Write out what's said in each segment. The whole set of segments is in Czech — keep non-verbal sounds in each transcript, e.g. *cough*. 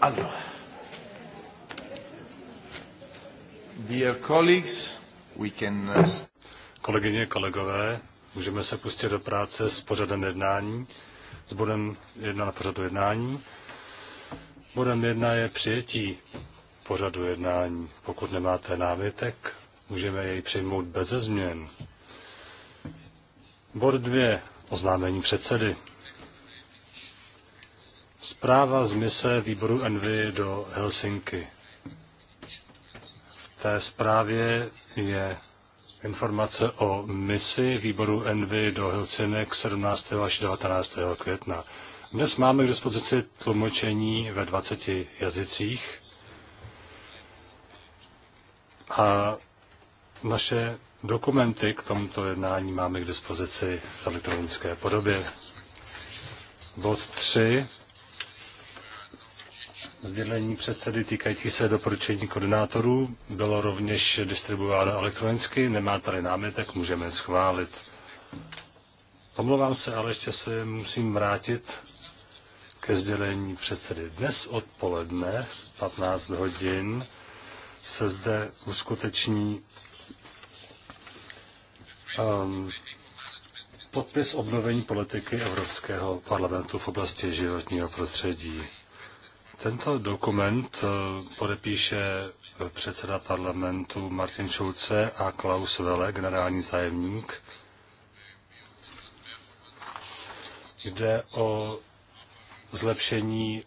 Allora. Dear colleagues, we can... Uh, Kolegyně, kolegové, můžeme se pustit do práce s pořadem jednání, s bodem jedna na pořadu jednání. Bodem jedna je přijetí pořadu jednání. Pokud nemáte námitek, můžeme jej přijmout bez změn. Bod dvě, oznámení předsedy. Zpráva z mise výboru Envy do Helsinky. V té zprávě je informace o misi výboru Envy do Helsinek 17. až 19. května. Dnes máme k dispozici tlumočení ve 20 jazycích a naše dokumenty k tomuto jednání máme k dispozici v elektronické podobě. Bod 3 Sdělení předsedy týkající se doporučení koordinátorů bylo rovněž distribuováno elektronicky. Nemá tady námitek, můžeme schválit. Omlouvám se, ale ještě se musím vrátit ke sdělení předsedy. Dnes odpoledne 15 hodin se zde uskuteční um, podpis obnovení politiky Evropského parlamentu v oblasti životního prostředí. Tento dokument eh, podepíše eh, předseda parlamentu Martin Schulze a Klaus Welle, generální tajemník. Jde o zlepšení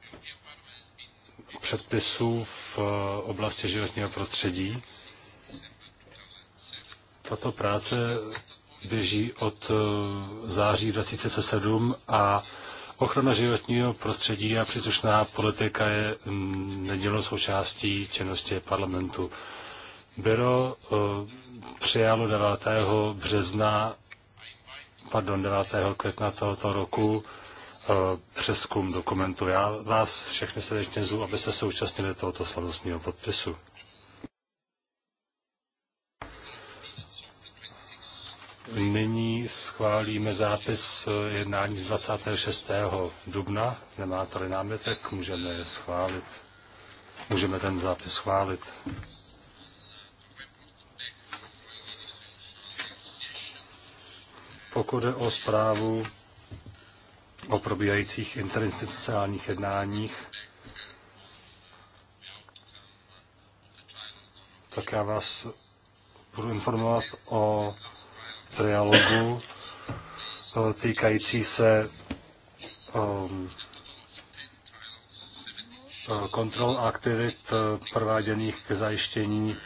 předpisů v eh, oblasti životního prostředí. Tato práce běží od září 2007 a Ochrana životního prostředí a příslušná politika je mm, nedělnou součástí činnosti parlamentu. uh, přijalo 9. března, pardon, 9. května tohoto roku eh, přeskum dokumentu. Já vás všechny srdečně zvu, aby se účastnili tohoto slavnostního podpisu. Nyní schválíme zápis jednání z 26. dubna. Nemá tady námětek, můžeme je schválit. Můžeme ten zápis schválit. Pokud je o zprávu o probíhajících interinstitucionálních jednáních, tak já vás budu informovat o trialogu týkající se um, kontrol aktivit prováděných k zajištění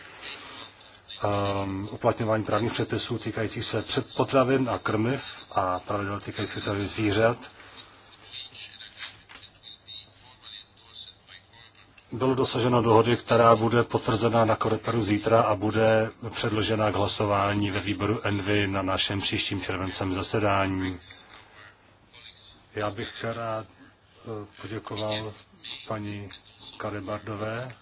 um, uplatňování právních předpisů týkajících se potravin a krmiv a pravidel týkající se zvířat. bylo dosaženo dohody, která bude potvrzena na Koreperu zítra a bude předložena k hlasování ve výboru Envy na našem příštím červencem zasedání. Já bych rád eh, poděkoval paní Karibardové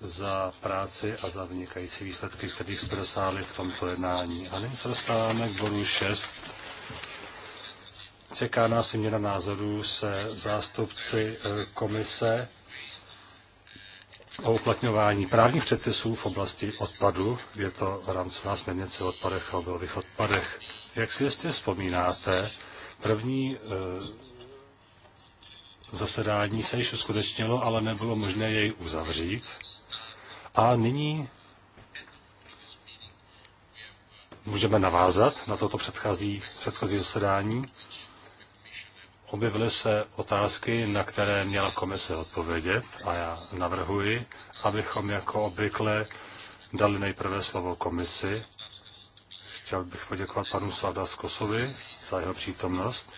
za práci a za vynikající výsledky, kterých jsme dosáhli v tomto jednání. A nyní se dostáváme k bodu 6. Čeká nás výměna názorů se zástupci eh, komise o uplatňování právních předpisů v oblasti odpadu. Je to v rámci nás směrnice o odpadech a obilových odpadech. Jak si jistě vzpomínáte, první e, zasedání se již uskutečnilo, ale nebylo možné jej uzavřít. A nyní můžeme navázat na toto předchozí, předchozí zasedání. Objevily se otázky, na které měla komise odpovědět a já navrhuji, abychom jako obvykle dali nejprve slovo komisi. Chtěl bych poděkovat panu Sladaskosovi za jeho přítomnost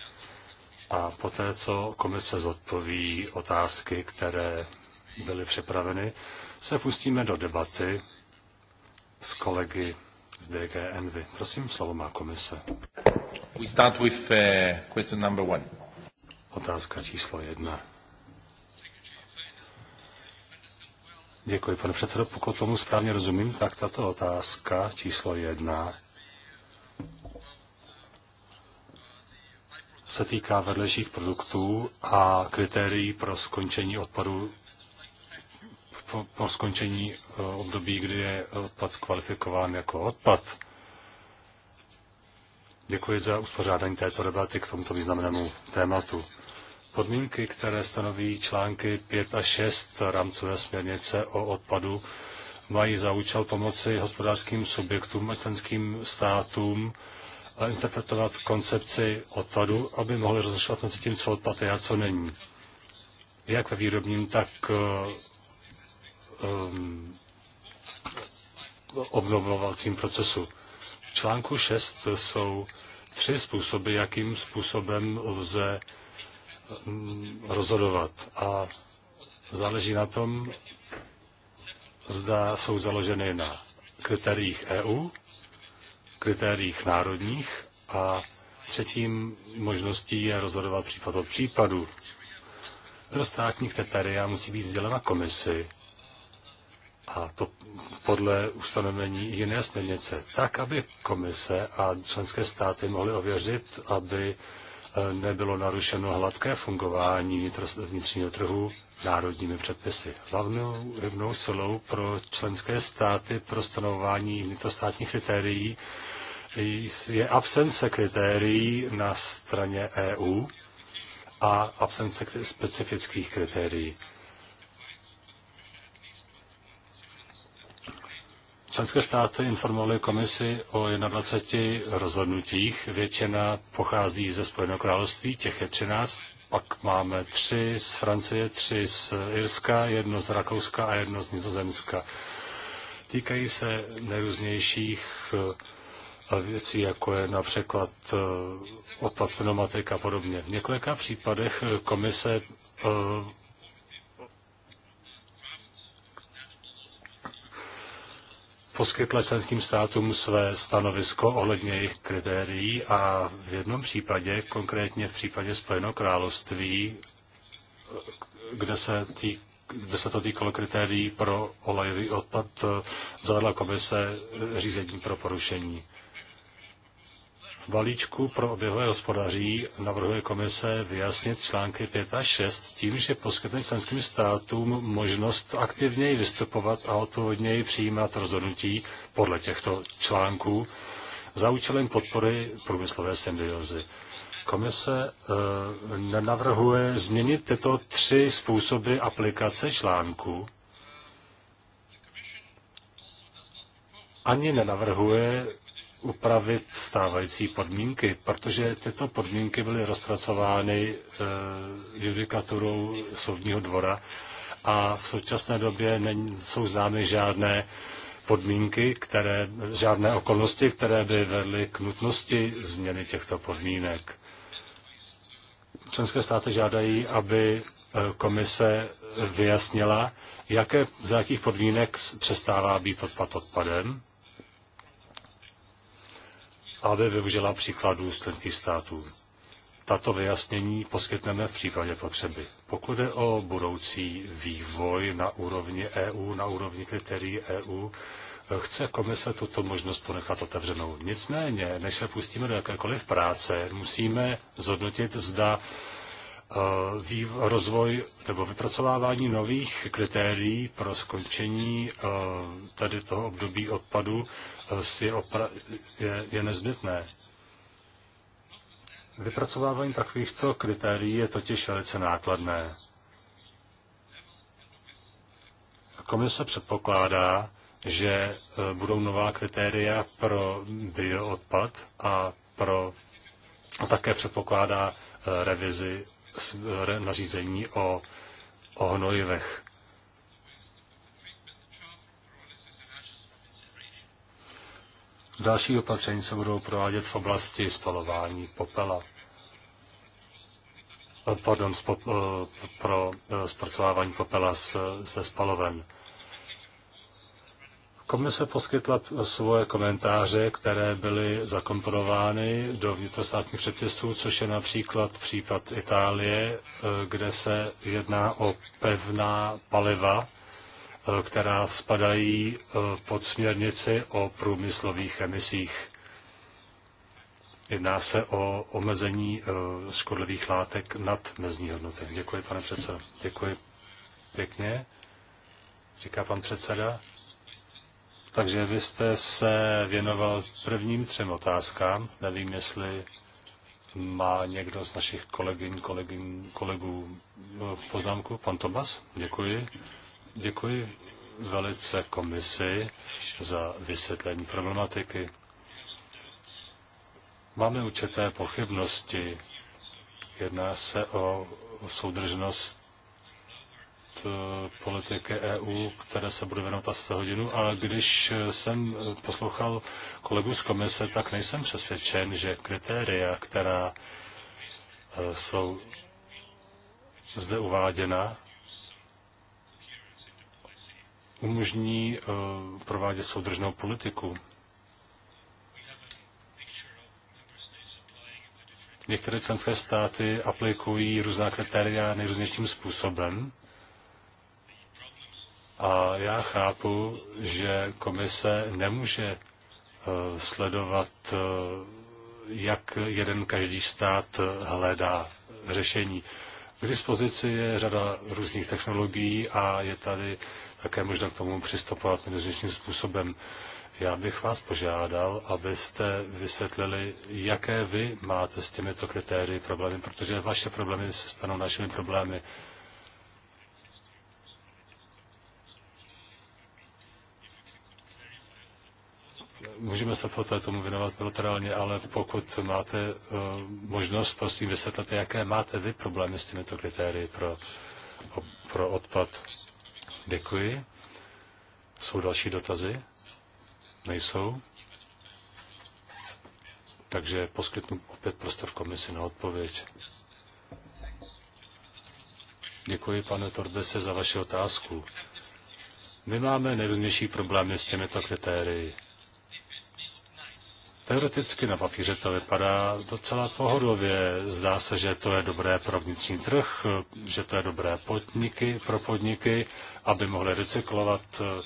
a poté, co komise zodpoví otázky, které byly připraveny, se pustíme do debaty s kolegy z DGNV. Prosím, slovo má komise. We start with uh, question number one. Otázka číslo jedna. Děkuji, pane předsedo. Pokud tomu správně rozumím, tak tato otázka číslo jedna se týká vedlejších produktů a kritérií pro skončení odpadu po, po skončení eh, období, kdy je odpad kvalifikován jako odpad. Děkuji za uspořádání této debaty k tomuto významnému tématu. Podmínky, které stanoví články 5 a 6 rámcové směrnice o odpadu, mají za účel pomoci hospodářským subjektům a členským státům a interpretovat koncepci odpadu, aby mohli rozlišovat mezi tím, co odpad je a co není. Jak ve výrobním, tak um, obnovovacím procesu článku 6 jsou tři způsoby, jakým způsobem lze mm, rozhodovat. A záleží na tom, zda jsou založeny na kritériích EU, kritériích národních a třetím možností je rozhodovat případ od případu. Pro kritéria musí být sdělena komisi a to podle ustanovení jiné směrnice, tak, aby komise a členské státy mohly ověřit, aby e, nebylo narušeno hladké fungování vnitřního trhu národními předpisy. Hlavnou hybnou silou pro členské státy pro stanovování vnitrostátních kritérií je absence kritérií na straně EU a absence specifických kritérií. Členské státy informovaly komisi o 21 rozhodnutích. Většina pochází ze Spojeného království, těch je 13. Pak máme tři z Francie, tři z Irska, jedno z Rakouska a jedno z Nizozemska. Týkají se nejrůznějších eh, věcí, jako je například eh, odpad pneumatik a podobně. V několika případech eh, komise poskytla členským státům své stanovisko ohledně jejich kritérií a v jednom případě, konkrétně v případě Spojeného království, kde se, tý, kde se to týkalo kritérií pro olejový odpad, zavedla komise řízení pro porušení balíčku pro oběhové hospodaří navrhuje komise vyjasnit články 5 a 6 tím, že poskytne členským státům možnost aktivněji vystupovat a odpovědněji přijímat rozhodnutí podle těchto článků za účelem podpory průmyslové symbiozy. Komise e, nenavrhuje změnit tyto tři způsoby aplikace článků, ani nenavrhuje upravit stávající podmínky, protože tyto podmínky byly rozpracovány eh, judikaturou soudního dvora a v současné době jsou známy žádné podmínky, které, žádné okolnosti, které by vedly k nutnosti změny těchto podmínek. Členské státy žádají, aby eh, komise vyjasnila, jaké, za jakých podmínek přestává být odpad odpadem aby využila příkladů z členských států. Tato vyjasnění poskytneme v případě potřeby. Pokud je o budoucí vývoj na úrovni EU, na úrovni kritérií EU, chce komise tuto možnost ponechat otevřenou. Nicméně, než se pustíme do jakékoliv práce, musíme zhodnotit, zda e, rozvoj nebo vypracovávání nových kritérií pro skončení e, tady toho období odpadu je, opra- je, je nezbytné. Vypracovávání takovýchto kritérií je totiž velice nákladné. Komise předpokládá, že e, budou nová kritéria pro bioodpad a, pro, a také předpokládá e, revizi e, nařízení o, o hnojivech. Další opatření se budou provádět v oblasti spalování popela. Eh, pardon, spo, eh, pro eh, zpracovávání popela ze spaloven. Komise poskytla svoje komentáře, které byly zakomponovány do vnitrostátních předpisů, což je například případ Itálie, kde se jedná o pevná paliva, Eh, která spadají eh, pod směrnici o průmyslových emisích. Jedná se o omezení eh, škodlivých látek nad mezní hodnoty. Děkuji, pane předsedo. Děkuji pěkně, říká pan předseda. Takže vy jste se věnoval prvním třem otázkám. Nevím, jestli má někdo z našich kolegyň, kolegyn, kolegů poznámku. Pan Tomas, děkuji. Děkuji velice komisi za vysvětlení problematiky. Máme určité pochybnosti. Jedná se o soudržnost eh, politiky EU, které se bude věnovat asi hodinu. A když jsem poslouchal kolegu z komise, tak nejsem přesvědčen, že kritéria, která eh, jsou zde uváděna, umožní eh, provádět soudržnou politiku. Některé členské státy aplikují různá kritéria nejrůznějším způsobem. A já chápu, že komise nemůže eh, sledovat, eh, jak jeden každý stát hledá řešení. K dispozici je řada různých technologií a je tady také možné k tomu přistupovat nejrůznějším způsobem. Já bych vás požádal, abyste vysvětlili, jaké vy máte s těmito kritérii problémy, protože vaše problémy se stanou našimi problémy. můžeme se poté tomu věnovat bilaterálně, ale pokud máte uh, možnost, prostě vysvětlete, jaké máte vy problémy s těmito kritérii pro, pro odpad. Děkuji. Jsou další dotazy? Nejsou? Takže poskytnu opět prostor komisi na odpověď. Děkuji, pane Torbese, za vaši otázku. My máme nejrůznější problémy s těmito kritérii. Teoreticky na papíře to vypadá docela pohodově. Zdá se, že to je dobré pro vnitřní trh, že to je dobré podniky, pro podniky, aby mohly recyklovat eh,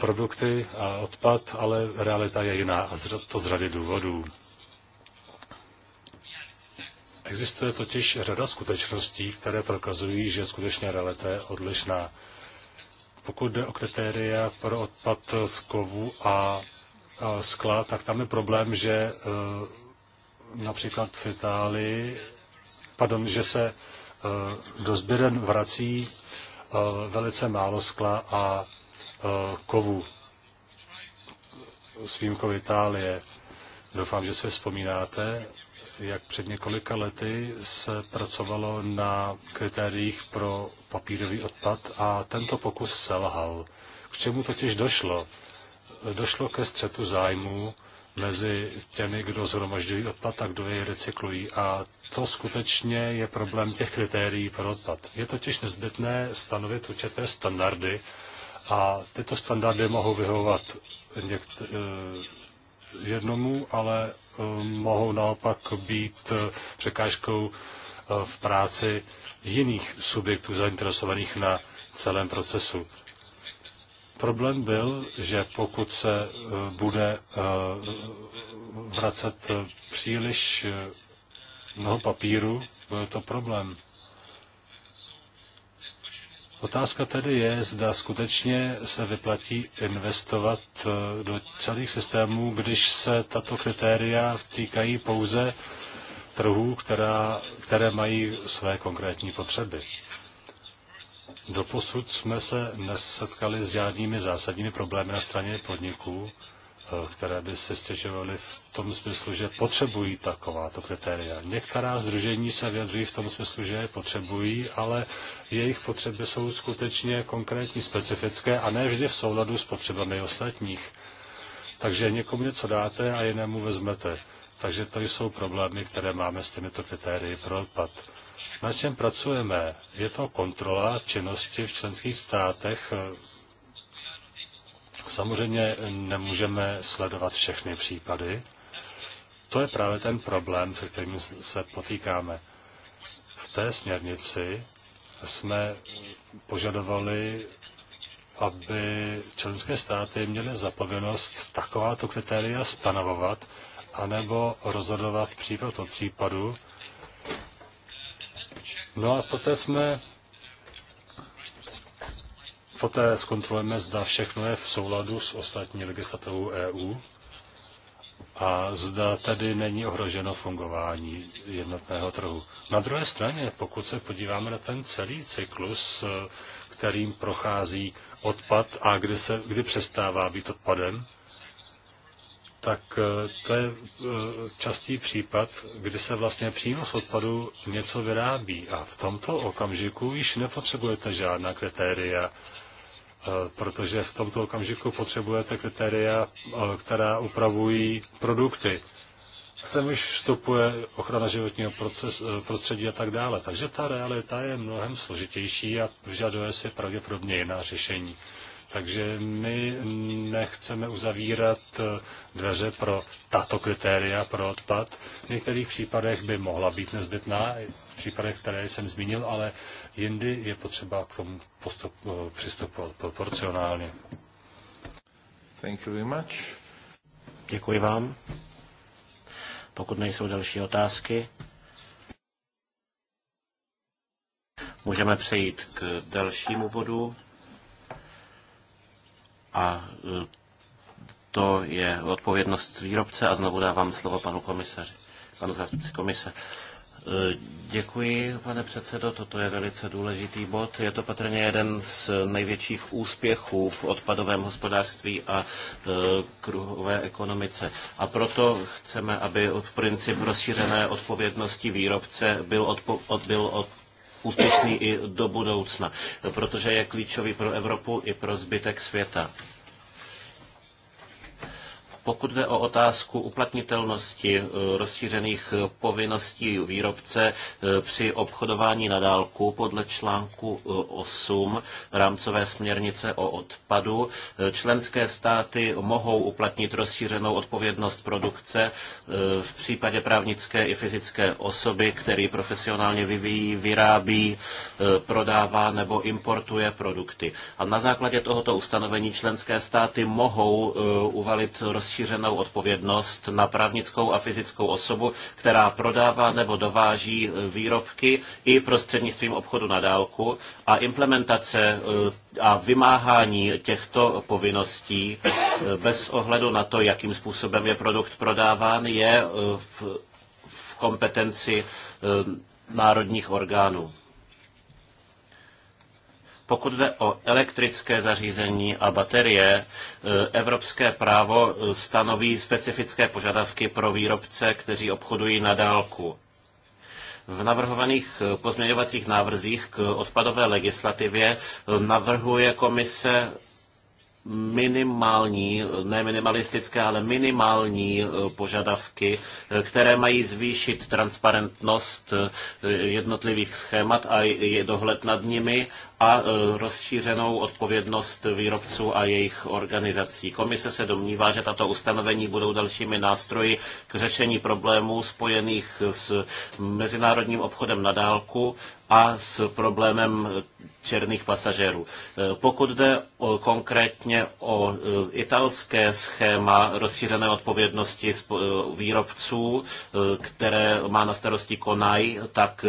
produkty a odpad, ale realita je jiná a to z řady důvodů. Existuje totiž řada skutečností, které prokazují, že skutečně realita je odlišná. Pokud jde o kritéria pro odpad z kovu a Eh, skla, tak tam je problém, že eh, například v Itálii, pardon, že se eh, do sběren vrací velice málo skla a kovu s výjimkou Itálie. Doufám, že se vzpomínáte, jak před několika lety se pracovalo na kritériích pro papírový odpad a tento pokus selhal. K čemu totiž došlo? došlo ke střetu zájmů mezi těmi, kdo zhromažďují odpad a kdo jej recyklují. A to skutečně je problém těch kritérií pro odpad. Je totiž nezbytné stanovit určité standardy a tyto standardy mohou vyhovovat eh, jednomu, ale eh, mohou naopak být eh, překážkou v práci jiných subjektů zainteresovaných na celém procesu. Problém byl, že pokud se eh, bude eh, vracet eh, příliš mnoho papíru, byl to problém. Otázka tedy je, zda skutečně se vyplatí investovat do celých systémů, když se tato kritéria týkají pouze trhů, která, které mají své konkrétní potřeby. Doposud jsme se nesetkali s žádnými zásadními problémy na straně podniků, eh, které by se stěžovaly v tom smyslu, že potřebují takováto kritéria. Některá združení se vyjadřují v tom smyslu, že je potřebují, ale jejich potřeby jsou skutečně konkrétní, specifické a ne vždy v souladu s potřebami ostatních. Takže někomu něco dáte a jinému vezmete. Takže to jsou problémy, které máme s těmito kritérii pro odpad na čem pracujeme. Je to kontrola činnosti v členských státech. Samozřejmě nemůžeme sledovat všechny případy. To je právě ten problém, se kterým se potýkáme. V té směrnici jsme požadovali, aby členské státy měly zapovinnost takováto kritéria stanovovat, anebo rozhodovat případ od případu No a poté jsme Poté zkontrolujeme, zda všechno je v souladu s ostatní legislativou EU a zda tedy není ohroženo fungování jednotného trhu. Na druhé straně, pokud se podíváme na ten celý cyklus, eh, kterým prochází odpad a kdy, se, kdy přestává být odpadem, tak eh, to je eh, častý případ, kdy se vlastně přímo z odpadu něco vyrábí a v tomto okamžiku již nepotřebujete žádná kritéria, eh, protože v tomto okamžiku potřebujete kritéria, která upravují produkty. Sem už vstupuje ochrana životního prostředí a tak dále. Takže ta realita je mnohem složitější a vyžaduje si pravděpodobně jiná řešení. Takže my nechceme uzavírat eh, dveře pro tato kritéria pro odpad. V některých případech by mohla být nezbytná, v případech, které jsem zmínil, ale jindy je potřeba k tomu postup, eh, přistupovat proporcionálně. Thank you very much. Děkuji vám. Pokud nejsou další otázky, můžeme přejít k dalšímu bodu. A e, to je odpovědnost výrobce a znovu dávám slovo panu komisaři, panu zástupci komise. E, děkuji, pane předsedo, toto je velice důležitý bod. Je to patrně jeden z největších úspěchů v odpadovém hospodářství a e, kruhové ekonomice. A proto chceme, aby princip rozšířené odpovědnosti výrobce byl, odpo- od, byl od úspěšný i do budoucna, protože je klíčový pro Evropu i pro zbytek světa. Pokud jde o otázku uplatnitelnosti eh, rozšířených eh, povinností výrobce eh, při obchodování na dálku podle článku 8 rámcové směrnice o odpadu, členské státy mohou uplatnit rozšířenou odpovědnost produkce v případě právnické i fyzické osoby, který profesionálně vyvíjí, vyrábí, prodává nebo importuje produkty. A na základě tohoto ustanovení členské státy mohou uvalit rozšířenou rozšířenou odpovědnost na právnickou a fyzickou osobu, která prodává nebo dováží e, výrobky i prostřednictvím obchodu na dálku a implementace e, a vymáhání těchto povinností e, bez ohledu na to, jakým způsobem je produkt prodáván, je v, v kompetenci národních orgánů. Pokud jde o elektrické zařízení a baterie, e, evropské právo e, stanoví specifické požadavky pro výrobce, kteří obchodují na dálku. V navrhovaných e, pozměňovacích návrzích k odpadové legislativě navrhuje komise minimální, ne minimalistické, ale minimální požadavky, které mají zvýšit transparentnost jednotlivých schémat a je dohled nad nimi a e, rozšířenou odpovědnost výrobců a jejich organizací. Komise se domnívá, že tato ustanovení budou dalšími nástroji k řešení problémů spojených s mezinárodním obchodem na dálku a s problémem černých pasažérů. E, pokud jde o, konkrétně o e, italské schéma rozšířené odpovědnosti výrobců, které má na starosti Konaj, tak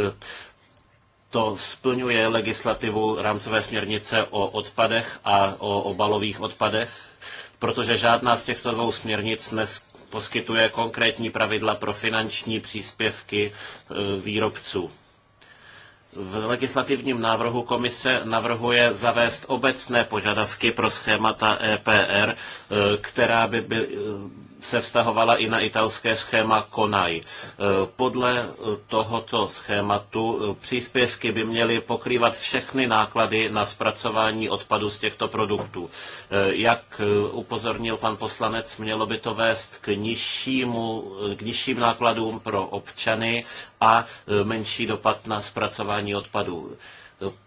to splňuje legislativu rámcové směrnice o odpadech a o obalových odpadech, protože žádná z těchto dvou směrnic nes poskytuje konkrétní pravidla pro finanční příspěvky e, výrobců. V legislativním návrhu komise navrhuje zavést obecné požadavky pro schémata EPR, e, která by, by e, se vztahovala i na italské schéma CONAI. E, podle tohoto schématu e, příspěvky by měly pokrývat všechny náklady na zpracování odpadu z těchto produktů. E, jak upozornil pan poslanec, mělo by to vést k, nižšímu, k nižším nákladům pro občany a menší dopad na zpracování odpadů.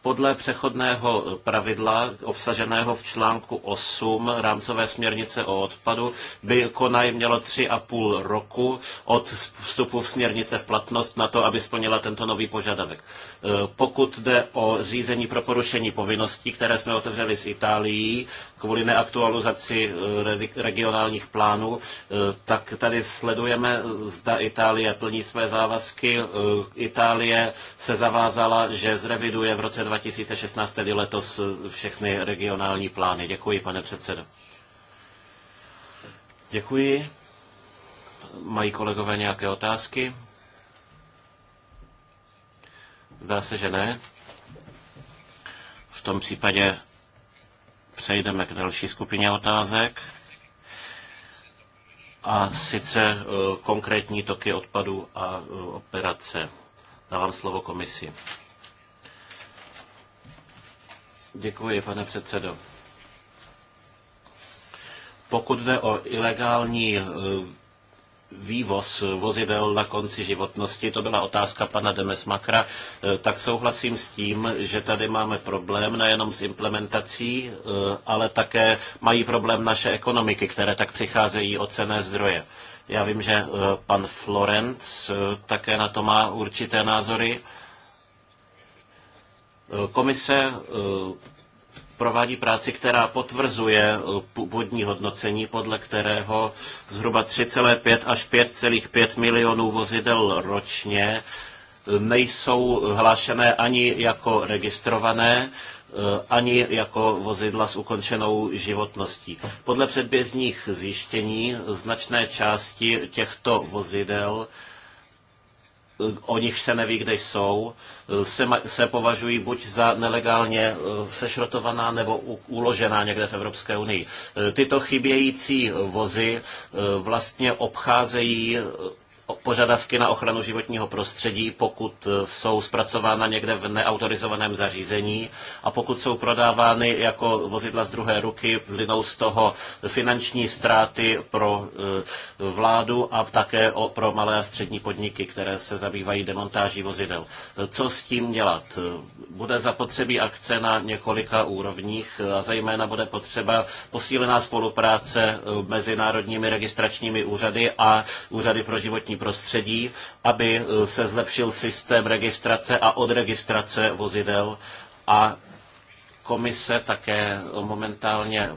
Podle přechodného pravidla obsaženého v článku 8 rámcové směrnice o odpadu by Konaj mělo 3,5 roku od vstupu v směrnice v platnost na to, aby splnila tento nový požadavek. E, pokud jde o řízení pro porušení povinností, které jsme otevřeli s Itálií, kvůli neaktualizaci eh, regionálních plánů, eh, tak tady sledujeme, zda Itálie plní své závazky. Eh, Itálie se zavázala, že zreviduje v roce 2016, tedy letos, všechny regionální plány. Děkuji, pane předsedo. Děkuji. Mají kolegové nějaké otázky? Zdá se, že ne. V tom případě přejdeme k další skupině otázek. A sice e, konkrétní toky odpadu a e, operace. Dávám slovo komisi. Děkuji, pane předsedo. Pokud jde o ilegální e, vývoz vozidel na konci životnosti, to byla otázka pana Demesmakra, e, tak souhlasím s tím, že tady máme problém nejenom s implementací, e, ale také mají problém naše ekonomiky, které tak přicházejí o cené zdroje. Já vím, že e, pan Florenc také na to má určité názory. Komise provádí práci, která potvrzuje eh, původní hodnocení, podle kterého zhruba 3,5 až 5,5 milionů vozidel ročně eh, nejsou hlášené ani jako registrované, eh, ani jako vozidla s ukončenou životností. Podle předběžných zjištění značné části těchto vozidel o nich se neví, kde jsou, se, se považují buď za nelegálně e, sešrotovaná nebo uložená někde v Evropské unii. E, tyto chybějící vozy e, vlastně obcházejí požadavky na ochranu životního prostředí, pokud e, jsou zpracována někde v neautorizovaném zařízení a pokud jsou prodávány jako vozidla z druhé ruky, plynou z toho finanční ztráty pro e, vládu a také pro malé a střední podniky, které se zabývají demontáží vozidel. E, co s tím dělat? Bude zapotřebí akce na několika úrovních a zejména bude potřeba posílená spolupráce mezi národními registračními úřady a úřady pro životní prostředí, aby eh, se zlepšil systém registrace a odregistrace vozidel a komise také momentálně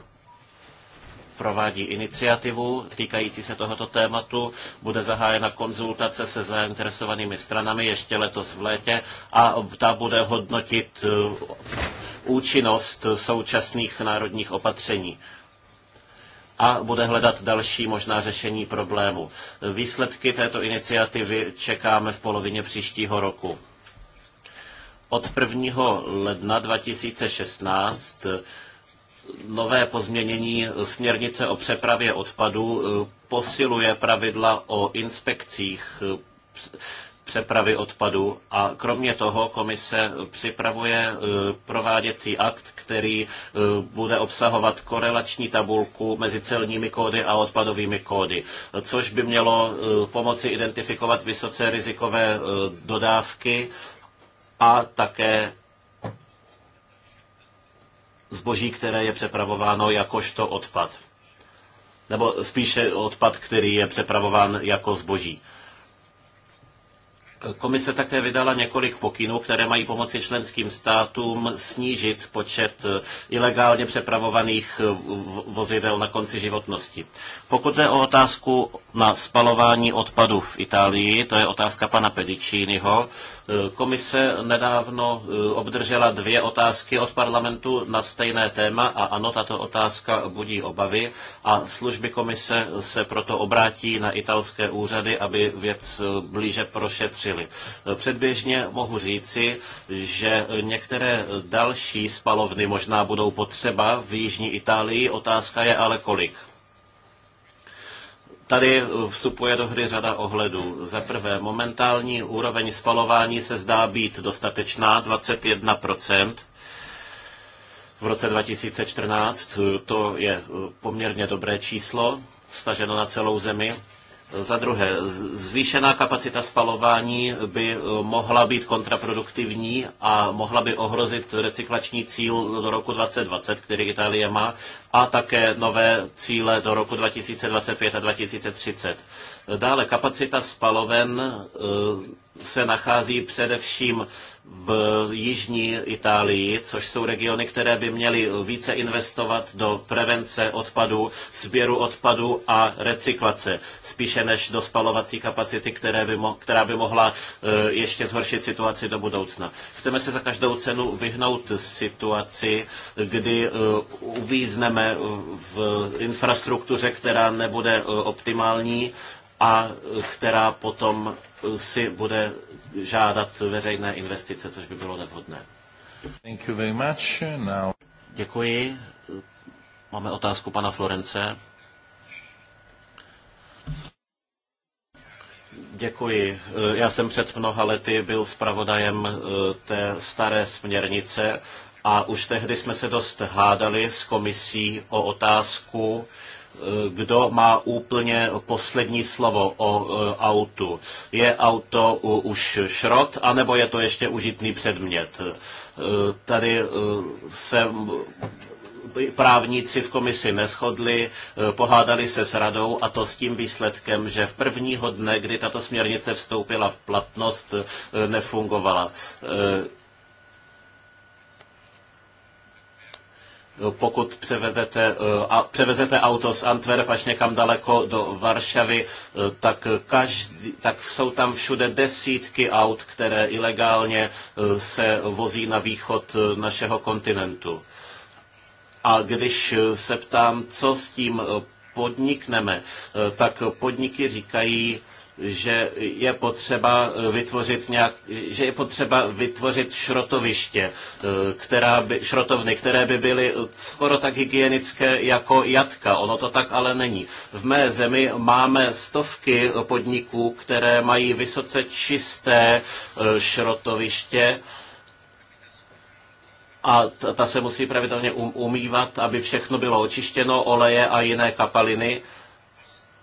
provádí iniciativu týkající se tohoto tématu. Bude zahájena konzultace se zainteresovanými stranami ještě letos v létě a ta bude hodnotit eh, účinnost současných národních opatření a bude hledat další možná řešení problému. Výsledky této iniciativy čekáme v polovině příštího roku. Od 1. ledna 2016 nové pozměnění směrnice o přepravě odpadu eh, posiluje pravidla o inspekcích eh, přepravy odpadu a kromě toho komise připravuje e, prováděcí akt, který e, bude obsahovat korelační tabulku mezi celními kódy a odpadovými kódy, což by mělo e, pomoci identifikovat vysoce rizikové dodávky a také zboží, které je přepravováno jakožto odpad. Nebo spíše odpad, který je přepravován jako zboží. Komise také vydala několik pokynů, které mají pomoci členským státům snížit počet eh, ilegálně přepravovaných eh, vozidel na konci životnosti. Pokud jde o otázku na spalování odpadu v Itálii, to je otázka pana Pediciniho, e, komise nedávno e, obdržela dvě otázky od parlamentu na stejné téma a ano, tato otázka budí obavy a služby komise se proto obrátí na italské úřady, aby věc e, blíže prošetřili. Předběžně mohu říci, že některé další spalovny možná budou potřeba v jižní Itálii, otázka je ale kolik. Tady vstupuje do hry řada ohledů. Za prvé, momentální úroveň spalování se zdá být dostatečná, 21% v roce 2014. To je poměrně dobré číslo, vstaženo na celou zemi. Za druhé, zvýšená kapacita spalování by eh, mohla být kontraproduktivní a mohla by ohrozit recyklační cíl do roku 2020, který Itálie má, a také nové cíle do roku 2025 a 2030. Dále kapacita spaloven eh, se nachází především v jižní Itálii, což jsou regiony, které by měly více investovat do prevence odpadu, sběru odpadu a recyklace, spíše než do spalovací kapacity, které by mo- která by mohla e, ještě zhoršit situaci do budoucna. Chceme se za každou cenu vyhnout situaci, kdy e, uvízneme v infrastruktuře, která nebude e, optimální a která potom si bude žádat veřejné investice, což by bylo nevhodné. Thank you very much. Now... Děkuji. Máme otázku pana Florence. Děkuji. Já jsem před mnoha lety byl zpravodajem eh, té staré směrnice a už tehdy jsme se dost hádali s komisí o otázku, kdo má úplně poslední slovo o e, autu. Je auto už šrot, anebo je to ještě užitný předmět? E, tady e, se právníci v komisi neschodli, pohádali se s radou a to s tím výsledkem, že v prvního dne, kdy tato směrnice vstoupila v platnost, nefungovala. pokud převezete, eh, a převezete auto z Antwerp až někam daleko do Varšavy, eh, tak, každý, tak jsou tam všude desítky aut, které ilegálně eh, se vozí na východ našeho kontinentu. A když se ptám, co s tím podnikneme, tak podniky říkají, že je potřeba eh, vytvořit nějak, že je potřeba vytvořit šrotoviště, eh, která by, šrotovny, které by byly skoro tak hygienické jako jatka. Ono to tak ale není. V mé zemi máme stovky podniků, které mají vysoce čisté eh, šrotoviště, a ta se musí pravidelně um, umývat, aby všechno bylo očištěno, oleje a jiné kapaliny.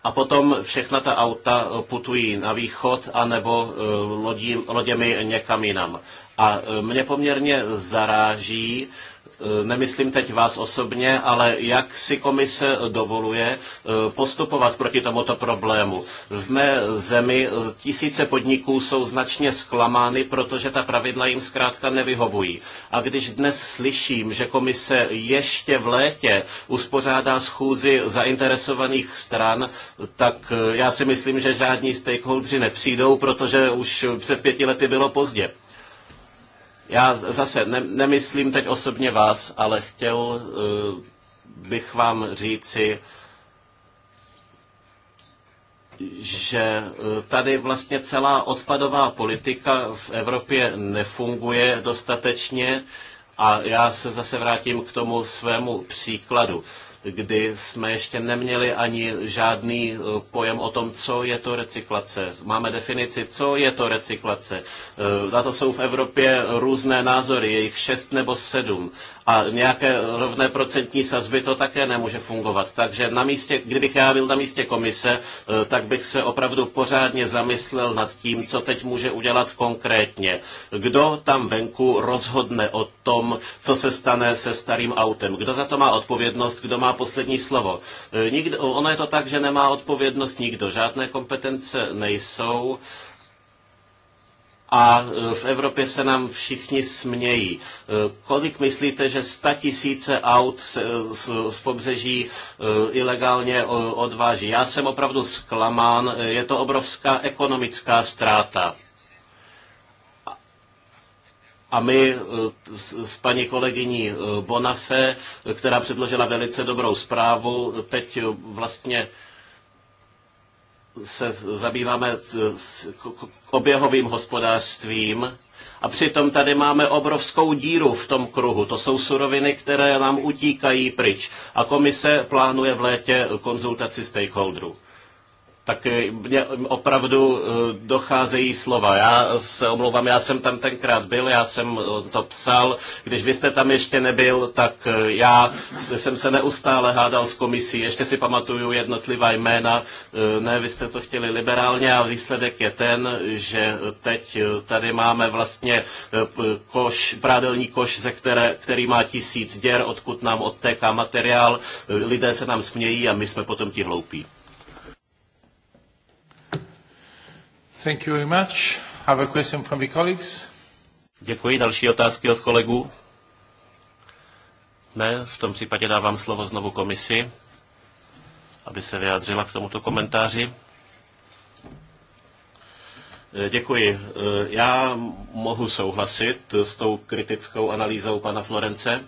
A potom všechna ta auta eh, putují na východ anebo eh, lodí, loděmi někam jinam. A eh, mě poměrně zaráží, Eh, nemyslím teď vás osobně, ale jak si komise dovoluje eh, postupovat proti tomuto problému. V mé zemi eh, tisíce podniků jsou značně zklamány, protože ta pravidla jim zkrátka nevyhovují. A když dnes slyším, že komise ještě v létě uspořádá schůzi zainteresovaných stran, tak já si myslím, že žádní stakeholdři nepřijdou, protože už před pěti lety bylo pozdě. Já zase ne, nemyslím teď osobně vás, ale chtěl eh, bych vám říci, že eh, tady vlastně celá odpadová politika v Evropě nefunguje dostatečně a já se zase vrátím k tomu svému příkladu kdy jsme ještě neměli ani žádný eh, pojem o tom, co je to recyklace. Máme definici, co je to recyklace. Eh, na to jsou v Evropě různé názory, jich šest nebo sedm. A nějaké rovné procentní sazby to také nemůže fungovat. Takže na místě, kdybych já byl na místě komise, eh, tak bych se opravdu pořádně zamyslel nad tím, co teď může udělat konkrétně. Kdo tam venku rozhodne o tom, co se stane se starým autem? Kdo za to má odpovědnost? Kdo má poslední slovo. E, nikdo, ono je to tak, že nemá odpovědnost nikdo. Žádné kompetence nejsou. A e, v Evropě se nám všichni smějí. E, kolik myslíte, že sta tisíce aut z, z pobřeží ilegálně odváží? Já jsem opravdu zklamán. Je to obrovská ekonomická ztráta. A my eh, s paní kolegyní eh, Bonafé, eh, která předložila velice dobrou zprávu, teď vlastně se zabýváme oběhovým hospodářstvím a přitom tady máme obrovskou díru v tom kruhu. To jsou suroviny, které nám utíkají pryč. A komise plánuje v létě konzultaci stakeholderů tak eh, mě opravdu eh, docházejí slova. Já se omlouvám, já jsem tam tenkrát byl, já jsem eh, to psal. Když vy jste tam ještě nebyl, tak já jsem se neustále hádal s komisí. Ještě si pamatuju jednotlivá jména. Ne, vy jste to chtěli liberálně, ale výsledek je ten, že teď tady máme vlastně koš, prádelní koš, ze které, který má tisíc děr, odkud nám odtéká materiál. Lidé se nám smějí a my jsme potom ti hloupí. Thank you very much. Have a question from the colleagues. Děkuji. Další otázky od kolegů? Ne, v tom případě dávám slovo znovu komisi, aby se vyjádřila k tomuto komentáři. Eh, děkuji. Eh, já mohu souhlasit s tou kritickou analýzou pana Florence.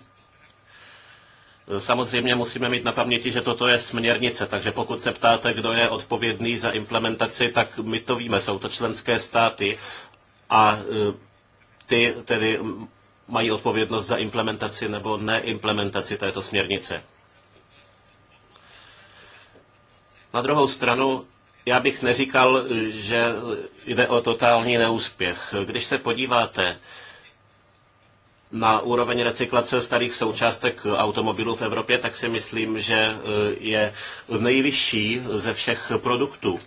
Samozřejmě musíme mít na paměti, že toto je směrnice, takže pokud se ptáte, kdo je odpovědný za implementaci, tak my to víme, jsou to členské státy a e, ty tedy mají odpovědnost za implementaci nebo neimplementaci této směrnice. Na druhou stranu, já bych neříkal, že jde o totální neúspěch. Když se podíváte na úroveň recyklace starých součástek automobilů v Evropě, tak si myslím, že eh, je nejvyšší ze všech produktů.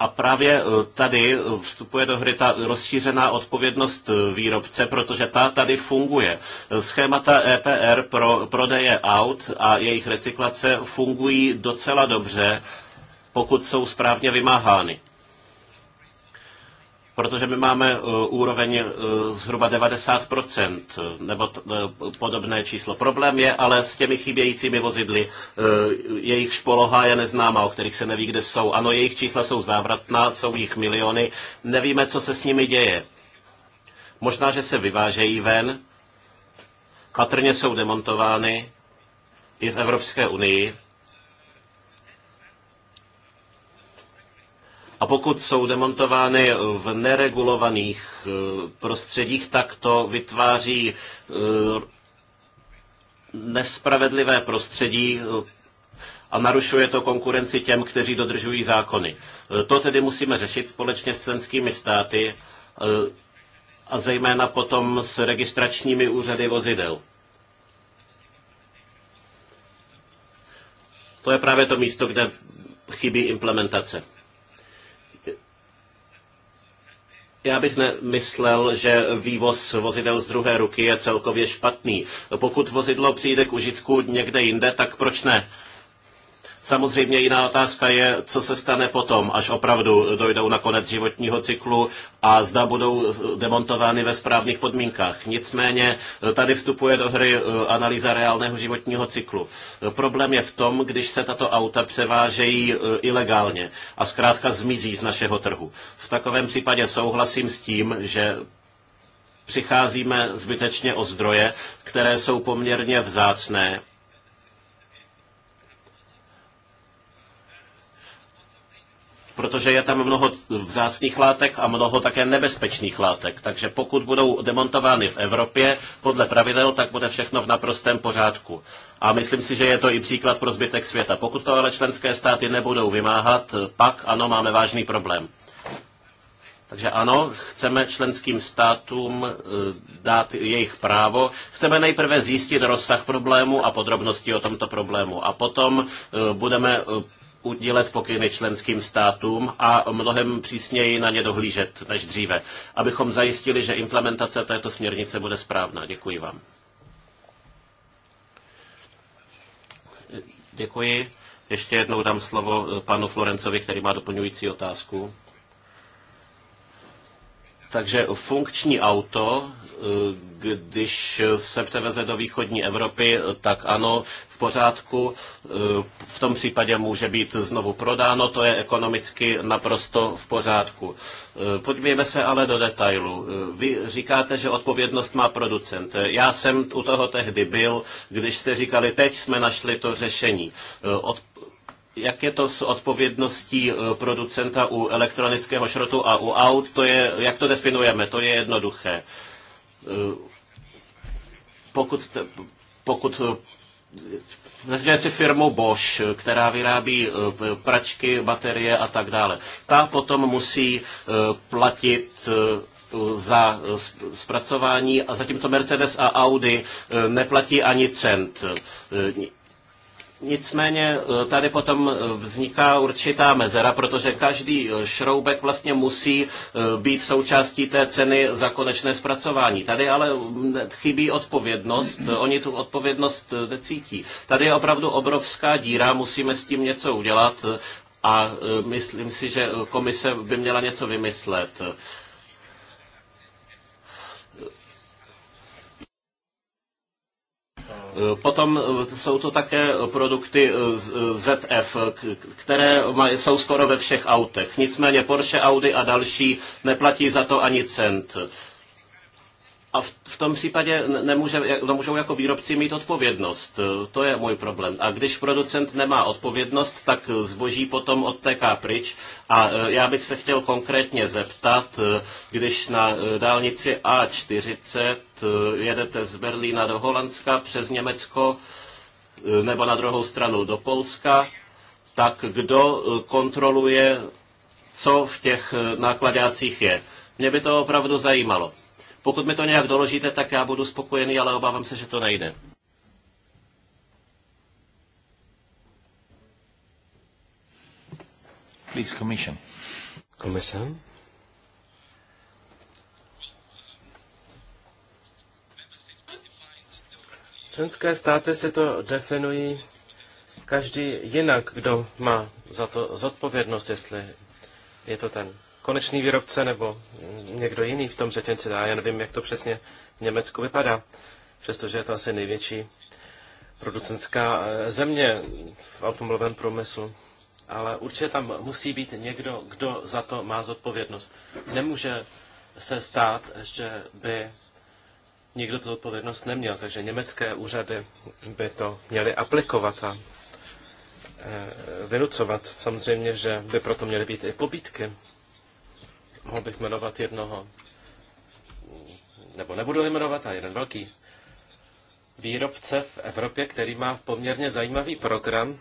A právě eh, tady eh, vstupuje do hry ta rozšířená odpovědnost výrobce, protože ta tady funguje. Schémata EPR pro prodeje aut a jejich recyklace fungují docela dobře, pokud jsou správně vymáhány protože my máme e, úroveň e, zhruba 90%, e, nebo podobné číslo. Problém je ale s těmi chybějícími vozidly. Jejich špoloha je neznáma, o kterých se neví, kde jsou. Ano, jejich čísla jsou závratná, jsou jich miliony. Nevíme, co se s nimi děje. Možná, že se vyvážejí ven, patrně jsou demontovány i v Evropské unii A pokud jsou demontovány v neregulovaných eh, prostředích, tak to vytváří eh, nespravedlivé prostředí eh, a narušuje to konkurenci těm, kteří dodržují zákony. To tedy musíme řešit společně s členskými státy a zejména potom s registračními úřady vozidel. To je právě to místo, kde chybí implementace. Já bych nemyslel, že vývoz vozidel z druhé ruky je celkově špatný. Pokud vozidlo přijde k užitku někde jinde, tak proč ne? Samozřejmě jiná otázka je, co se stane potom, až opravdu dojdou na konec životního cyklu a zda budou demontovány ve správných podmínkách. Nicméně eh, tady vstupuje do hry eh, analýza reálného životního cyklu. Eh, problém je v tom, když se tato auta převážejí ilegálně a zkrátka zmizí z našeho trhu. V takovém případě souhlasím s tím, že přicházíme zbytečně o zdroje, které jsou poměrně vzácné protože je tam mnoho vzácných látek a mnoho také nebezpečných látek. Takže pokud budou demontovány v Evropě podle pravidel, tak bude všechno v naprostém pořádku. A myslím si, že je to i příklad pro zbytek světa. Pokud to ale členské státy nebudou vymáhat, pak ano, máme vážný problém. Takže ano, chceme členským státům e, dát jejich právo. Chceme nejprve zjistit rozsah problému a podrobnosti o tomto problému. A potom e, budeme e, udělat pokyny členským státům a mnohem přísněji na ně dohlížet než dříve, abychom zajistili, že implementace této směrnice bude správná. Děkuji vám. Děkuji. Ještě jednou dám slovo eh, panu Florencovi, který má doplňující otázku. Takže funkční auto, eh, když se převeze do východní Evropy, tak ano, v pořádku. Eh, v tom případě může být znovu prodáno, to je ekonomicky naprosto v pořádku. Eh, podívejme se ale do detailu. Vy říkáte, že odpovědnost má producent. Já jsem u toho tehdy byl, když jste říkali, teď jsme našli to řešení. Od jak je to s odpovědností eh, producenta u elektronického šrotu a u aut? To je, jak to definujeme? To je jednoduché. Eh, pokud, jste, pokud eh, Vezměme si firmu Bosch, která vyrábí pračky, baterie a tak dále. Ta potom musí platit za zpracování a zatímco Mercedes a Audi neplatí ani cent. Nicméně e, tady potom e, vzniká určitá mezera, protože každý e, šroubek vlastně musí být součástí té ceny za konečné zpracování. Tady ale chybí odpovědnost, oni tu odpovědnost necítí. Tady je opravdu obrovská díra, musíme s tím něco udělat a myslím si, že komise by měla něco vymyslet. Eh, potom eh, jsou to také produkty eh, ZF, které jsou skoro ve všech autech. Nicméně Porsche, Audi a další neplatí za to ani cent. A v, v tom případě nemůže, nemůžou jako výrobci mít odpovědnost. E, to je můj problém. A když producent nemá odpovědnost, tak zboží potom odteká pryč. A e, já bych se chtěl konkrétně zeptat, e, když na dálnici A40 jedete z Berlína do Holandska přes Německo nebo na druhou stranu do Polska, tak kdo kontroluje, co v těch nákladácích je. Mě by to opravdu zajímalo. Pokud mi to nějak doložíte, tak já budu spokojený, ale obávám se, že to nejde. Please, commission. Komise? Členské státy se to definují každý jinak, kdo má za to zodpovědnost, jestli je to ten konečný výrobce nebo někdo jiný v tom řetěnci dá. Já nevím, jak to přesně v Německu vypadá, přestože je to asi největší producentská eh, země v automobilovém průmyslu. Ale určitě tam musí být někdo, kdo za to má zodpovědnost. Nemůže se stát, že by nikdo tu odpovědnost neměl, takže německé úřady by to měly aplikovat a eh, vynucovat. Samozřejmě, že by proto měly být i pobítky Mohl bych jmenovat jednoho, nebo nebudu jmenovat, a jeden velký výrobce v Evropě, který má poměrně zajímavý program,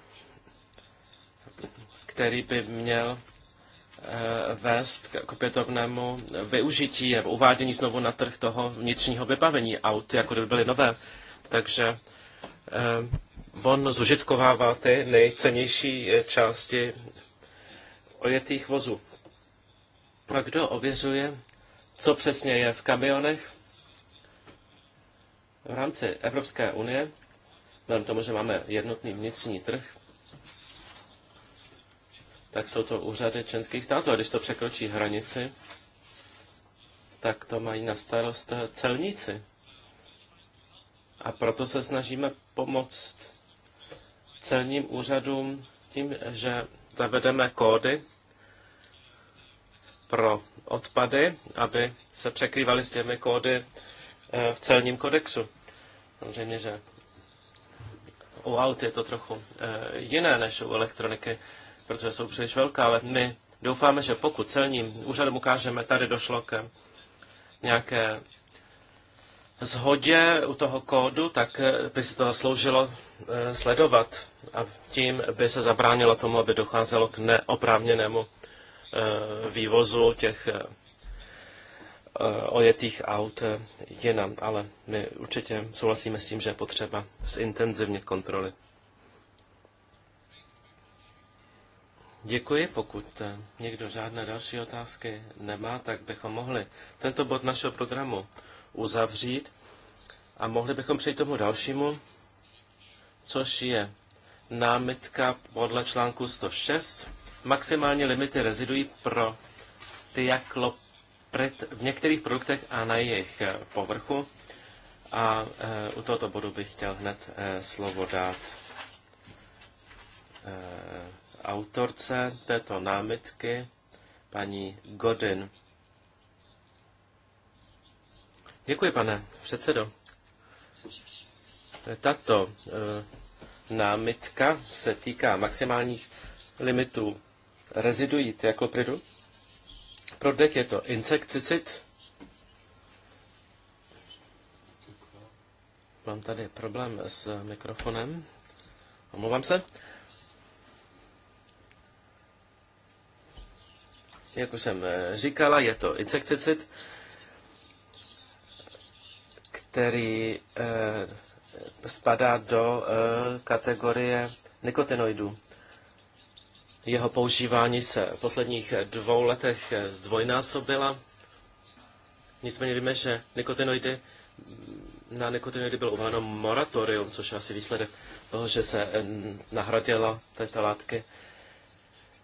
který by měl eh, vést k opětovnému využití nebo uvádění znovu na trh toho vnitřního vybavení aut, jako kdyby byly nové. Takže eh, on zužitkovává ty nejcennější eh, části ojetých vozů. Pak kdo ověřuje, co přesně je v kamionech v rámci Evropské unie, vzhledem tomu, že máme jednotný vnitřní trh, tak jsou to úřady členských států. A když to překročí hranici, tak to mají na starost eh, celníci. A proto se snažíme pomoct celním úřadům tím, že zavedeme kódy pro odpady, aby se překrývaly s těmi kódy eh, v celním kodexu. Samozřejmě, že u aut je to trochu eh, jiné než u elektroniky, protože jsou příliš velká, ale my doufáme, že pokud celním úřadem ukážeme, tady došlo k nějaké zhodě u toho kódu, tak eh, by se to sloužilo sledovat a tím by se zabránilo tomu, aby docházelo k neoprávněnému Eh, vývozu těch eh, eh, ojetých aut jinam, ale my určitě souhlasíme s tím, že je potřeba zintenzivnit kontroly. Děkuji. Pokud někdo žádné další otázky nemá, tak bychom mohli tento bod našeho programu uzavřít a mohli bychom přejít tomu dalšímu, což je námitka podle článku 106 maximální limity rezidují pro tyakloprid v některých produktech a na jejich eh, povrchu. A eh, u tohoto bodu bych chtěl hned eh, slovo dát autorce této námitky, paní Godin. Děkuji, pane předsedo. Tato námitka se týká maximálních limitů rezidují teaklopridu. Pro DEK je to insekticid. Mám tady problém s mikrofonem. Omlouvám se. Jak už jsem eh, říkala, je to insekticid, který eh, spadá do eh, kategorie nikotinoidů. Jeho používání se v posledních dvou letech zdvojnásobila. Nicméně víme, že nikotinoidy, na nikotinoidy bylo uvaleno moratorium, což je asi výsledek toho, že se eh, nahradilo této látky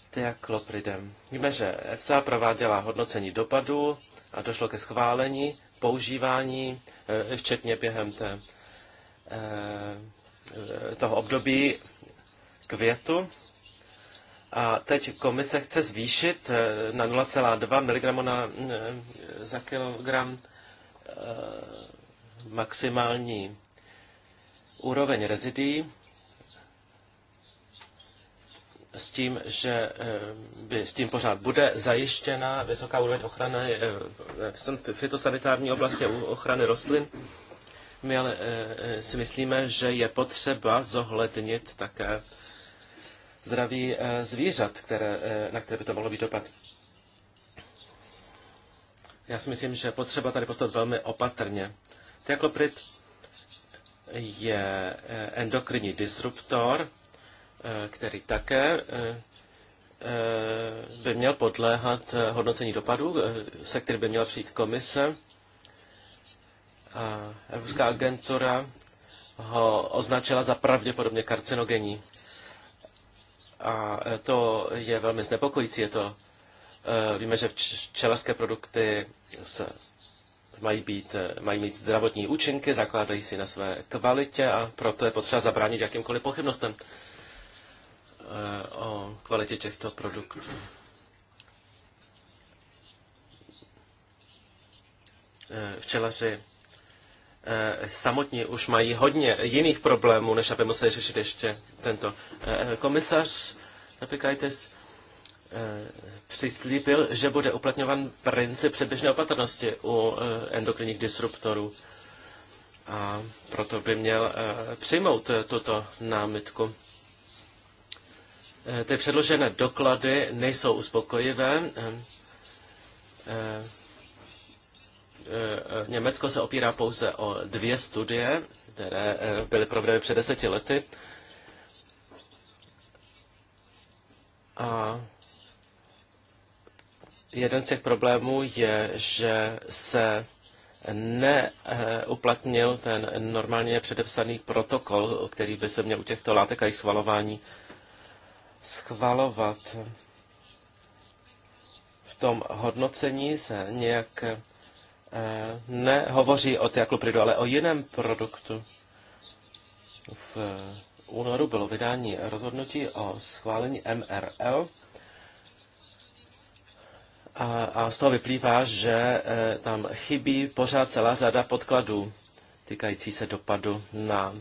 teaklopridem. Víme, že FCA prováděla hodnocení dopadů a došlo ke schválení používání, eh, včetně během té, eh, toho období květu a teď komise chce zvýšit eh, na 0,2 mg na, eh, za kilogram eh, maximální úroveň rezidí s tím, že by s tím pořád bude zajištěna vysoká úroveň ochrany v fitosanitární oblasti ochrany rostlin. My ale si myslíme, že je potřeba zohlednit také zdraví eh, zvířat, které, eh, na které by to mohlo být dopad. Já si myslím, že potřeba tady postupovat velmi opatrně. Teaklopryt je eh, endokrinní disruptor, který také by měl podléhat hodnocení dopadů, se kterým by měla přijít komise. A Evropská agentura ho označila za pravděpodobně karcinogenní. A to je velmi znepokojící. Je to, eh, víme, že včelařské produkty se mají, být, eh, mají mít zdravotní účinky, zakládají si na své kvalitě a proto je potřeba zabránit jakýmkoliv pochybnostem eh, o kvalitě těchto produktů. Včelaři Eh, samotní už mají hodně jiných problémů, než aby museli řešit ještě tento eh, komisař Apikaitis eh, přislíbil, že bude uplatňovan princip předběžné opatrnosti u endokrinních disruptorů. A proto by měl přijmout tuto námitku. Ty předložené doklady nejsou uspokojivé Eh, Německo se opírá pouze o dvě studie, které eh, byly provedeny před deseti lety. A jeden z těch problémů je, že se neuplatnil ten normálně předepsaný protokol, který by se měl u těchto látek a jejich schvalování schvalovat. V tom hodnocení se nějak Eh, nehovoří o tiaklopridu, ale o jiném produktu. V únoru bylo vydání rozhodnutí o schválení MRL a, a z toho vyplývá, že eh, tam chybí pořád celá řada podkladů týkající se dopadu na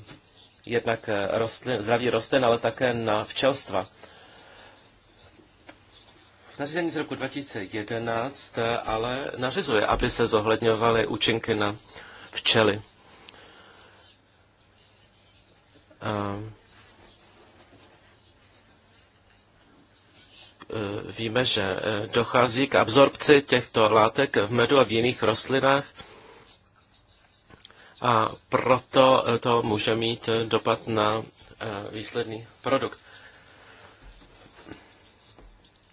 jednak eh, rostlin, zdraví rostlin, ale také na včelstva. Nařízení z roku 2011 eh, ale nařizuje, aby se zohledňovaly účinky na včely. Eh, eh, víme, že dochází k absorpci těchto látek v medu a v jiných rostlinách a proto to může mít dopad na výsledný produkt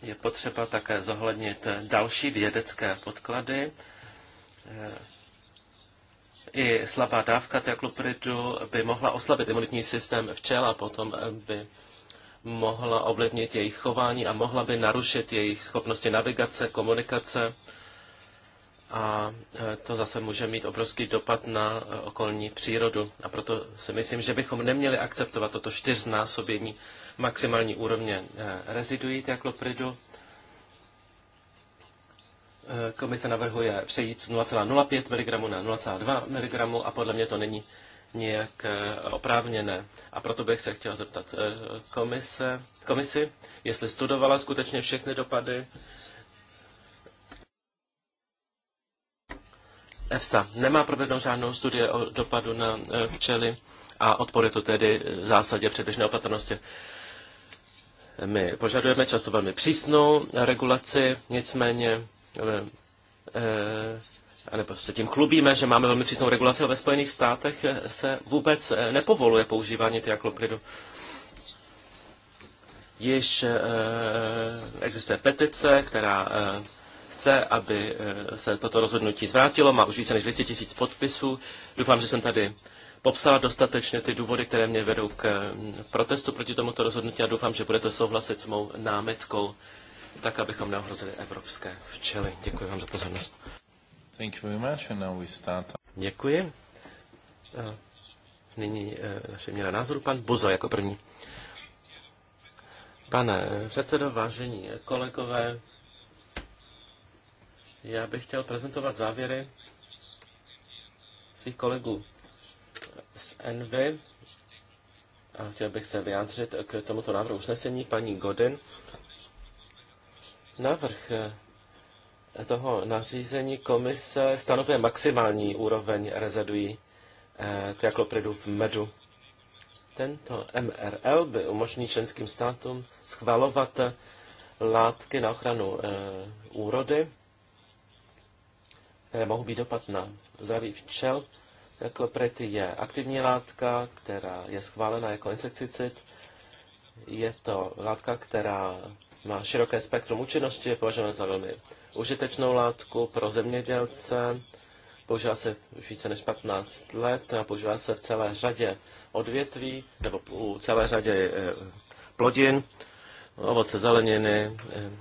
je potřeba také zohlednit další vědecké podklady. E, I slabá dávka teoklopridu by mohla oslabit imunitní systém včel a potom by mohla ovlivnit jejich chování a mohla by narušit jejich schopnosti navigace, komunikace. A e, to zase může mít obrovský dopad na e, okolní přírodu. A proto si myslím, že bychom neměli akceptovat toto čtyřnásobění maximální úrovně eh, rezidují tiaklopridu. Jako eh, komise navrhuje přejít z 0,05 mg na 0,2 mg a podle mě to není nějak eh, oprávněné. A proto bych se chtěl zeptat komise, komisi, jestli studovala skutečně všechny dopady. EFSA nemá provednou žádnou studii o dopadu na včely a odpory to tedy v zásadě předběžné opatrnosti. My požadujeme často velmi přísnou regulaci, nicméně eh, eh, nebo se tím chlubíme, že máme velmi přísnou regulaci, ale ve Spojených státech eh, se vůbec nepovoluje používání tyaklopridu. Již existuje petice, která chce, aby se toto rozhodnutí zvrátilo, má už více než 200 tisíc podpisů. Doufám, že jsem tady popsala dostatečně ty důvody, které mě vedou k mm, protestu proti tomuto rozhodnutí a doufám, že budete souhlasit s mou námitkou, tak abychom neohrozili evropské včely. Děkuji vám za pozornost. Thank you very much and now we start. Děkuji. Eh, nyní eh, naše měna názoru pan Buzo jako první. Pane eh, předsedo, vážení kolegové, já bych chtěl prezentovat závěry svých kolegů z Envy a chtěl bych se vyjádřit k tomuto návrhu usnesení paní Godin. Návrh eh, toho nařízení komise stanovuje maximální úroveň reziduí eh, triaklopridu v medu. Tento MRL by umožní členským státům schvalovat eh, látky na ochranu úrody, které mohou být dopad na zdraví včel Klopret jako je aktivní látka, která je schválena jako insekticid. Je to látka, která má široké spektrum účinnosti, je považována za velmi užitečnou látku pro zemědělce. Používá se už více než 15 let a používá se v celé řadě odvětví nebo u celé řadě eh, plodin, ovoce, zeleniny,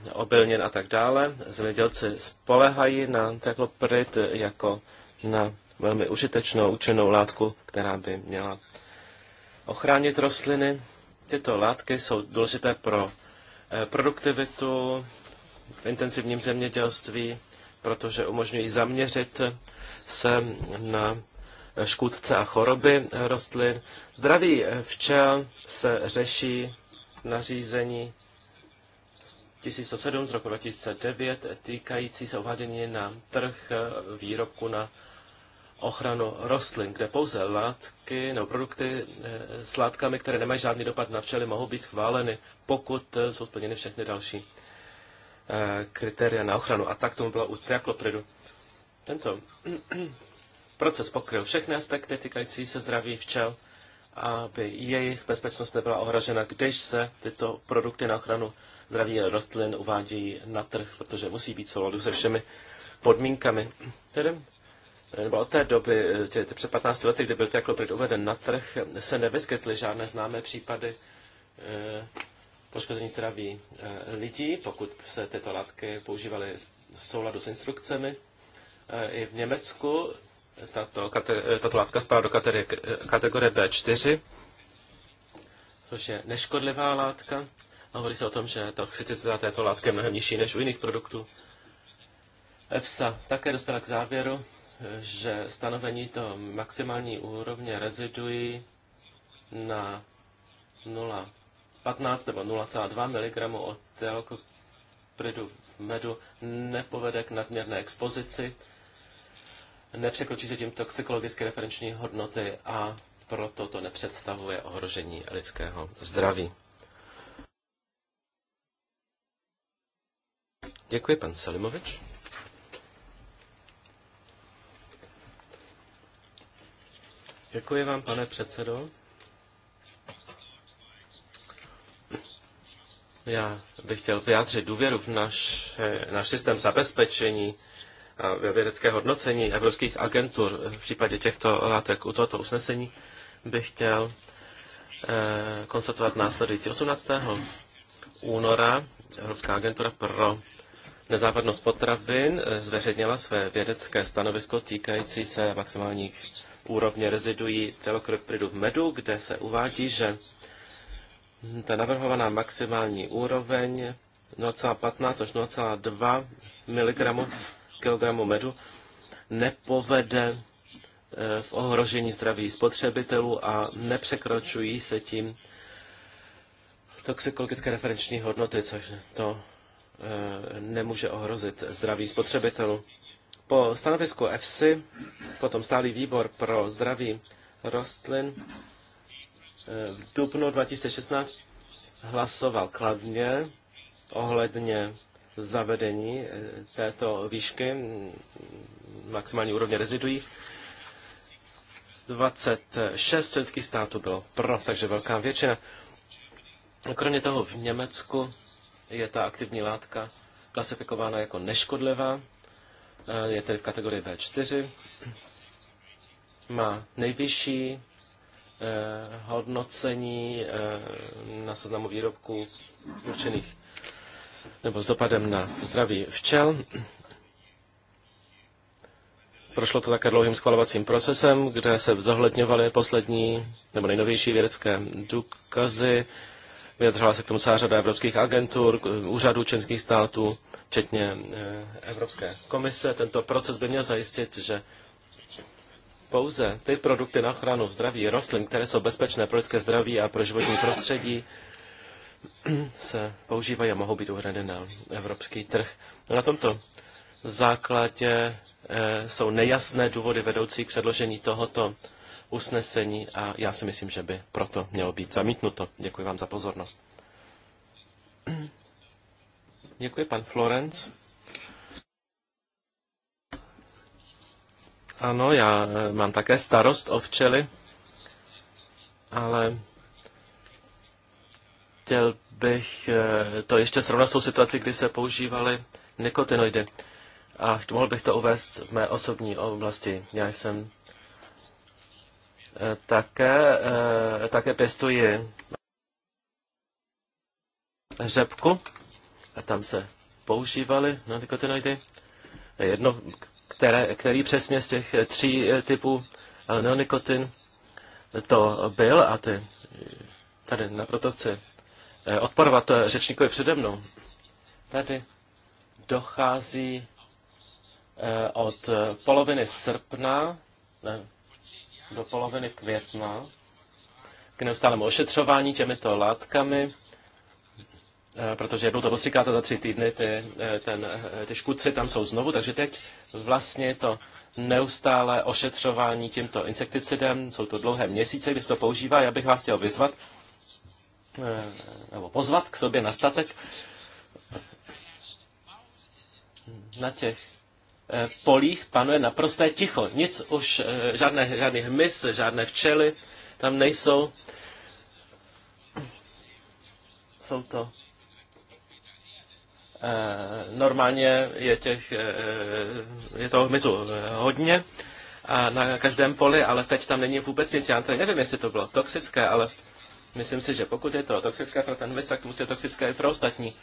eh, obilnin a tak dále. Zemědělci spolehají na teklopryt jako na velmi užitečnou účinnou látku, která by měla ochránit rostliny. Tyto látky jsou důležité pro eh, produktivitu v intenzivním zemědělství, protože umožňují zaměřit se na škůdce a choroby rostlin. Zdraví eh, včel se řeší nařízení 1107 z roku 2009 týkající se uvádění na trh eh, výrobku na ochranu rostlin, kde pouze látky nebo produkty eh, s látkami, které nemají žádný dopad na včely, mohou být schváleny, pokud eh, jsou splněny všechny další eh, kritéria na ochranu. A tak tomu bylo u triaklopridu. Tento *clears throat* proces pokryl všechny aspekty týkající se zdraví včel, aby jejich bezpečnost nebyla ohrožena, když se tyto produkty na ochranu zdraví rostlin uvádějí na trh, protože musí být v souladu se všemi podmínkami. Tedy nebo od té doby, tě, tě před 15 lety, kdy byl Teakloprid uveden na trh, se nevyskytly žádné známé případy e, poškození zdraví e, lidí, pokud se tyto látky používaly v souladu s instrukcemi. E, I v Německu tato, kate, tato látka spadá do kategorie, kategorie B4, což je neškodlivá látka. A hovorí se o tom, že toxicita této látky je mnohem nižší než u jiných produktů. EFSA také dospěla k závěru, že stanovení to maximální úrovně rezidují na 0,15 nebo 0,2 mg od teokopridu v medu nepovede k nadměrné expozici, nepřekročí se tím toxikologické referenční hodnoty a proto to nepředstavuje ohrožení lidského zdraví. Děkuji, pan Salimovič. Děkuji vám, pane předsedo. Já bych chtěl vyjádřit důvěru v náš, eh, náš systém zabezpečení a vědecké hodnocení evropských agentur v případě těchto látek. U tohoto usnesení bych chtěl eh, konstatovat následující. 18. února Evropská agentura pro nezávadnost potravin eh, zveřejnila své vědecké stanovisko týkající se maximálních úrovně rezidují telokrypridu v medu, kde se uvádí, že ta navrhovaná maximální úroveň 0,15 až 0,2 mg kilogramu medu nepovede e, v ohrožení zdraví spotřebitelů a nepřekročují se tím toxikologické referenční hodnoty, což to e, nemůže ohrozit zdraví spotřebitelů. Po stanovisku EFSI, potom stálý výbor pro zdraví rostlin, eh, v dubnu 2016 hlasoval kladně ohledně zavedení eh, této výšky mm, maximální úrovně reziduí. 26 členských států bylo pro, takže velká většina. Kromě toho v Německu je ta aktivní látka klasifikována jako neškodlivá je tedy v kategorii V4, má nejvyšší eh, hodnocení eh, na seznamu výrobků určených nebo s dopadem na zdraví včel. Prošlo to také dlouhým schvalovacím procesem, kde se zohledňovaly poslední nebo nejnovější vědecké důkazy vyjadřovala se k tomu celá řada evropských agentur, eh, úřadů členských států, včetně eh, Evropské komise. Tento proces by měl zajistit, že pouze ty produkty na ochranu zdraví rostlin, které jsou bezpečné pro lidské zdraví a pro životní prostředí, *clears throat* se používají a mohou být uhradeny na evropský trh. No, na tomto základě eh, jsou nejasné důvody vedoucí k předložení tohoto usnesení a já si myslím, že by proto mělo být zamítnuto. Děkuji vám za pozornost. *clears throat* Děkuji, pan Florenc. Ano, já eh, mám také starost o včely, ale chtěl bych eh, to ještě srovnat s tou situací, kdy se používaly nikotinoidy. A mohl bych to uvést v mé osobní oblasti. Já jsem také, eh, také pěstuji řepku a tam se používaly neonikotinoidy. Jedno, které, který přesně z těch tří eh, typů neonikotin to byl a ty tady na protoce eh, odporovat řečníkovi přede mnou. Tady dochází od poloviny srpna, ne, do poloviny května k neustálému ošetřování těmito látkami, eh, protože jednou to postříkáte za tři týdny, ty, eh, ten, eh, ty škůdci tam jsou znovu, takže teď vlastně to neustále ošetřování tímto insekticidem, jsou to dlouhé měsíce, kdy se to používá, já bych vás chtěl vyzvat, nebo pozvat k sobě na statek, na těch Eh, polích panuje naprosté ticho. Nic už, eh, žádné, žádný hmyz, žádné včely tam nejsou. Jsou to eh, normálně je těch, je toho hmyzu hodně a na každém poli, ale teď tam není vůbec nic. Já nevím, jestli to bylo toxické, ale myslím si, že pokud je to toxické pro ten hmyz, tak to musí toxické i pro ostatní.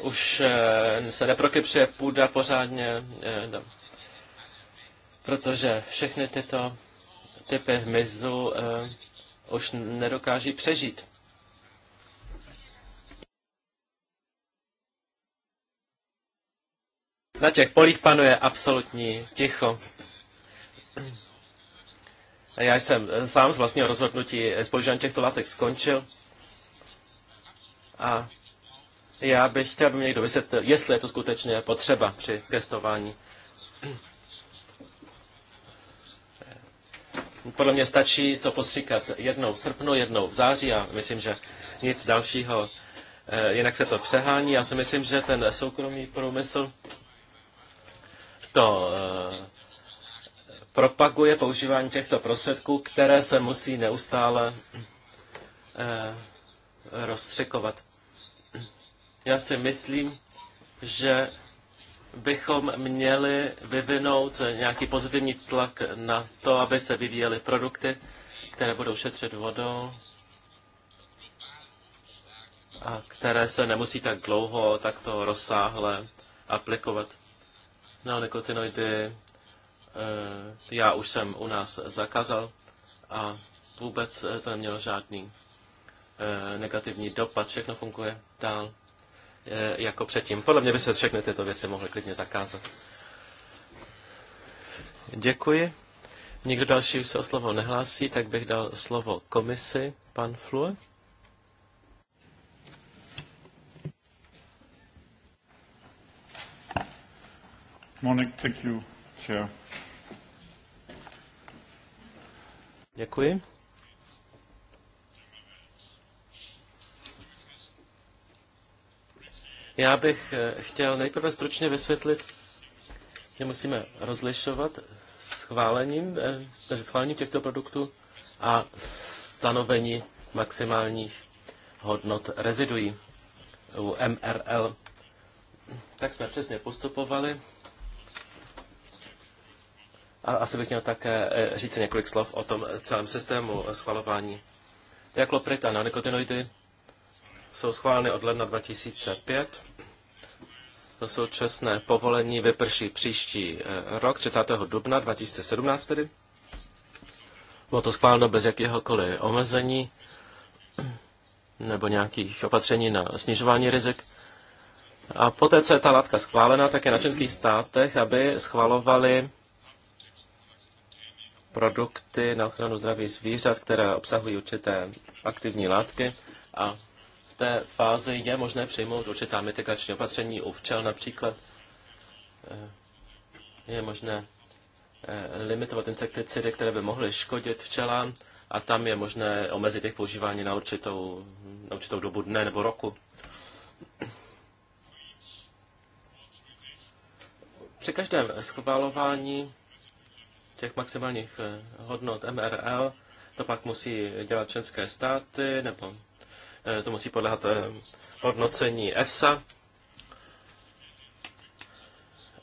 už eh, se neprokypřuje půda pořádně, eh, no, protože všechny tyto typy hmyzu eh, už nedokáží přežít. Na těch polích panuje absolutní ticho. Já jsem sám z vlastního rozhodnutí s eh, používáním těchto látek skončil a já bych chtěl, aby mě někdo vysvětlil, jestli je to skutečně potřeba při pěstování. Podle mě stačí to postříkat jednou v srpnu, jednou v září a myslím, že nic dalšího, eh, jinak se to přehání. Já si myslím, že ten soukromý průmysl to eh, propaguje používání těchto prostředků, které se musí neustále eh, rozstřikovat. Já si myslím, že bychom měli vyvinout nějaký pozitivní tlak na to, aby se vyvíjely produkty, které budou šetřit vodou a které se nemusí tak dlouho, takto rozsáhle aplikovat. Neonikotinoidy eh, já už jsem u nás zakázal a vůbec eh, to nemělo žádný eh, negativní dopad, všechno funguje dál. Eh, jako předtím. Podle mě by se všechny tyto věci mohly klidně zakázat. Děkuji. Nikdo další se o slovo nehlásí, tak bych dal slovo komisi, pan Flue. Morning, thank you, chair. Děkuji. Já bych eh, chtěl nejprve stručně vysvětlit, že musíme rozlišovat schválením, eh, schválením těchto produktů a stanovení maximálních hodnot reziduí u MRL. Tak jsme přesně postupovali. A asi bych měl také eh, říct několik slov o tom celém systému schvalování. Diaklopryt a neonikotinoidy jsou schváleny od ledna 2005. To současné povolení vyprší příští eh, rok, 30. dubna 2017 tedy. Bylo to schváleno bez jakéhokoliv omezení nebo nějakých opatření na snižování rizik. A poté, co je ta látka schválena, tak je na českých státech, aby schvalovali produkty na ochranu zdraví zvířat, které obsahují určité aktivní látky a té fázi je možné přijmout určitá mitigační opatření u včel například. Eh, je možné eh, limitovat insekticidy, které by mohly škodit včelám a tam je možné omezit jejich používání na určitou, na určitou dobu dne nebo roku. Při každém schvalování těch maximálních eh, hodnot MRL to pak musí dělat členské státy nebo Eh, to musí podléhat eh, hodnocení EFSA.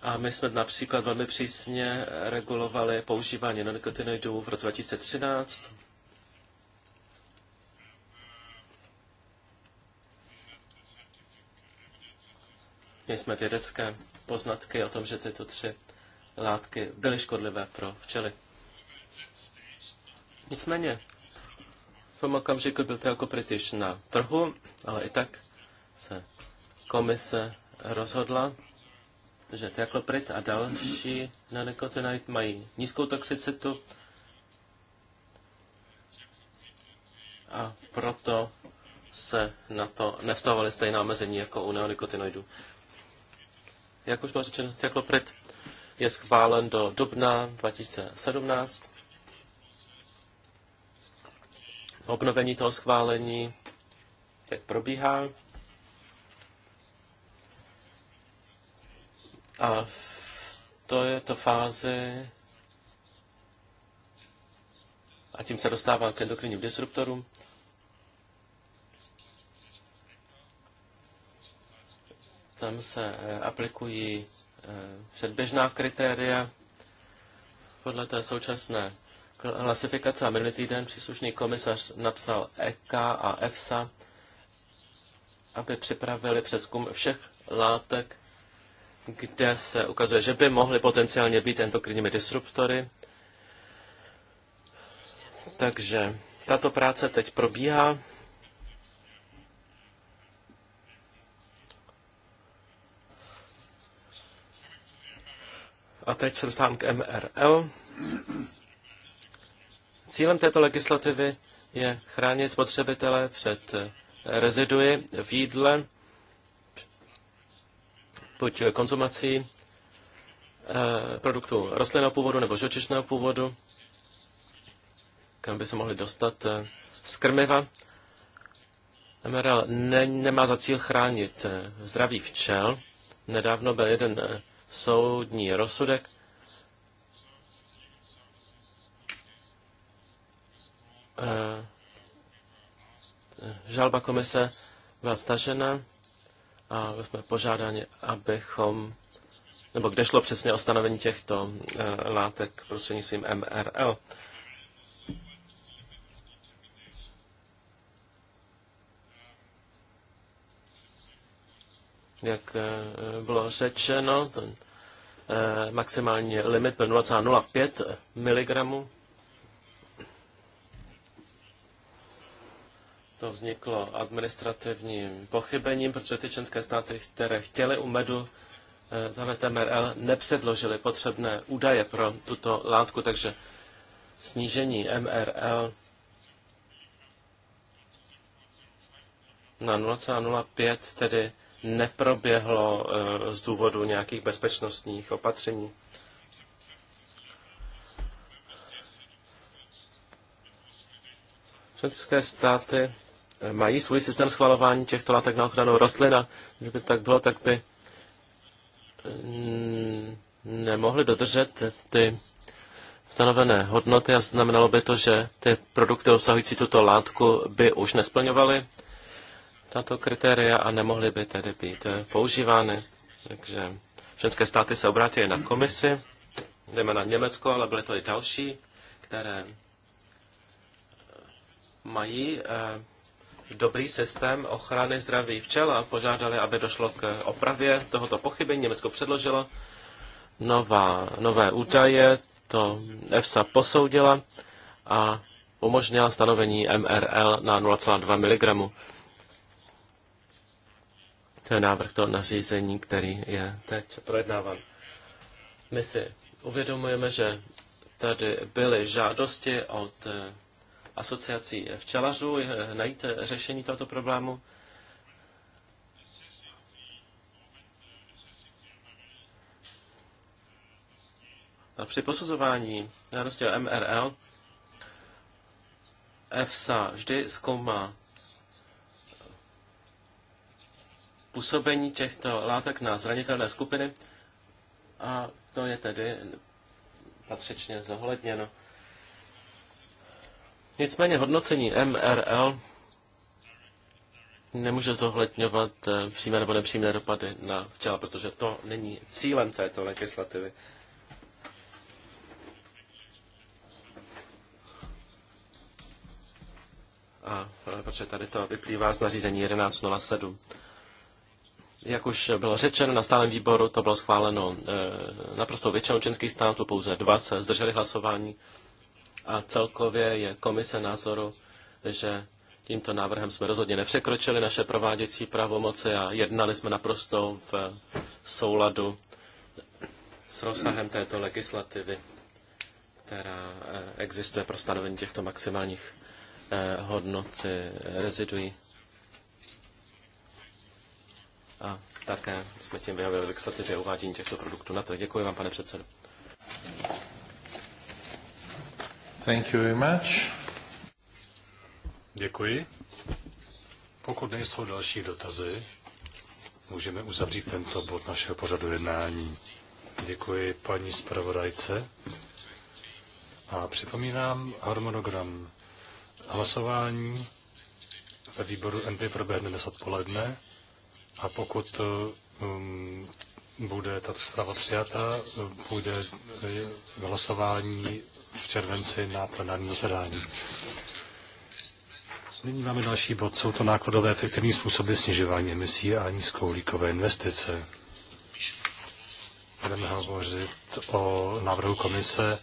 A my jsme například velmi přísně regulovali používání nonikotinoidů v roce 2013. Měli jsme vědecké poznatky o tom, že tyto tři látky byly škodlivé pro včely. Nicméně v tom okamžiku byl to jako British na trhu, ale i tak se komise rozhodla, že teakloprit a další nanekotinoid mají nízkou toxicitu a proto se na to nevstavovaly stejná omezení jako u neonikotinoidů. Jak už bylo řečeno, teakloprit je schválen do dubna 2017 obnovení toho schválení teď probíhá. A to je to fáze, a tím se dostávám k endokrinním disruptorům, tam se eh, aplikují eh, předběžná kritéria podle té současné klasifikace a minulý týden příslušný komisař napsal EK a EFSA, aby připravili přeskum všech látek, kde se ukazuje, že by mohly potenciálně být endokrinními disruptory. Takže tato práce teď probíhá. A teď se dostávám k MRL. Cílem této legislativy je chránit spotřebitele před eh, reziduji v jídle, buď konzumací eh, produktů rostlinného původu nebo živočišného původu, kam by se mohli dostat eh, z krmiva. MRL ne, nemá za cíl chránit zdraví včel. Nedávno byl jeden soudní rozsudek, Eh, žalba komise byla stažena a jsme požádáni, abychom, nebo kde šlo přesně o stanovení těchto eh, látek prostřednictvím MRL. Jak eh, bylo řečeno, ten maximální limit byl 0,05 mg To vzniklo administrativním pochybením, protože ty členské státy, které chtěly u medu zavést eh, MRL, nepředložily potřebné údaje pro tuto látku, takže snížení MRL na 0,05 tedy neproběhlo eh, z důvodu nějakých bezpečnostních opatření. Členské státy mají svůj systém schvalování těchto látek na ochranu rostlin a Kdyby to tak bylo, tak by mm, nemohli dodržet ty stanovené hodnoty a znamenalo by to, že ty produkty obsahující tuto látku by už nesplňovaly tato kritéria a nemohly by tedy být eh, používány. Takže všechny státy se obrátily na komisi, jdeme na Německo, ale byly to i další, které mají eh, dobrý systém ochrany zdraví včel a požádali, aby došlo k opravě tohoto pochybení. Německo předložilo nová, nové údaje, to EFSA posoudila a umožnila stanovení MRL na 0,2 mg. To je návrh toho nařízení, který je teď projednáván. My si uvědomujeme, že tady byly žádosti od asociací včelařů, eh, najít eh, řešení tohoto problému. A při posuzování žádosti o MRL EFSA vždy zkoumá působení těchto látek na zranitelné skupiny a to je tedy patřičně zohledněno. Nicméně hodnocení MRL nemůže zohledňovat eh, přímé nebo nepřímé dopady na včela, protože to není cílem této legislativy. A eh, protože tady to vyplývá z nařízení 1107. Jak už bylo řečeno na stálem výboru, to bylo schváleno eh, naprosto většinou členských států, pouze dva se zdrželi hlasování. A celkově je komise názoru, že tímto návrhem jsme rozhodně nepřekročili naše prováděcí pravomoci a jednali jsme naprosto v souladu s rozsahem této legislativy, která eh, existuje pro stanovení těchto maximálních eh, hodnot eh, reziduí. A také jsme tím vyhověli legislativě uvádění těchto produktů na trh. Děkuji vám, pane předsedo. Thank you very much. Děkuji. Pokud nejsou další dotazy, můžeme uzavřít tento bod našeho pořadu jednání. Děkuji paní zpravodajce a připomínám harmonogram hlasování ve výboru MP proběhne dnes odpoledne a pokud um, bude tato zpráva přijata, bude eh, hlasování v červenci na plenárním zasedání. Nyní máme další bod. Jsou to nákladové efektivní způsoby snižování emisí a nízkouhlíkové investice. Budeme hovořit o návrhu komise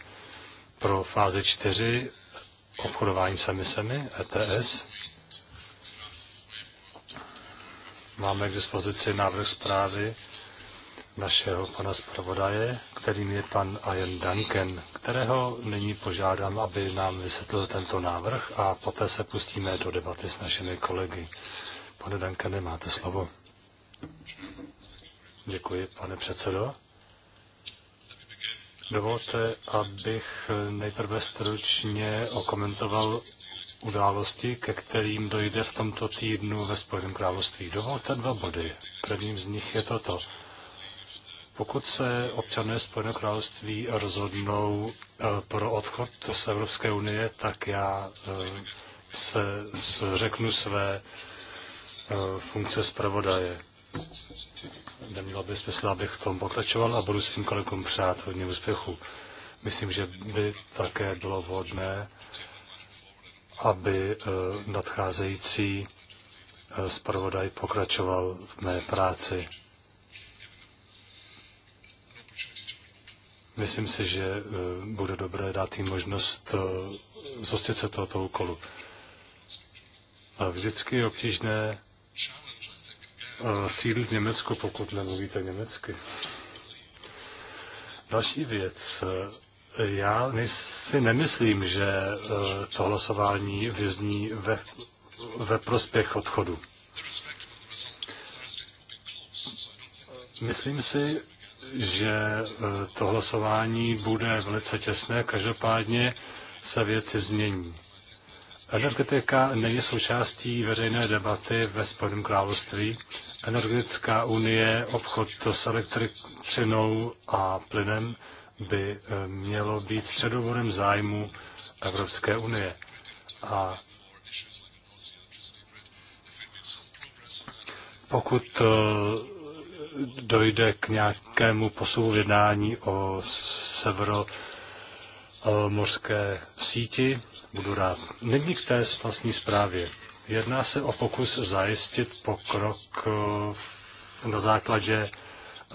pro fázi 4 obchodování s emisemi ETS. Máme k dispozici návrh zprávy našeho pana zpravodaje, kterým je pan Ian Duncan, kterého nyní požádám, aby nám vysvětlil tento návrh a poté se pustíme do debaty s našimi kolegy. Pane Duncan, máte slovo. Děkuji, pane předsedo. Dovolte, abych nejprve stručně okomentoval události, ke kterým dojde v tomto týdnu ve Spojeném království. Dovolte dva body. Prvním z nich je toto. Pokud se občané Spojeného království rozhodnou eh, pro odchod z Evropské unie, tak já eh, se řeknu své eh, funkce zpravodaje. Nemělo by smysl, abych v tom pokračoval a budu svým kolegům přát hodně úspěchu. Myslím, že by také bylo vhodné, aby nadcházející zpravodaj pokračoval v mé práci. Myslím si, že eh, bude dobré dát jim možnost eh, zostit se tohoto úkolu. A vždycky je obtížné eh, sídlit v Německu, pokud nemluvíte německy. Další věc. Já si nemyslím, že to hlasování vyzní ve, ve prospěch odchodu. Myslím si, že eh, to hlasování bude velice těsné, každopádně se věci změní. Energetika není součástí veřejné debaty ve Spojeném království. Energetická unie, obchod s elektřinou a plynem by eh, mělo být středoborem zájmu Evropské unie. A pokud eh, dojde k nějakému posuvu v jednání o severo morské síti, budu rád. Nyní k té vlastní zprávě. Jedná se o pokus zajistit pokrok eh, na základě eh,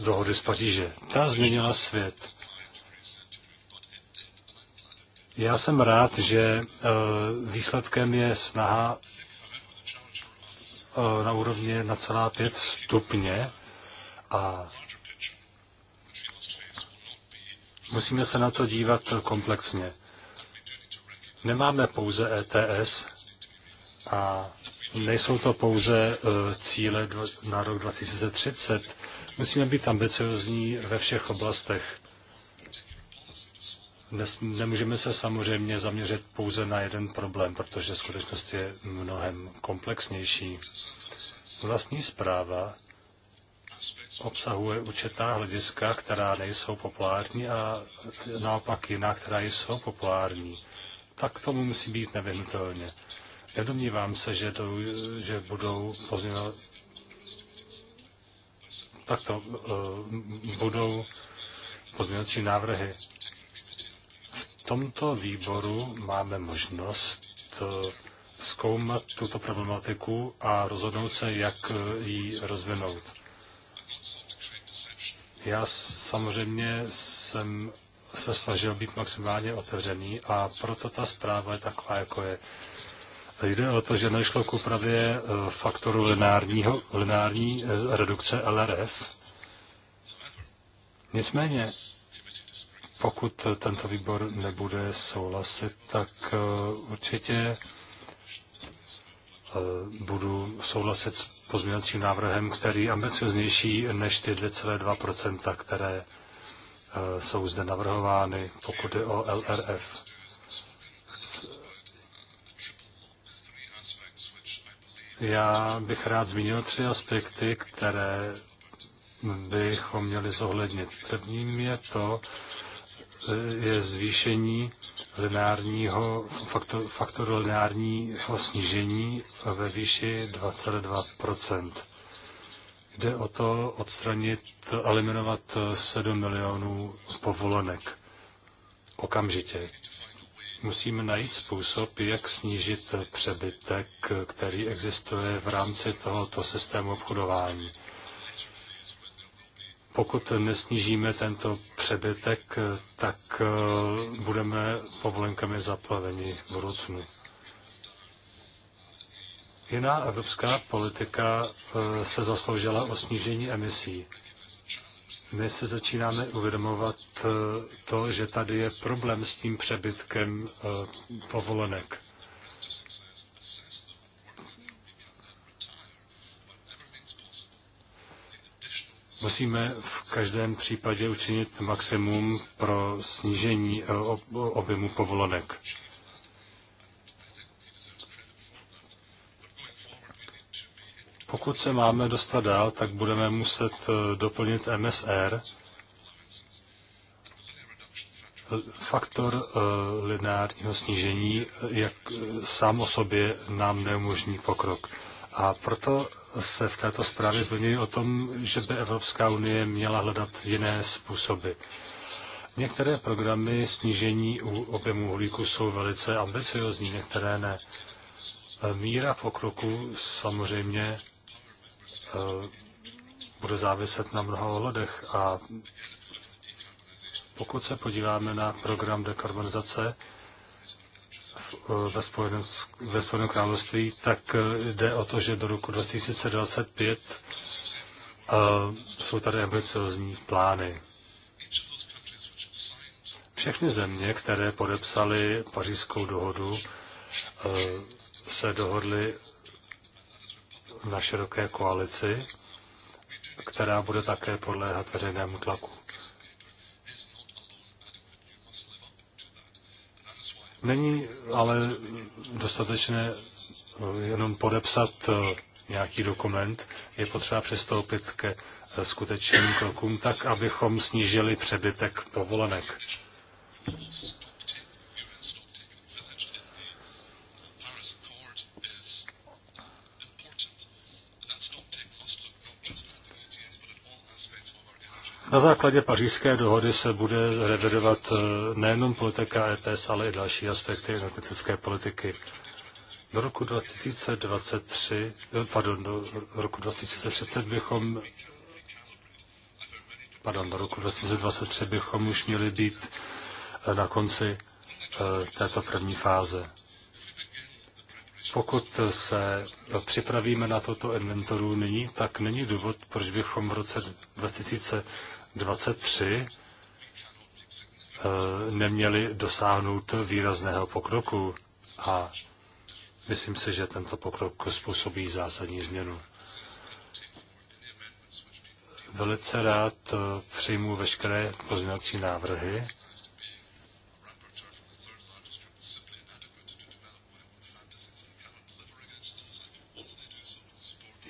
dohody z Paříže. Ta změnila svět. Já jsem rád, že eh, výsledkem je snaha Eh, na úrovni 1,5 stupně a musíme se na to dívat komplexně. Nemáme pouze ETS a nejsou to pouze eh, cíle na rok 2030. Musíme být ambiciozní ve všech oblastech. Nemůžeme se samozřejmě zaměřit pouze na jeden problém, protože skutečnost je mnohem komplexnější. Vlastní zpráva obsahuje určitá hlediska, která nejsou populární a naopak jiná, která jsou populární. Tak tomu musí být nevyhnutelně. Nedomnívám se, že, to, že budou pozměno... takto uh, eh, budou pozměnovací návrhy tomto výboru máme možnost eh, zkoumat tuto problematiku a rozhodnout se, jak eh, ji rozvinout. Já samozřejmě jsem se snažil být maximálně otevřený a proto ta zpráva je taková, jako je. Jde o to, že nešlo k úpravě eh, faktoru lineárního, lineární redukce LRF. Nicméně pokud tento výbor nebude souhlasit, tak eh, určitě eh, budu souhlasit s pozměňovacím návrhem, který je ambicioznější než ty 2,2%, které eh, jsou zde navrhovány, pokud je o LRF. Já bych rád zmínil tři aspekty, které bychom měli zohlednit. Prvním je to, je zvýšení lineárního, faktor, faktoru lineárního snížení ve výši 22%. Jde o to odstranit, eliminovat 7 milionů povolenek okamžitě. Musíme najít způsob, jak snížit přebytek, který existuje v rámci tohoto systému obchodování pokud nesnížíme tento přebytek, tak eh, budeme povolenkami zaplaveni v budoucnu. Jiná evropská politika eh, se zasloužila o snížení emisí. My se začínáme uvědomovat eh, to, že tady je problém s tím přebytkem povolenek. Musíme v každém případě učinit maximum pro snížení eh, objemu povolenek. Pokud se máme dostat dál, tak budeme muset eh, doplnit MSR, faktor uh, lineárního snížení, jak sám o sobě nám neumožní pokrok. A proto se v této zprávě zmiňuji o tom, že by Evropská unie měla hledat jiné způsoby. Některé programy snížení objemu uhlíku jsou velice ambiciozní, některé ne. Míra pokroku samozřejmě eh, bude záviset na mnoha ohledech a pokud se podíváme na program dekarbonizace, Eh, ve Spojeném, ve Spojeném království, tak eh, jde o to, že do roku 2025 uh, eh, jsou tady ambiciozní plány. Všechny země, které podepsaly pařížskou dohodu, uh, se dohodly na široké koalici, která bude také podléhat veřejnému tlaku. Není ale dostatečné eh, jenom podepsat eh, nějaký dokument, je potřeba přistoupit ke eh, skutečným krokům tak, abychom snížili přebytek povolenek. Na základě pařížské dohody se bude revidovat eh, nejenom politika ETS, ale i další aspekty energetické politiky. Do roku 2023, eh, pardon, do roku 2030 bychom pardon, do roku 2023 bychom už měli být eh, na konci této první fáze. Pokud se připravíme na toto inventoru nyní, tak není důvod, proč bychom v roce 2000 23 eh, neměli dosáhnout výrazného pokroku a myslím si, že tento pokrok způsobí zásadní změnu. Velice rád eh, přijmu veškeré pozměňovací návrhy,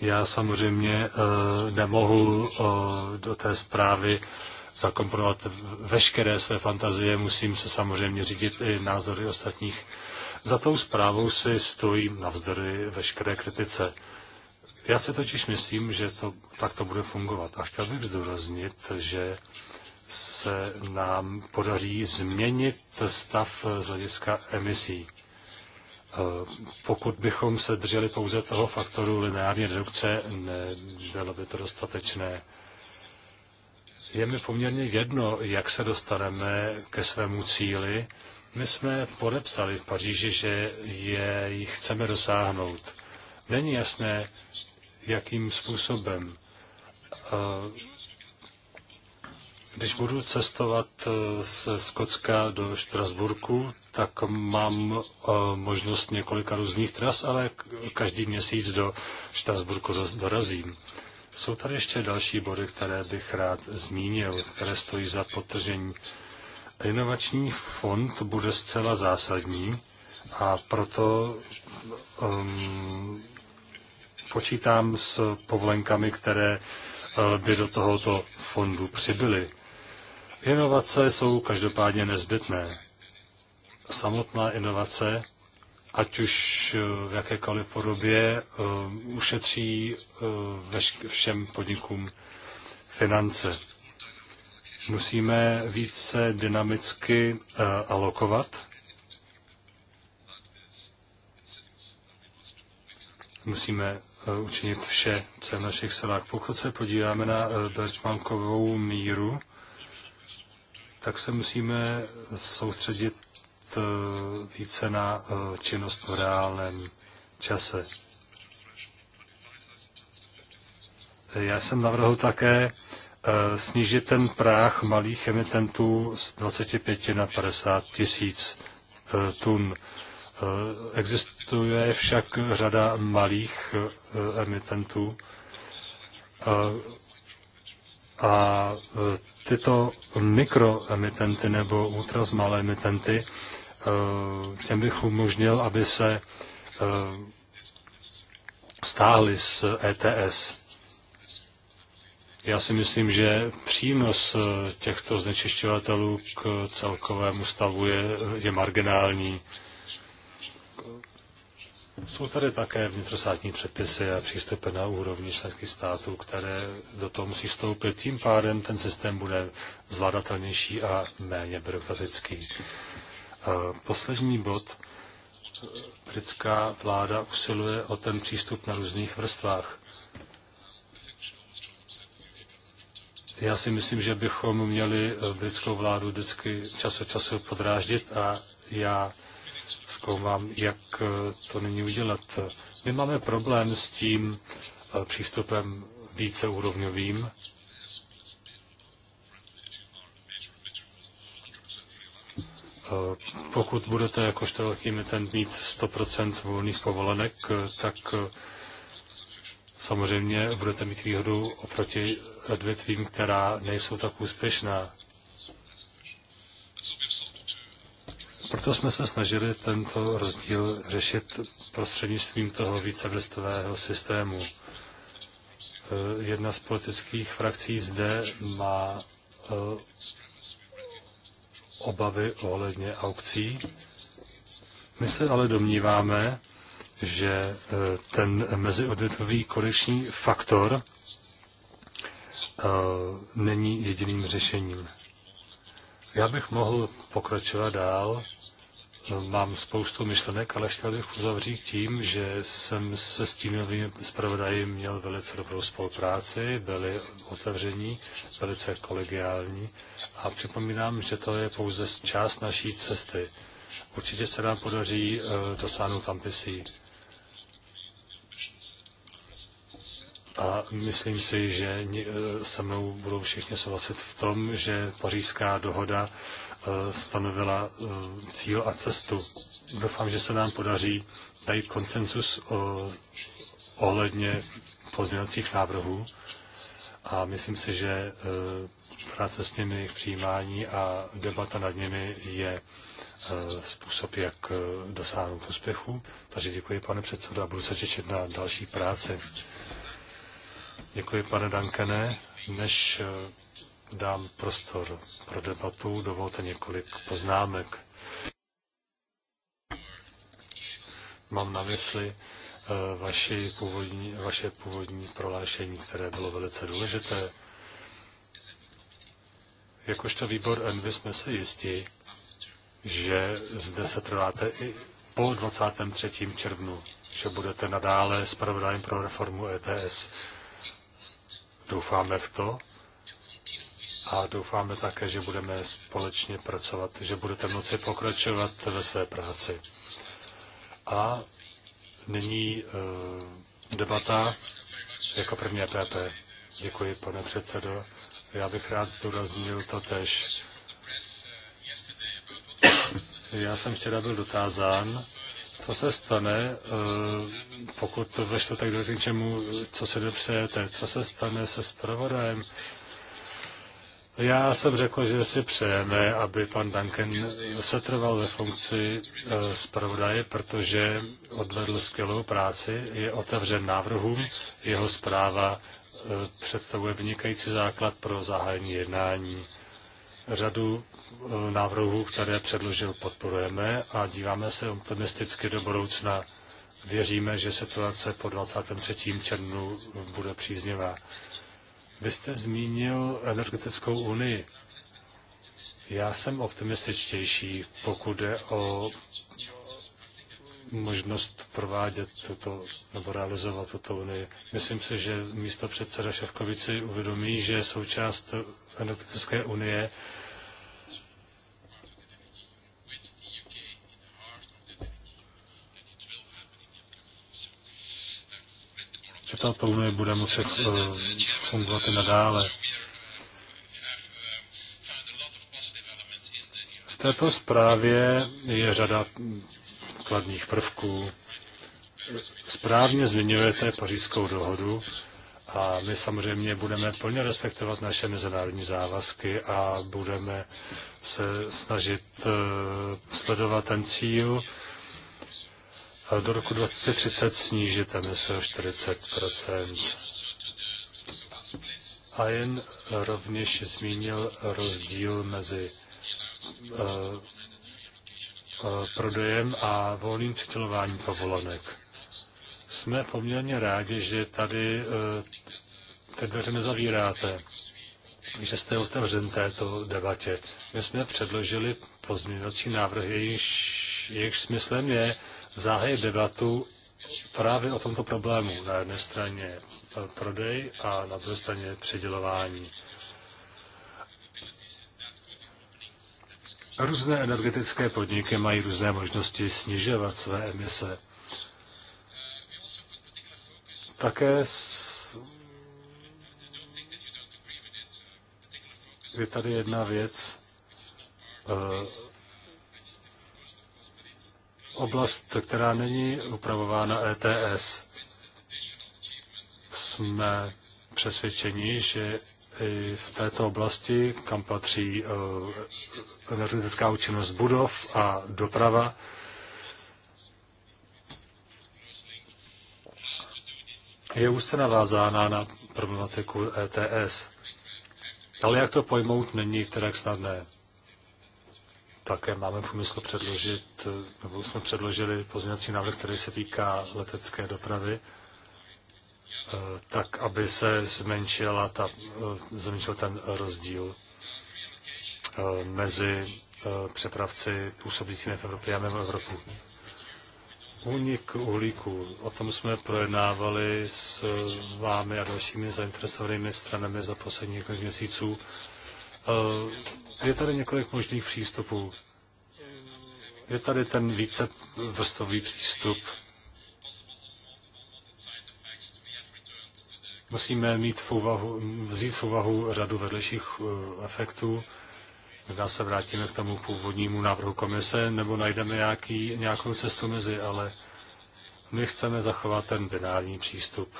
Já samozřejmě eh, nemohu eh, do té zprávy zakomponovat veškeré své fantazie, musím se samozřejmě řídit i názory ostatních. Za tou zprávou si stojím navzdory veškeré kritice. Já si totiž myslím, že to tak to bude fungovat. A chtěl bych zdůraznit, že se nám podaří změnit stav z hlediska emisí. Eh, pokud bychom se drželi pouze toho faktoru lineární redukce, nebylo by to dostatečné. Je mi poměrně jedno, jak se dostaneme ke svému cíli. My jsme podepsali v Paříži, že je chceme dosáhnout. Není jasné, jakým způsobem. Eh, když budu cestovat eh, ze Skocka do Štrasburku, tak mám eh, možnost několika různých tras, ale každý měsíc do Štrasburku dorazím. Jsou tady ještě další body, které bych rád zmínil, které stojí za potržení. Inovační fond bude zcela zásadní a proto um, počítám s povolenkami, které eh, by do tohoto fondu přibyly. Inovace jsou každopádně nezbytné. Samotná inovace, ať už eh, v jakékoliv podobě, eh, ušetří eh, všem podnikům finance. Musíme více dynamicky alokovat. Musíme učinit vše, co je v našich silách. Pokud se podíváme na Berčmankovou míru, tak se musíme soustředit eh, více na eh, činnost v reálném čase. Já jsem navrhl také eh, snížit ten práh malých emitentů z 25 na 50 tisíc tun. Existuje však řada malých emitentů a tyto mikroemitenty nebo ultrazmalé emitenty, eh, těm bych umožnil, aby se eh, stáhli z ETS. Já si myslím, že přínos eh, těchto znečišťovatelů k celkovému stavu je, je marginální. Jsou tady také vnitrostátní předpisy a přístupy na úrovni členských států, které do toho musí vstoupit. Tím pádem ten systém bude zvládatelnější a méně byrokratický. Poslední bod. Britská vláda usiluje o ten přístup na různých vrstvách. Já si myslím, že bychom měli britskou vládu vždycky čas od času podráždit a já zkoumám, jak eh, to není udělat. My máme problém s tím eh, přístupem víceúrovňovým. Eh, pokud budete jako štelký ten mít 100% volných povolenek, tak samozřejmě budete mít výhodu oproti odvětvím, která nejsou tak úspěšná. Proto jsme se snažili tento rozdíl řešit prostřednictvím toho vícevrstvového systému. E, jedna z politických frakcí zde má e, obavy ohledně aukcí. My se ale domníváme, že e, ten meziodvětvový koneční faktor není jediným řešením. Já bych mohl pokročila dál. No, mám spoustu myšlenek, ale chtěl bych uzavřít tím, že jsem se s stínovými zpravodaji měl velice dobrou spolupráci, byli otevření, velice kolegiální a připomínám, že to je pouze část naší cesty. Určitě se nám podaří eh, dosáhnout ambicí. A myslím si, že eh, se mnou budou všichni souhlasit v tom, že pařížská dohoda Eh, stanovila eh, cíl a cestu. Doufám, že se nám podaří najít koncensus eh, ohledně pozměňovacích návrhů a myslím si, že práce s nimi, jejich přijímání a debata nad nimi je způsob, jak dosáhnout úspěchu. Takže děkuji, pane předsedo, a budu se těšit na další práci. Děkuji, pane Dankene. Než dám prostor pro debatu, dovolte několik poznámek. Mám na mysli eh, vaši původní, vaše původní prohlášení, které bylo velice důležité. Jakožto výbor Envy jsme si jistí, že zde se trváte i po 23. červnu, že budete nadále zpravodajem pro reformu ETS. Doufáme v to a doufáme také, že budeme společně pracovat, že budete moci pokračovat ve své práci. A nyní uh, debata jako první PP. E Děkuji, pane předsedo. Já bych rád zdůraznil to tež. Já jsem včera byl dotázán, co se stane, eh, pokud ve čtvrtek do k něčemu, co se dopřejete, co se stane se zpravodajem, já jsem řekl, že si přejeme, aby pan Duncan setrval ve funkci eh, zpravodaje, protože odvedl skvělou práci, je otevřen návrhům, jeho zpráva eh, představuje vynikající základ pro zahájení jednání. Řadu eh, návrhů, které předložil, podporujeme a díváme se optimisticky do budoucna. Věříme, že situace po 23. červnu bude příznivá. Vy jste zmínil energetickou unii. Já jsem optimističtější, pokud jde o možnost provádět toto nebo realizovat tuto unii. Myslím si, že místo předseda Ševkovici uvědomí, že součást energetické unie že tato unie bude muset eh, fungovat i nadále. V této zprávě je řada kladných prvků. Správně zmiňujete pařížskou dohodu a my samozřejmě budeme plně respektovat naše mezinárodní závazky a budeme se snažit eh, sledovat ten cíl do roku 2030 snížit emise o 40 A jen rovněž zmínil rozdíl mezi eh, eh, prodejem a volným titulováním povolenek. Jsme poměrně rádi, že tady eh, ty dveře nezavíráte, že jste otevřen této debatě. My jsme předložili pozměňovací návrhy, jejichž smyslem je zahájit debatu právě o tomto problému. Na jedné straně prodej a na druhé straně předělování. Různé energetické podniky mají různé možnosti snižovat své emise. Také je tady jedna věc, eh, oblast, která není upravována ETS. Jsme přesvědčeni, že i v této oblasti, kam patří eh, energetická účinnost budov a doprava, je úzce navázána na problematiku ETS. Ale jak to pojmout, není které snadné. Také máme v úmyslu předložit, nebo jsme předložili pozměňovací návrh, který se týká letecké dopravy, tak aby se zmenšila ta, zmenšil ten rozdíl eh, mezi eh, přepravci působícími v Evropě a mimo Evropu. Únik uhlíku. O tom jsme projednávali s vámi a dalšími zainteresovanými stranami za posledních několik měsíců. Eh, je tady několik možných přístupů. Je tady ten více vrstový přístup. Musíme mít v úvahu, vzít v úvahu řadu vedlejších eh, efektů. Možná se vrátíme k tomu původnímu návrhu komise, nebo najdeme nějaký, nějakou cestu mezi, ale my chceme zachovat ten binární přístup.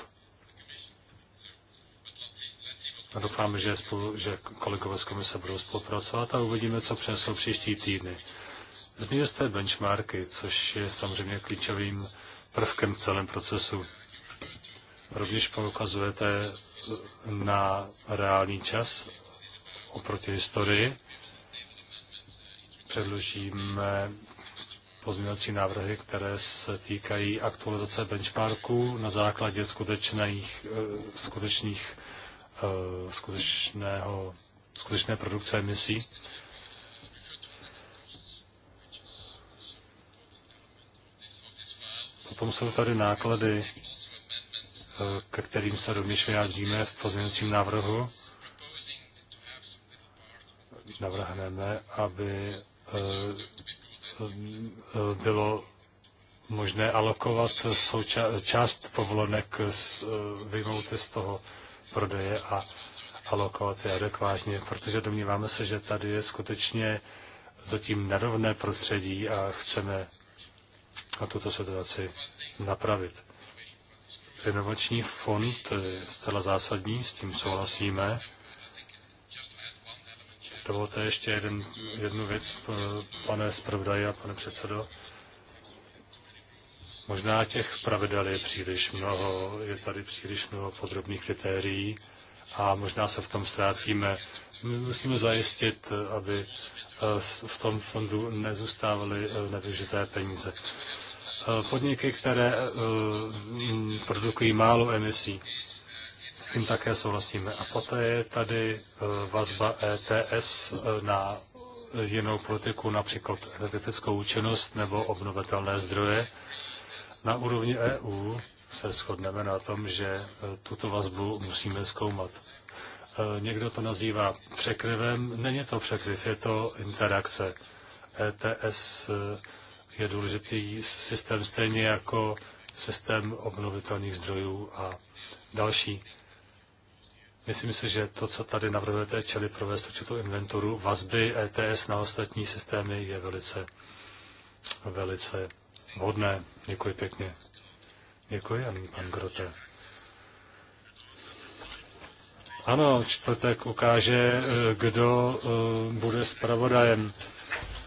A doufám, že, spolu, že kolegové z komise budou spolupracovat a uvidíme, co přinesou příští týdny. Zmínil jste benchmarky, což je samozřejmě klíčovým prvkem v celém procesu. Rovněž poukazujete na reálný čas oproti historii. Předložíme pozměňovací návrhy, které se týkají aktualizace benchmarků na základě skutečných, eh, skutečných Eh, skutečného, skutečné produkce emisí. Potom jsou tady náklady, eh, ke kterým se rovněž vyjádříme v pozměňujícím návrhu. Navrhneme, aby eh, bylo možné alokovat souča- část povolenek, vyjmout z toho prodeje a alokovat je adekvátně, protože domníváme se, že tady je skutečně zatím nerovné prostředí a chceme na tuto situaci napravit. Inovační fond je zcela zásadní, s tím souhlasíme. Dovolte ještě jeden, jednu věc, pane zpravodaji a pane předsedo. Možná těch pravidel je příliš mnoho, je tady příliš mnoho podrobných kritérií a možná se v tom ztrácíme. My musíme zajistit, aby eh, v tom fondu nezůstávaly eh, nevyužité peníze. Eh, podniky, které mm, produkují málo emisí, s tím také souhlasíme. A poté je tady vazba ETS na jinou politiku, například energetickou účinnost nebo obnovitelné zdroje. Na úrovni EU se shodneme na tom, že e, tuto vazbu musíme zkoumat. E, někdo to nazývá překryvem. Není to překryv, je to interakce. ETS e, je důležitý systém stejně jako systém obnovitelných zdrojů a další. Myslím si, že to, co tady navrhujete, čili provést určitou inventuru vazby ETS na ostatní systémy, je velice, velice Hodné, Děkuji pěkně. Děkuji a pan Grote. Ano, čtvrtek ukáže, eh, kdo eh, bude zpravodajem.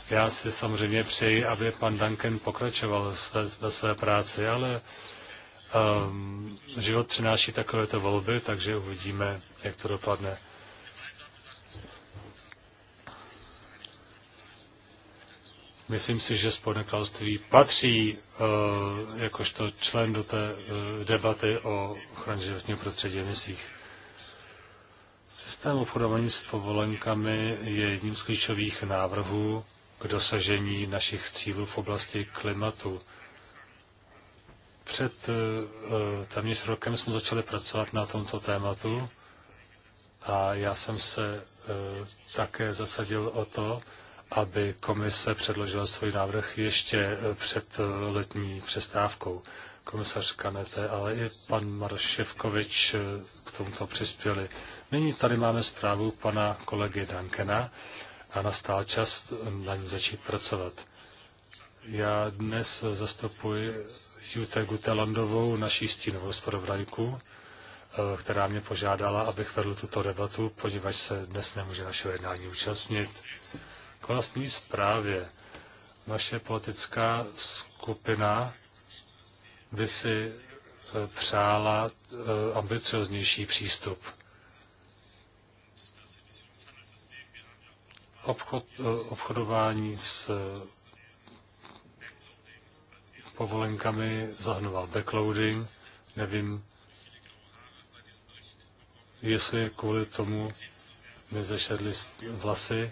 Já si samozřejmě přeji, aby pan Duncan pokračoval ve své práci, ale um, život přináší takovéto volby, takže uvidíme, jak to dopadne. Myslím si, že Spojené království patří eh, jakožto člen do té eh, debaty o ochraně životního prostředí emisích. Systém obchodování s povolenkami je jedním z klíčových návrhů k dosažení našich cílů v oblasti klimatu. Před eh, téměř rokem jsme začali pracovat na tomto tématu a já jsem se také zasadil o to, aby komise předložila svůj návrh ještě eh, před eh, letní přestávkou. Komisař Kanete, ale i pan Marševkovič eh, k tomuto přispěli. Nyní tady máme zprávu pana kolegy Dankena a nastal čas na ní začít pracovat. Já dnes zastupuji Jute Gutelandovou, naší stínovou zpravodajku, která mě požádala, abych vedl tuto debatu, poněvadž se dnes nemůže našeho jednání účastnit k vlastní zprávě. Naše politická skupina by si e, přála e, ambicioznější přístup. Obchod, e, obchodování s povolenkami zahrnoval backloading. Nevím, jestli kvůli tomu mi zešedly vlasy.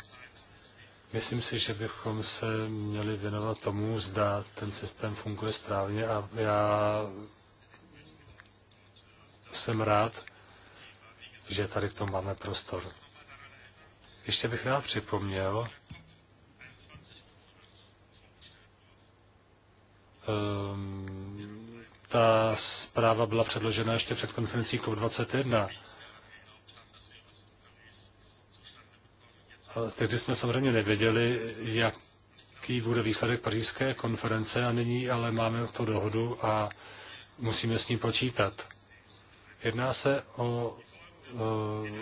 Myslím si, že bychom se měli věnovat tomu, zda ten systém funguje správně a já jsem rád, že tady k tomu máme prostor. Ještě bych rád připomněl, um, ta zpráva byla předložena ještě před konferencí COP21. tehdy jsme samozřejmě nevěděli, jaký bude výsledek pařížské konference a nyní ale máme tu dohodu a musíme s ní počítat. Jedná se o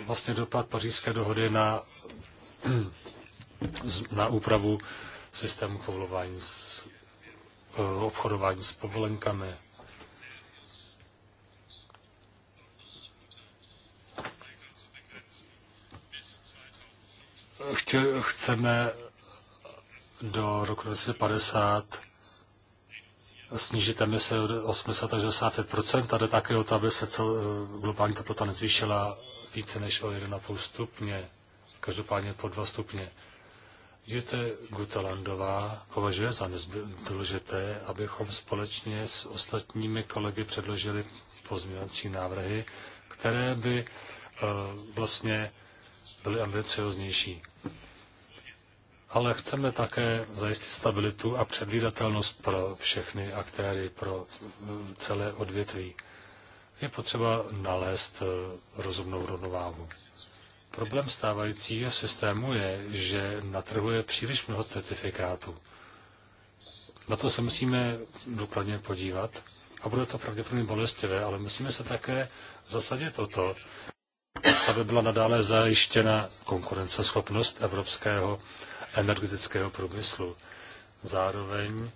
vlastně dopad pařížské dohody na, *clears throat* na úpravu systému povolování s, obchodování s povolenkami. chceme do roku 2050 snížit emise o 80 až 85 a jde také o to, aby se cel, globální teplota nezvýšila více než o 1,5 stupně, každopádně po 2 stupně. Jute Gutelandová považuje za důležité, abychom společně s ostatními kolegy předložili pozměňovací návrhy, které by eh, vlastně byly ambicioznější ale chceme také zajistit stabilitu a předvídatelnost pro všechny aktéry, pro celé odvětví. Je potřeba nalézt eh, rozumnou rovnováhu. Problém stávajícího systému je, že natrhuje příliš mnoho certifikátů. Na to se musíme důkladně podívat a bude to pravděpodobně bolestivé, ale musíme se také zasadit o to, aby byla nadále zajištěna konkurenceschopnost evropského energetického průmyslu. Zároveň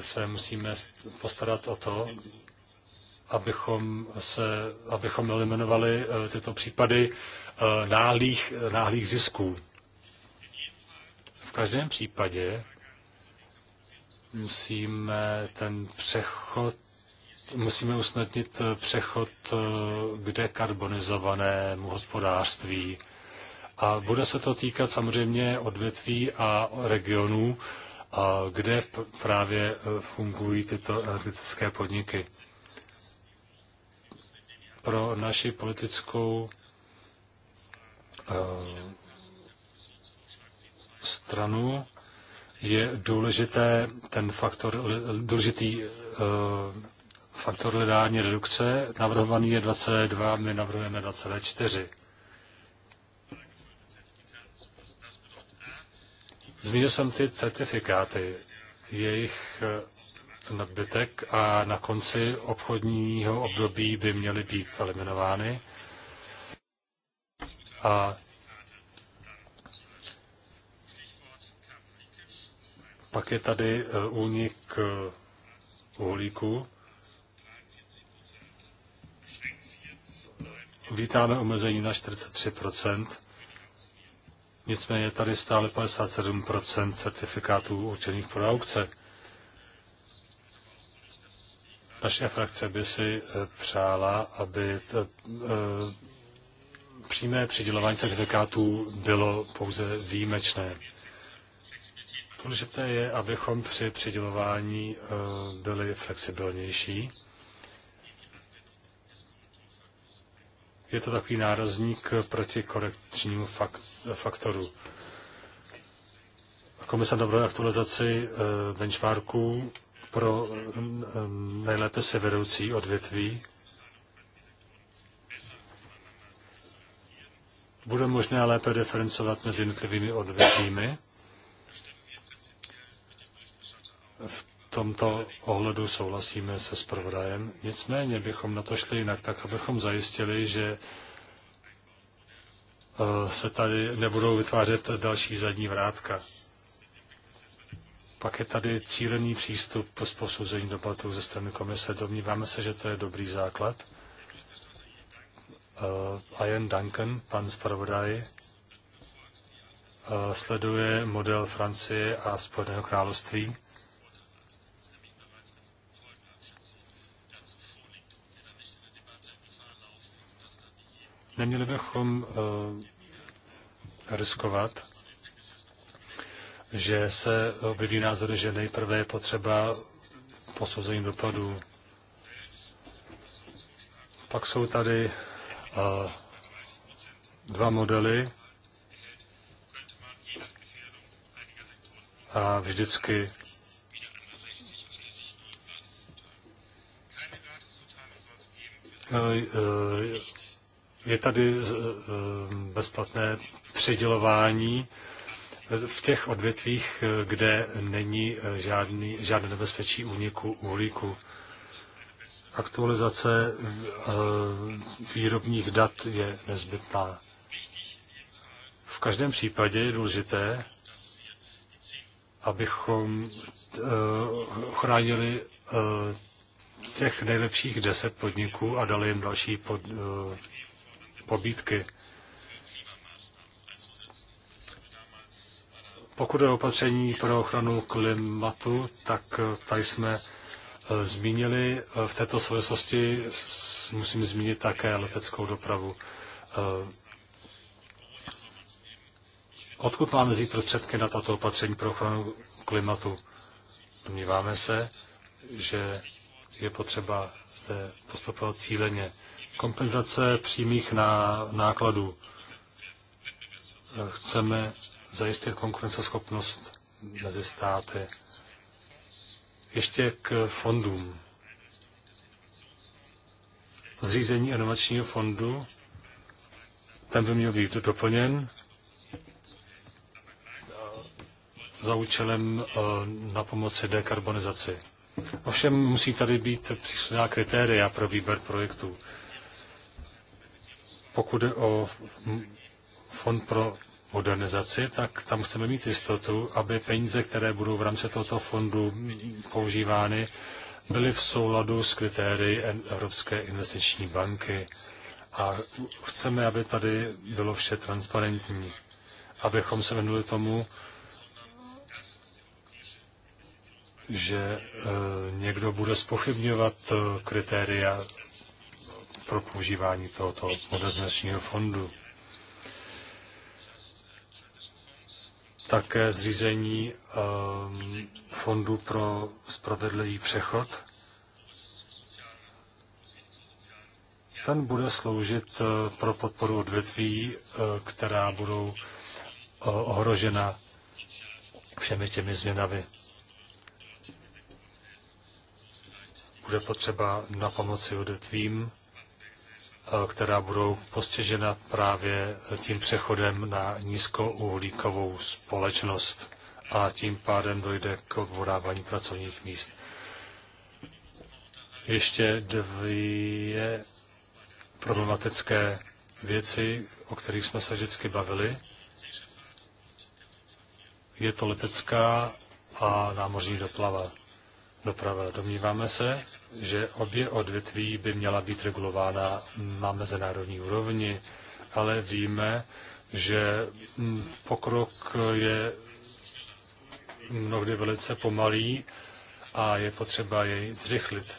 se musíme postarat o to, abychom, se, abychom eliminovali eh, tyto případy eh, náhlých, náhlých zisků. V každém případě musíme ten přechod, musíme usnadnit eh, přechod k dekarbonizovanému hospodářství. A bude se to týkat samozřejmě odvětví a regionů, kde právě e, fungují tyto energetické podniky. Pro naši politickou e, stranu je důležité ten faktor, důležitý e, faktor hledání redukce. Navrhovaný je 22, my navrhujeme 24. Zmínil jsem ty certifikáty, jejich eh, nadbytek a na konci obchodního období by měly být eliminovány. A pak je tady eh, únik eh, uhlíku. Vítáme omezení na 43 Nicméně tady stále 57% certifikátů určených pro aukce. Naše frakce by si eh, přála, aby t, e, přímé přidělování certifikátů bylo pouze výjimečné. Důležité je, abychom při přidělování eh, byli flexibilnější je to takový nárazník proti korekčnímu faktoru. Komise dobré aktualizaci eh, benchmarků pro eh, nejlépe se vedoucí odvětví. Bude možné lépe diferencovat mezi jednotlivými odvětvími. V tomto ohledu souhlasíme se zpravodajem, nicméně bychom na to šli jinak, tak abychom zajistili, že eh, se tady nebudou vytvářet další zadní vrátka. Pak je tady cílený přístup z posouzení dopadů ze strany komise. Domníváme se, že to je dobrý základ. Uh, jen Duncan, pan zpravodaj, uh, sleduje model Francie a Spojeného království. Neměli bychom eh, riskovat, že se objeví názor, že nejprve je potřeba posouzení dopadů. Pak jsou tady eh, dva modely a vždycky je tady eh, eh, bezplatné předělování eh, v těch odvětvích, kde není žádný, žádné nebezpečí úniku uhlíku. Aktualizace výrobních dat je nezbytná. V každém případě je důležité, abychom chránili těch nejlepších deset podniků a dali jim další pod, pobídky. Pokud je opatření pro ochranu klimatu, tak tady jsme eh, zmínili. Eh, v této souvislosti musím zmínit také leteckou dopravu. Eh, odkud máme vzít prostředky na tato opatření pro ochranu klimatu? Domníváme se, že je potřeba zde postupovat cíleně kompenzace přímých na nákladů. Chceme zajistit konkurenceschopnost mezi státy. Ještě k fondům. Zřízení inovačního fondu, ten by měl být doplněn za účelem eh, na pomoci dekarbonizaci. Ovšem musí tady být příslušná kritéria pro výběr projektů. Pokud jde o fond pro modernizaci, tak tam chceme mít jistotu, aby peníze, které budou v rámci tohoto fondu používány, byly v souladu s kritérii Evropské investiční banky. A chceme, aby tady bylo vše transparentní, abychom se venuli tomu, že eh, někdo bude spochybňovat eh, kritéria pro používání tohoto modernizačního fondu. Také zřízení um, fondu pro spravedlivý přechod. Ten bude sloužit eh, pro podporu odvětví, eh, která budou eh, ohrožena všemi těmi změnami. Bude potřeba na pomoci odvětvím, která budou postižena právě tím přechodem na nízkouhlíkovou společnost a tím pádem dojde k odvodávání pracovních míst. Ještě dvě problematické věci, o kterých jsme se vždycky bavili. Je to letecká a námořní doplava. Doprava. Domníváme se, že obě odvětví by měla být regulována na mezinárodní úrovni, ale víme, že pokrok je mnohdy velice pomalý a je potřeba jej zrychlit.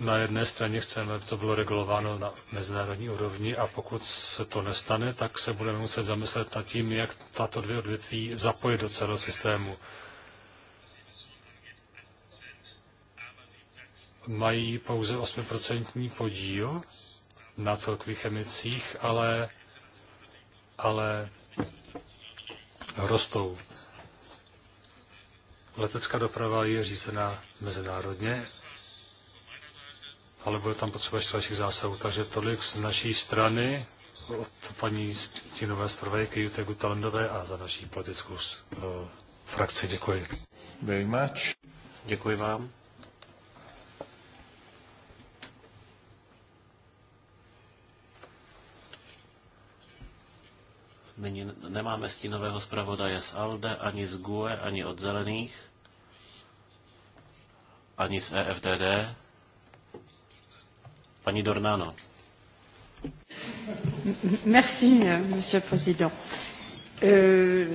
Na jedné straně chceme, aby to bylo regulováno na mezinárodní úrovni a pokud se to nestane, tak se budeme muset zamyslet nad tím, jak tato dvě odvětví zapojit do celého systému. mají pouze 8% podíl na celkových emicích, ale, ale rostou. Letecká doprava je řízená mezinárodně, ale bude tam potřeba ještě dalších zásahů. Takže tolik z naší strany od paní Stínové zpravodajky Jute Gutalendové a za naší politickou eh, frakci. Děkuji. Very much. Děkuji vám. Není, nemáme stínového zpravodaje z ALDE, ani z GUE, ani od Zelených, ani z EFDD. Paní Dornano. Merci, monsieur président. Euh,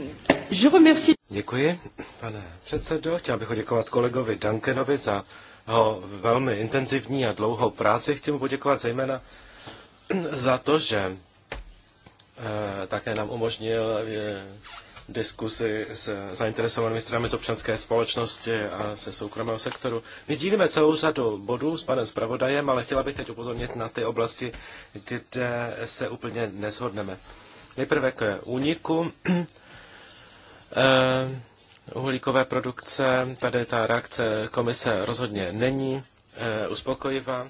je remercie... Děkuji, pane předsedo. Chtěl bych poděkovat kolegovi Duncanovi za jeho velmi intenzivní a dlouhou práci. Chci mu poděkovat zejména za to, že Eh, také nám umožnil eh, diskusy s zainteresovanými stranami z občanské společnosti a se soukromého sektoru. My sdílíme celou řadu bodů s panem zpravodajem, ale chtěla bych teď upozornit na ty oblasti, kde se úplně neshodneme. Nejprve k úniku eh, uhlíkové produkce. Tady ta reakce komise rozhodně není uspokojivá.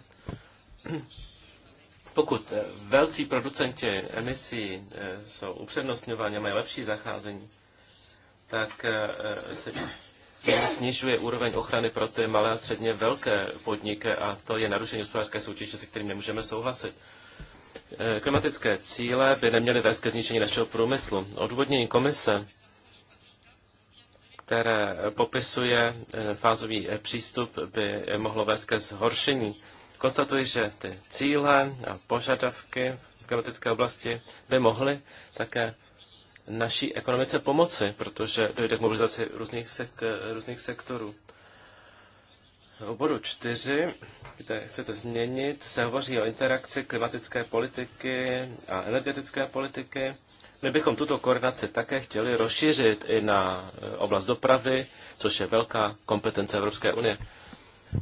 Pokud eh, velcí producenti emisí eh, jsou upřednostňováni a mají lepší zacházení, tak eh, se tím snižuje úroveň ochrany pro ty malé a středně velké podniky a to je narušení hospodářské soutěže, se kterým nemůžeme souhlasit. Klimatické cíle by neměly vést ke zničení našeho průmyslu. Odvodnění komise, které popisuje fázový přístup, by mohlo vést ke zhoršení konstatuji, že ty cíle a požadavky v klimatické oblasti by mohly také naší ekonomice pomoci, protože dojde k mobilizaci různých, sek- různých sektorů. U bodu čtyři, kde chcete změnit, se hovoří o interakci klimatické politiky a energetické politiky. My bychom tuto koordinaci také chtěli rozšířit i na e, oblast dopravy, což je velká kompetence Evropské unie.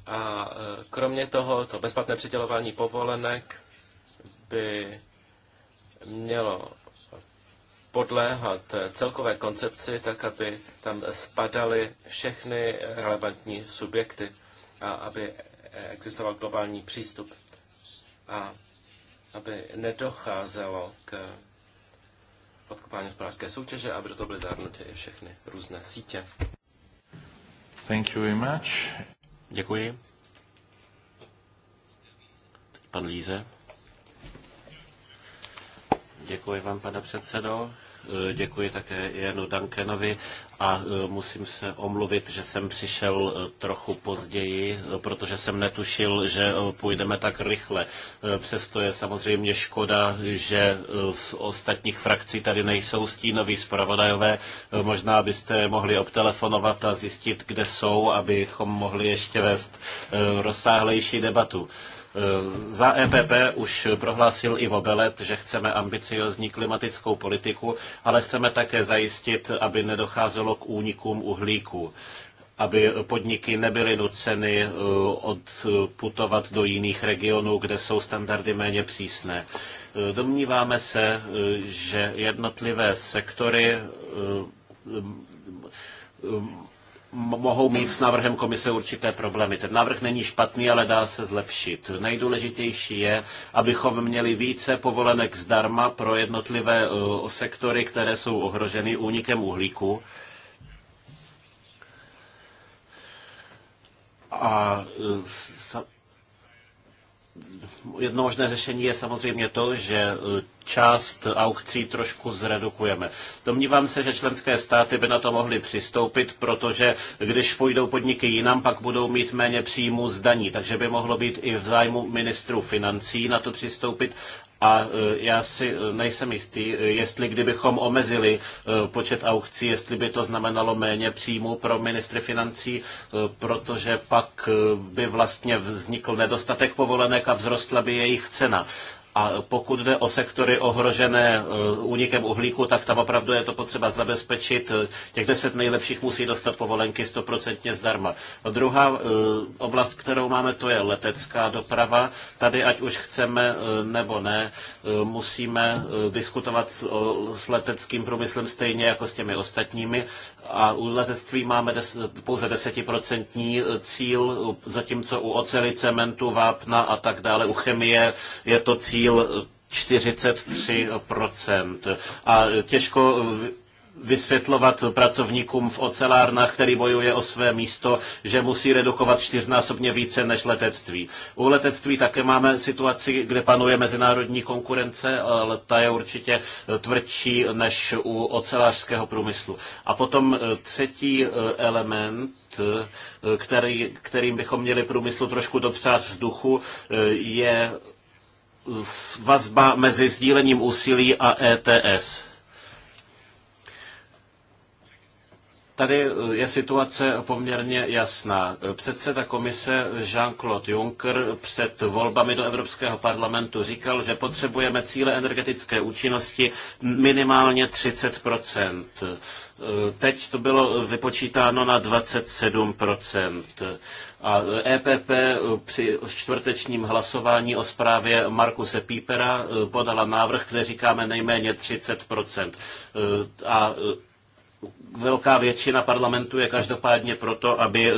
A e, kromě toho, to bezplatné přidělování povolenek by mělo podléhat celkové koncepci, tak aby tam spadaly všechny relevantní subjekty a aby existoval globální přístup a aby nedocházelo k podkopání hospodářské soutěže, aby do toho byly zahrnuty i všechny různé sítě. Thank you very much. Děkuji. Teď pan Líze. Děkuji vám, pane předsedo. Eh, děkuji také Janu Dankenovi a eh, musím se omluvit, že jsem přišel eh, trochu později, protože jsem netušil, že půjdeme tak rychle. Přesto je samozřejmě škoda, že z ostatních frakcí tady nejsou stínoví zpravodajové. Možná byste mohli obtelefonovat a zjistit, kde jsou, abychom mohli ještě vést rozsáhlejší debatu. Za EPP už prohlásil Ivo Belet, že chceme ambiciozní klimatickou politiku, ale chceme také zajistit, aby nedocházelo k únikům uhlíku aby podniky nebyly nuceny eh, odputovat do jiných regionů, kde jsou standardy méně přísné. Eh, domníváme se, eh, že jednotlivé sektory mohou mít s návrhem komise určité problémy. Ten návrh není špatný, ale dá se zlepšit. Nejdůležitější je, abychom měli více povolenek zdarma pro jednotlivé e, sektory, které jsou ohroženy únikem uhlíku. A e, jedno možné řešení je samozřejmě to, že eh, část aukcí trošku zredukujeme. Domnívám se, že členské státy by na to mohly přistoupit, protože když půjdou podniky jinam, pak budou mít méně příjmů z daní, takže by mohlo být i v zájmu ministrů financí na to přistoupit a e, já si e, nejsem jistý, e, jestli kdybychom omezili počet aukcí, jestli by to znamenalo méně příjmu pro ministry financí, protože pak by vlastně vznikl nedostatek povolenek a vzrostla by jejich cena. A pokud jde o sektory ohrožené e, únikem uhlíku, tak tam opravdu je to potřeba zabezpečit. Těch deset nejlepších musí dostat povolenky stoprocentně zdarma. A druhá e, oblast, kterou máme, to je letecká doprava. Tady, ať už chceme e, nebo ne, musíme diskutovat s leteckým průmyslem stejně jako s těmi ostatními a u letectví máme des, pouze desetiprocentní cíl, zatímco u oceli, cementu, vápna a tak dále, u chemie je to cíl 43%. A těžko vysvětlovat pracovníkům v ocelárnách, který bojuje o své místo, že musí redukovat čtyřnásobně více než letectví. U letectví také máme situaci, kde panuje mezinárodní konkurence, ale ta je určitě tvrdší než u ocelářského průmyslu. A potom eh, třetí eh, element, eh, který, kterým bychom měli průmyslu trošku dopřát vzduchu, je vazba mezi sdílením úsilí a ETS. Tady eh, je situace poměrně jasná. Předseda komise Jean-Claude Juncker před volbami do Evropského parlamentu říkal, že potřebujeme cíle energetické účinnosti minimálně 30 eh, Teď to bylo vypočítáno na 27 a EPP při čtvrtečním hlasování o zprávě Markuse Pípera eh, podala návrh, kde říkáme nejméně 30 A velká většina parlamentu je každopádně proto, aby e,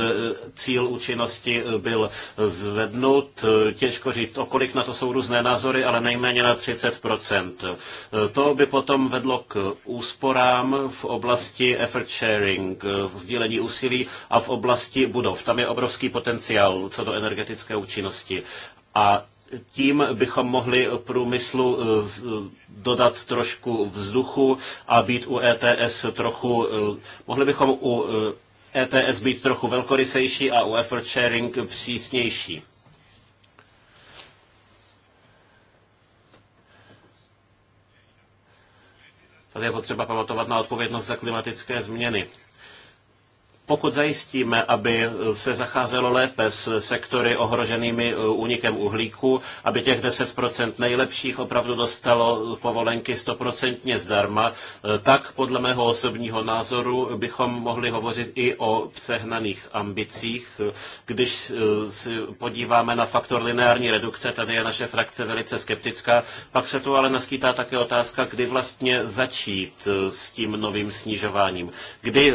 cíl účinnosti e, byl zvednut. E, těžko říct, o kolik na to jsou různé názory, ale nejméně na 30%. To by potom vedlo k úsporám v oblasti effort sharing, v sdílení úsilí a v oblasti budov. Tam je obrovský potenciál co do energetické účinnosti. A tím bychom mohli průmyslu eh, dodat trošku vzduchu a být u ETS trochu, eh, mohli bychom u ETS eh, e být trochu velkorysejší a u effort sharing přísnější. Tady je potřeba pamatovat na odpovědnost za klimatické změny. Pokud zajistíme, aby se zacházelo lépe s sektory ohroženými e, únikem uhlíku, aby těch 10% nejlepších opravdu dostalo povolenky 100% zdarma, e, tak podle mého osobního názoru bychom mohli hovořit i o přehnaných ambicích. Když e, si podíváme na faktor lineární redukce, tady je naše frakce velice skeptická, pak se tu ale naskýtá také otázka, kdy vlastně začít s tím novým snižováním. Kdy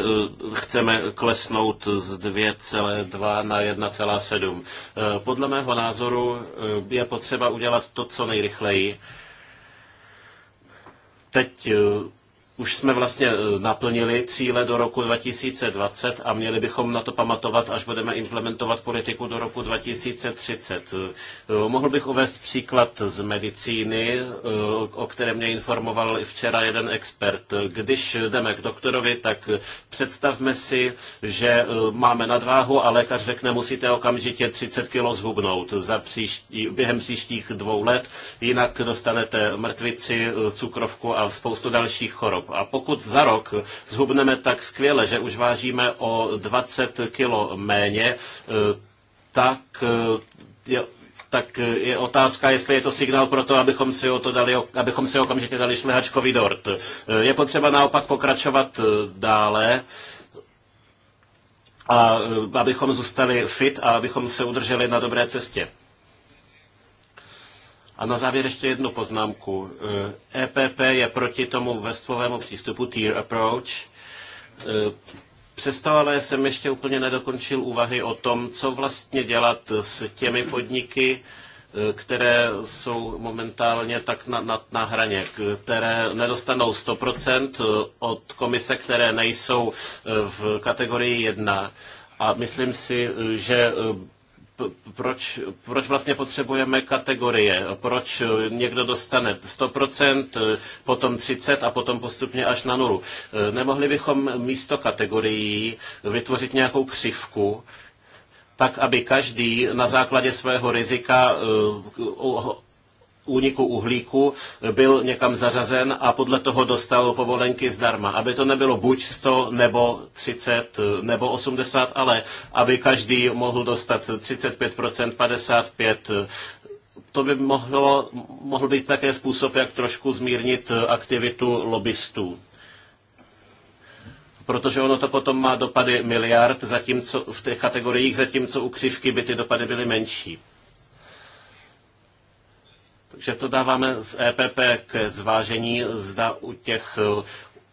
chceme klesnout z 2,2 na 1,7. Eh, podle mého názoru eh, je potřeba udělat to, co nejrychleji. Teď eh, už jsme vlastně e, naplnili cíle do roku 2020 a měli bychom na to pamatovat, až budeme implementovat politiku do roku 2030. E, mohl bych uvést příklad z medicíny, e, o které mě informoval včera jeden expert. Když jdeme k doktorovi, tak představme si, že máme nadváhu a lékař řekne, musíte okamžitě 30 kg zhubnout za příští, během příštích dvou let, jinak dostanete mrtvici, cukrovku a spoustu dalších chorob. A pokud za rok zhubneme tak skvěle, že už vážíme o 20 kilo méně, eh, tak eh, je, tak eh, je otázka, jestli je to signál pro to, abychom si, o to dali, abychom si okamžitě dali šlehačkový dort. Je potřeba naopak pokračovat dále a abychom zůstali fit a abychom se udrželi na dobré cestě. A na závěr ještě jednu poznámku. EPP eh, e je proti tomu vrstvovému přístupu tier approach. Eh, Přesto ale jsem ještě úplně nedokončil úvahy o tom, co vlastně dělat s těmi podniky, eh, které jsou momentálně tak na, na, na hraně, které nedostanou 100% od komise, které nejsou v kategorii 1. A myslím si, že proč, proč vlastně potřebujeme kategorie, proč někdo dostane 100%, potom 30 a potom postupně až na nulu. Nemohli bychom místo kategorií vytvořit nějakou křivku, tak aby každý na základě svého rizika eh, úniku uhlíku eh, byl někam zařazen a podle toho dostal povolenky zdarma. Aby to nebylo buď 100 nebo 30 eh, nebo 80, ale aby každý mohl dostat 35%, 55, eh, to by mohlo, mohl být také způsob, jak trošku zmírnit aktivitu lobbystů protože ono to potom má dopady miliard, zatímco v těch kategoriích, zatímco u křivky by ty dopady byly menší že to dáváme z EPP k zvážení, zda u těch eh,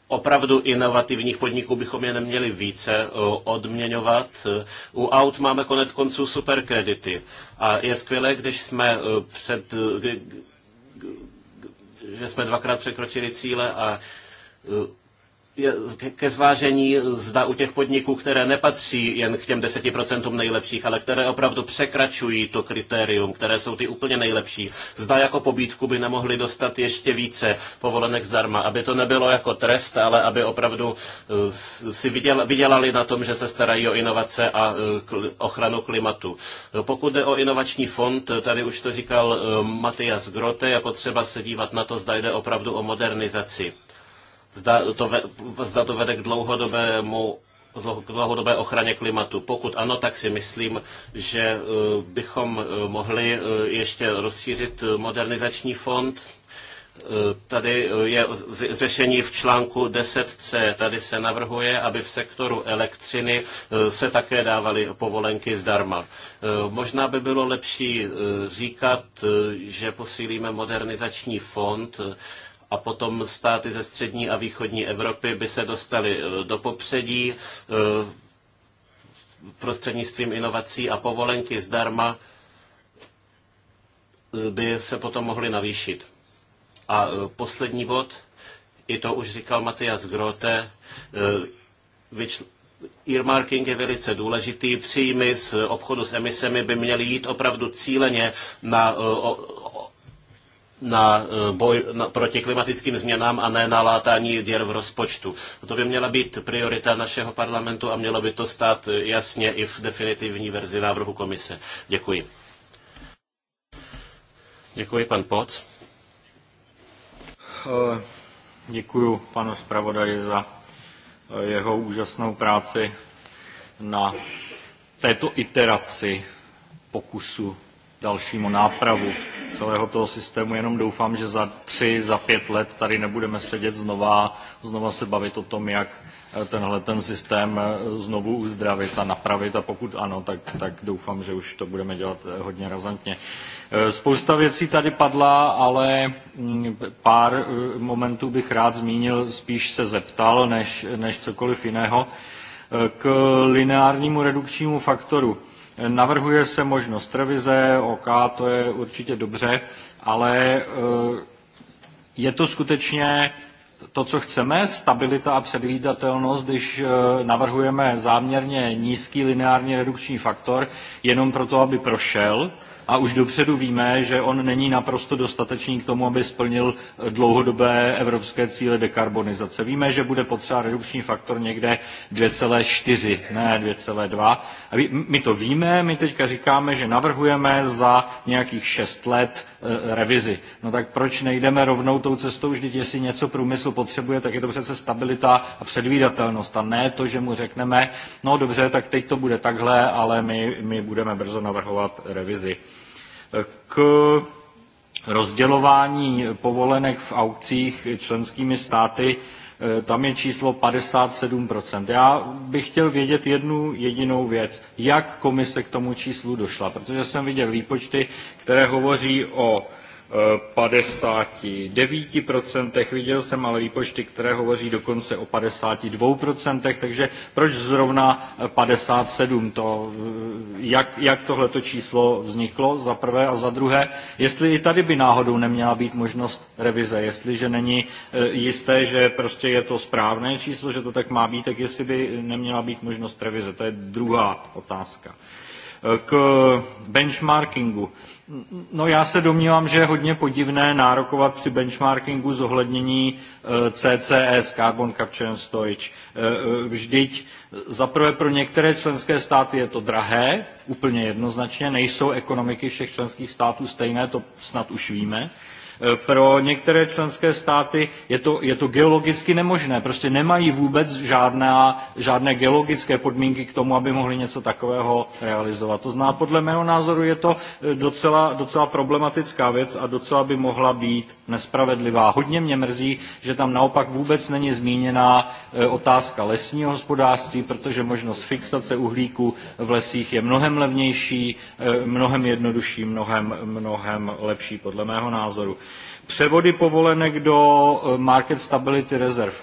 opravdu inovativních podniků bychom je neměli více eh, odměňovat. Eh, u aut máme konec konců superkredity a je skvělé, když jsme před že jsme dvakrát překročili cíle a je ke zvážení, zda u těch podniků, které nepatří jen k těm 10% nejlepších, ale které opravdu překračují to kritérium, které jsou ty úplně nejlepší, zda jako pobídku by nemohli dostat ještě více povolenek zdarma, aby to nebylo jako trest, ale aby opravdu eh, si vydělali na tom, že se starají o inovace a eh, ochranu klimatu. Pokud jde o inovační fond, tady už to říkal eh, Matias Grote, je potřeba se dívat na to, zda jde opravdu o modernizaci Zda to, ve, zda to vede k dlouhodobému dlouhodobé ochraně klimatu. Pokud ano, tak si myslím, že e, bychom e, mohli e, ještě rozšířit modernizační fond. Tady je řešení v článku 10c. Tady se navrhuje, aby v sektoru elektřiny se také dávaly povolenky zdarma. Možná by bylo lepší říkat, že posílíme modernizační fond, a potom státy ze střední a východní Evropy by se dostaly eh, do popředí eh, prostřednictvím inovací a povolenky zdarma eh, by se potom mohly navýšit. A poslední bod, i to už říkal Matias Grote, Earmarking je velice důležitý. Příjmy z obchodu s emisemi by měly jít opravdu cíleně na na eh, boj na, proti klimatickým změnám a ne na látání děr v rozpočtu. To by měla být priorita našeho parlamentu a mělo by to stát jasně i v definitivní verzi návrhu komise. Děkuji. Děkuji, pan Poc. Eh, Děkuji panu zpravodaji za eh, jeho úžasnou práci na této iteraci pokusu dalšímu nápravu celého toho systému. Jenom doufám, že za tři, za pět let tady nebudeme sedět znova, znova se bavit o tom, jak eh, tenhle ten systém eh, znovu uzdravit a napravit a pokud ano, tak, tak doufám, že už to budeme dělat eh, hodně razantně. Spousta věcí tady padla, ale mm, pár momentů bych rád zmínil, spíš se zeptal, než, než cokoliv jiného. K lineárnímu redukčnímu faktoru. Navrhuje se možnost revize, OK, to je určitě dobře, ale eh, je to skutečně to, co chceme, stabilita a předvídatelnost, když e, navrhujeme záměrně nízký lineární redukční faktor jenom proto, aby prošel, a už dopředu víme, že on není naprosto dostatečný k tomu, aby splnil e, dlouhodobé evropské cíle dekarbonizace. Víme, že bude potřeba redukční faktor někde 2,4, ne 2,2. My to víme, my teďka říkáme, že navrhujeme za nějakých 6 let e, revizi. No tak proč nejdeme rovnou tou cestou, vždyť jestli něco průmysl potřebuje, tak je to přece stabilita a předvídatelnost a ne to, že mu řekneme, no dobře, tak teď to bude takhle, ale my, my budeme brzo navrhovat revizi. K rozdělování povolenek v aukcích členskými státy eh, tam je číslo 57%. Já bych chtěl vědět jednu jedinou věc, jak komise k tomu číslu došla, protože jsem viděl výpočty, které hovoří o 59%, viděl jsem ale výpočty, které hovoří dokonce o 52%, takže proč zrovna 57? To, jak, jak tohleto číslo vzniklo za prvé a za druhé, jestli i tady by náhodou neměla být možnost revize, jestliže není eh, jisté, že prostě je to správné číslo, že to tak má být, tak jestli by neměla být možnost revize. To je druhá otázka. K benchmarkingu. No já se domnívám, že je hodně podivné nárokovat při benchmarkingu zohlednění eh, CCS, Carbon Capture and Storage. Eh, eh, vždyť zaprvé pro některé členské státy je to drahé, úplně jednoznačně, nejsou ekonomiky všech členských států stejné, to snad už víme. Eh, pro některé členské státy je to, je to geologicky nemožné. Prostě nemají vůbec žádné geologické podmínky k tomu, aby mohli něco takového realizovat. To zná podle mého názoru je to eh, docela, docela problematická věc a docela by mohla být nespravedlivá. Hodně mě mrzí, že tam naopak vůbec není zmíněná eh, otázka lesního hospodářství, protože možnost fixace uhlíku v lesích je mnohem levnější, mnohem jednodušší, mnohem, mnohem lepší podle mého názoru. Převody povolenek do eh, Market Stability Reserve.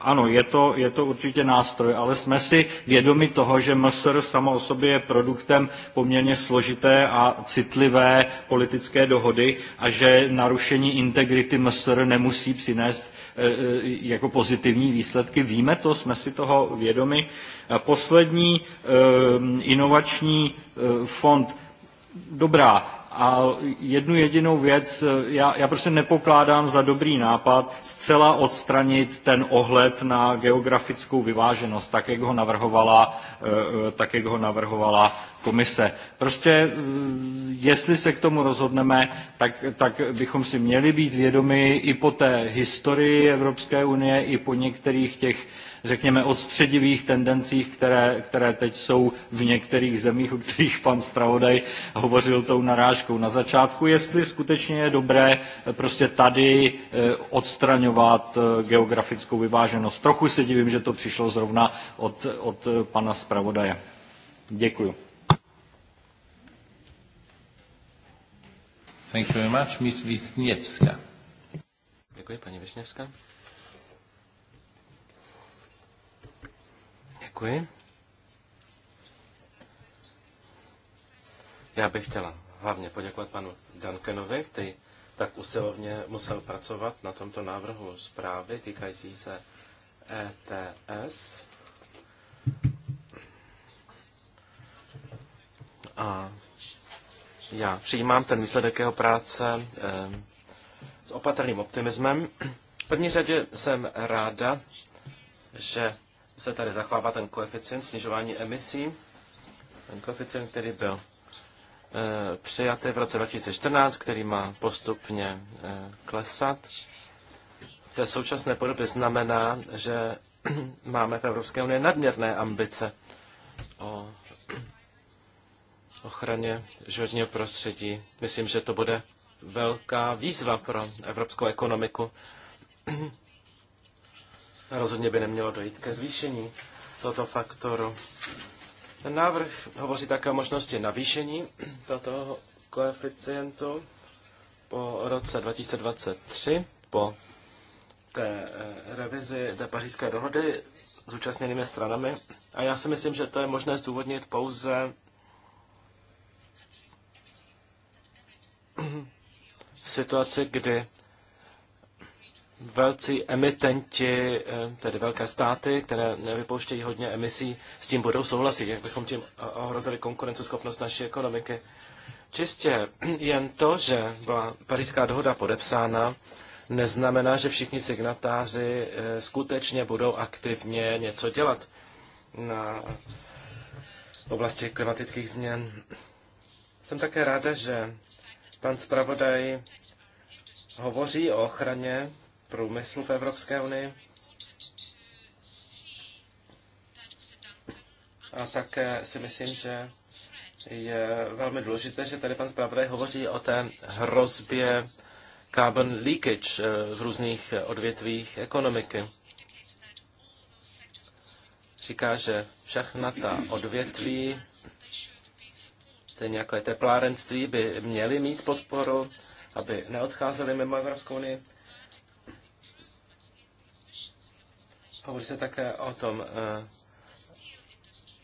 Ano, je to, je to určitě nástroj, ale jsme si vědomi toho, že MSR sama o sobě je produktem poměrně složité a citlivé politické dohody a že narušení integrity MSR nemusí přinést eh, eh, jako pozitivní výsledky. Víme to, jsme si toho vědomi. poslední inovační fond. Dobrá, a jednu jedinou věc, já, já prostě nepokládám za dobrý nápad zcela odstranit ten ohled na geografickou vyváženost, tak jak ho navrhovala, eh, tak jak ho navrhovala komise. Prostě eh, jestli se k tomu rozhodneme, tak, tak bychom si měli být vědomi i po té historii Evropské unie, i po některých těch řekněme, odstředivých tendencích, které, které teď jsou v některých zemích, o kterých pan zpravodaj hovořil tou narážkou na začátku, jestli skutečně je dobré eh, prostě tady eh, odstraňovat eh, geografickou vyváženost. Trochu se divím, že to přišlo zrovna od, od pana zpravodaje. Děkuji. Thank you very much. Ms. Wisniewska. Děkuji, paní Višněvská. Děkuji. Já bych chtěla hlavně poděkovat panu Duncanovi, který tak usilovně musel pracovat na tomto návrhu zprávy týkající se ETS. A já přijímám ten výsledek jeho práce eh, s opatrným optimismem. V první řadě jsem ráda, že se tady zachovává ten koeficient snižování emisí, ten koeficient, který byl e, přijatý v roce 2014, který má postupně e, klesat. V té současné podobě znamená, že *clears throat* máme v Evropské unii nadměrné ambice o *clears throat* ochraně životního prostředí. Myslím, že to bude velká výzva pro evropskou ekonomiku. *clears throat* Rozhodně by nemělo dojít ke zvýšení tohoto faktoru. Ten návrh hovoří také o možnosti navýšení tohoto koeficientu po roce 2023, po té eh, revizi té pařížské dohody s účastněnými stranami. A já si myslím, že to je možné zdůvodnit pouze v situaci, kdy velcí emitenti, eh, tedy velké státy, které vypouštějí hodně emisí, s tím budou souhlasit, jak bychom tím ohrozili konkurenceschopnost naší ekonomiky. Čistě jen to, že byla parížská dohoda podepsána, neznamená, že všichni signatáři eh, skutečně budou aktivně něco dělat na oblasti klimatických změn. Jsem také ráda, že pan zpravodaj hovoří o ochraně průmyslu v Evropské unii. A také si myslím, že je velmi důležité, že tady pan zpravodaj hovoří o té hrozbě carbon leakage eh, v různých odvětvích ekonomiky. Říká, že všechna ta odvětví, ten jako je teplárenství, by měly mít podporu, aby neodcházely mimo Evropskou unii. Hovoří se také o tom eh,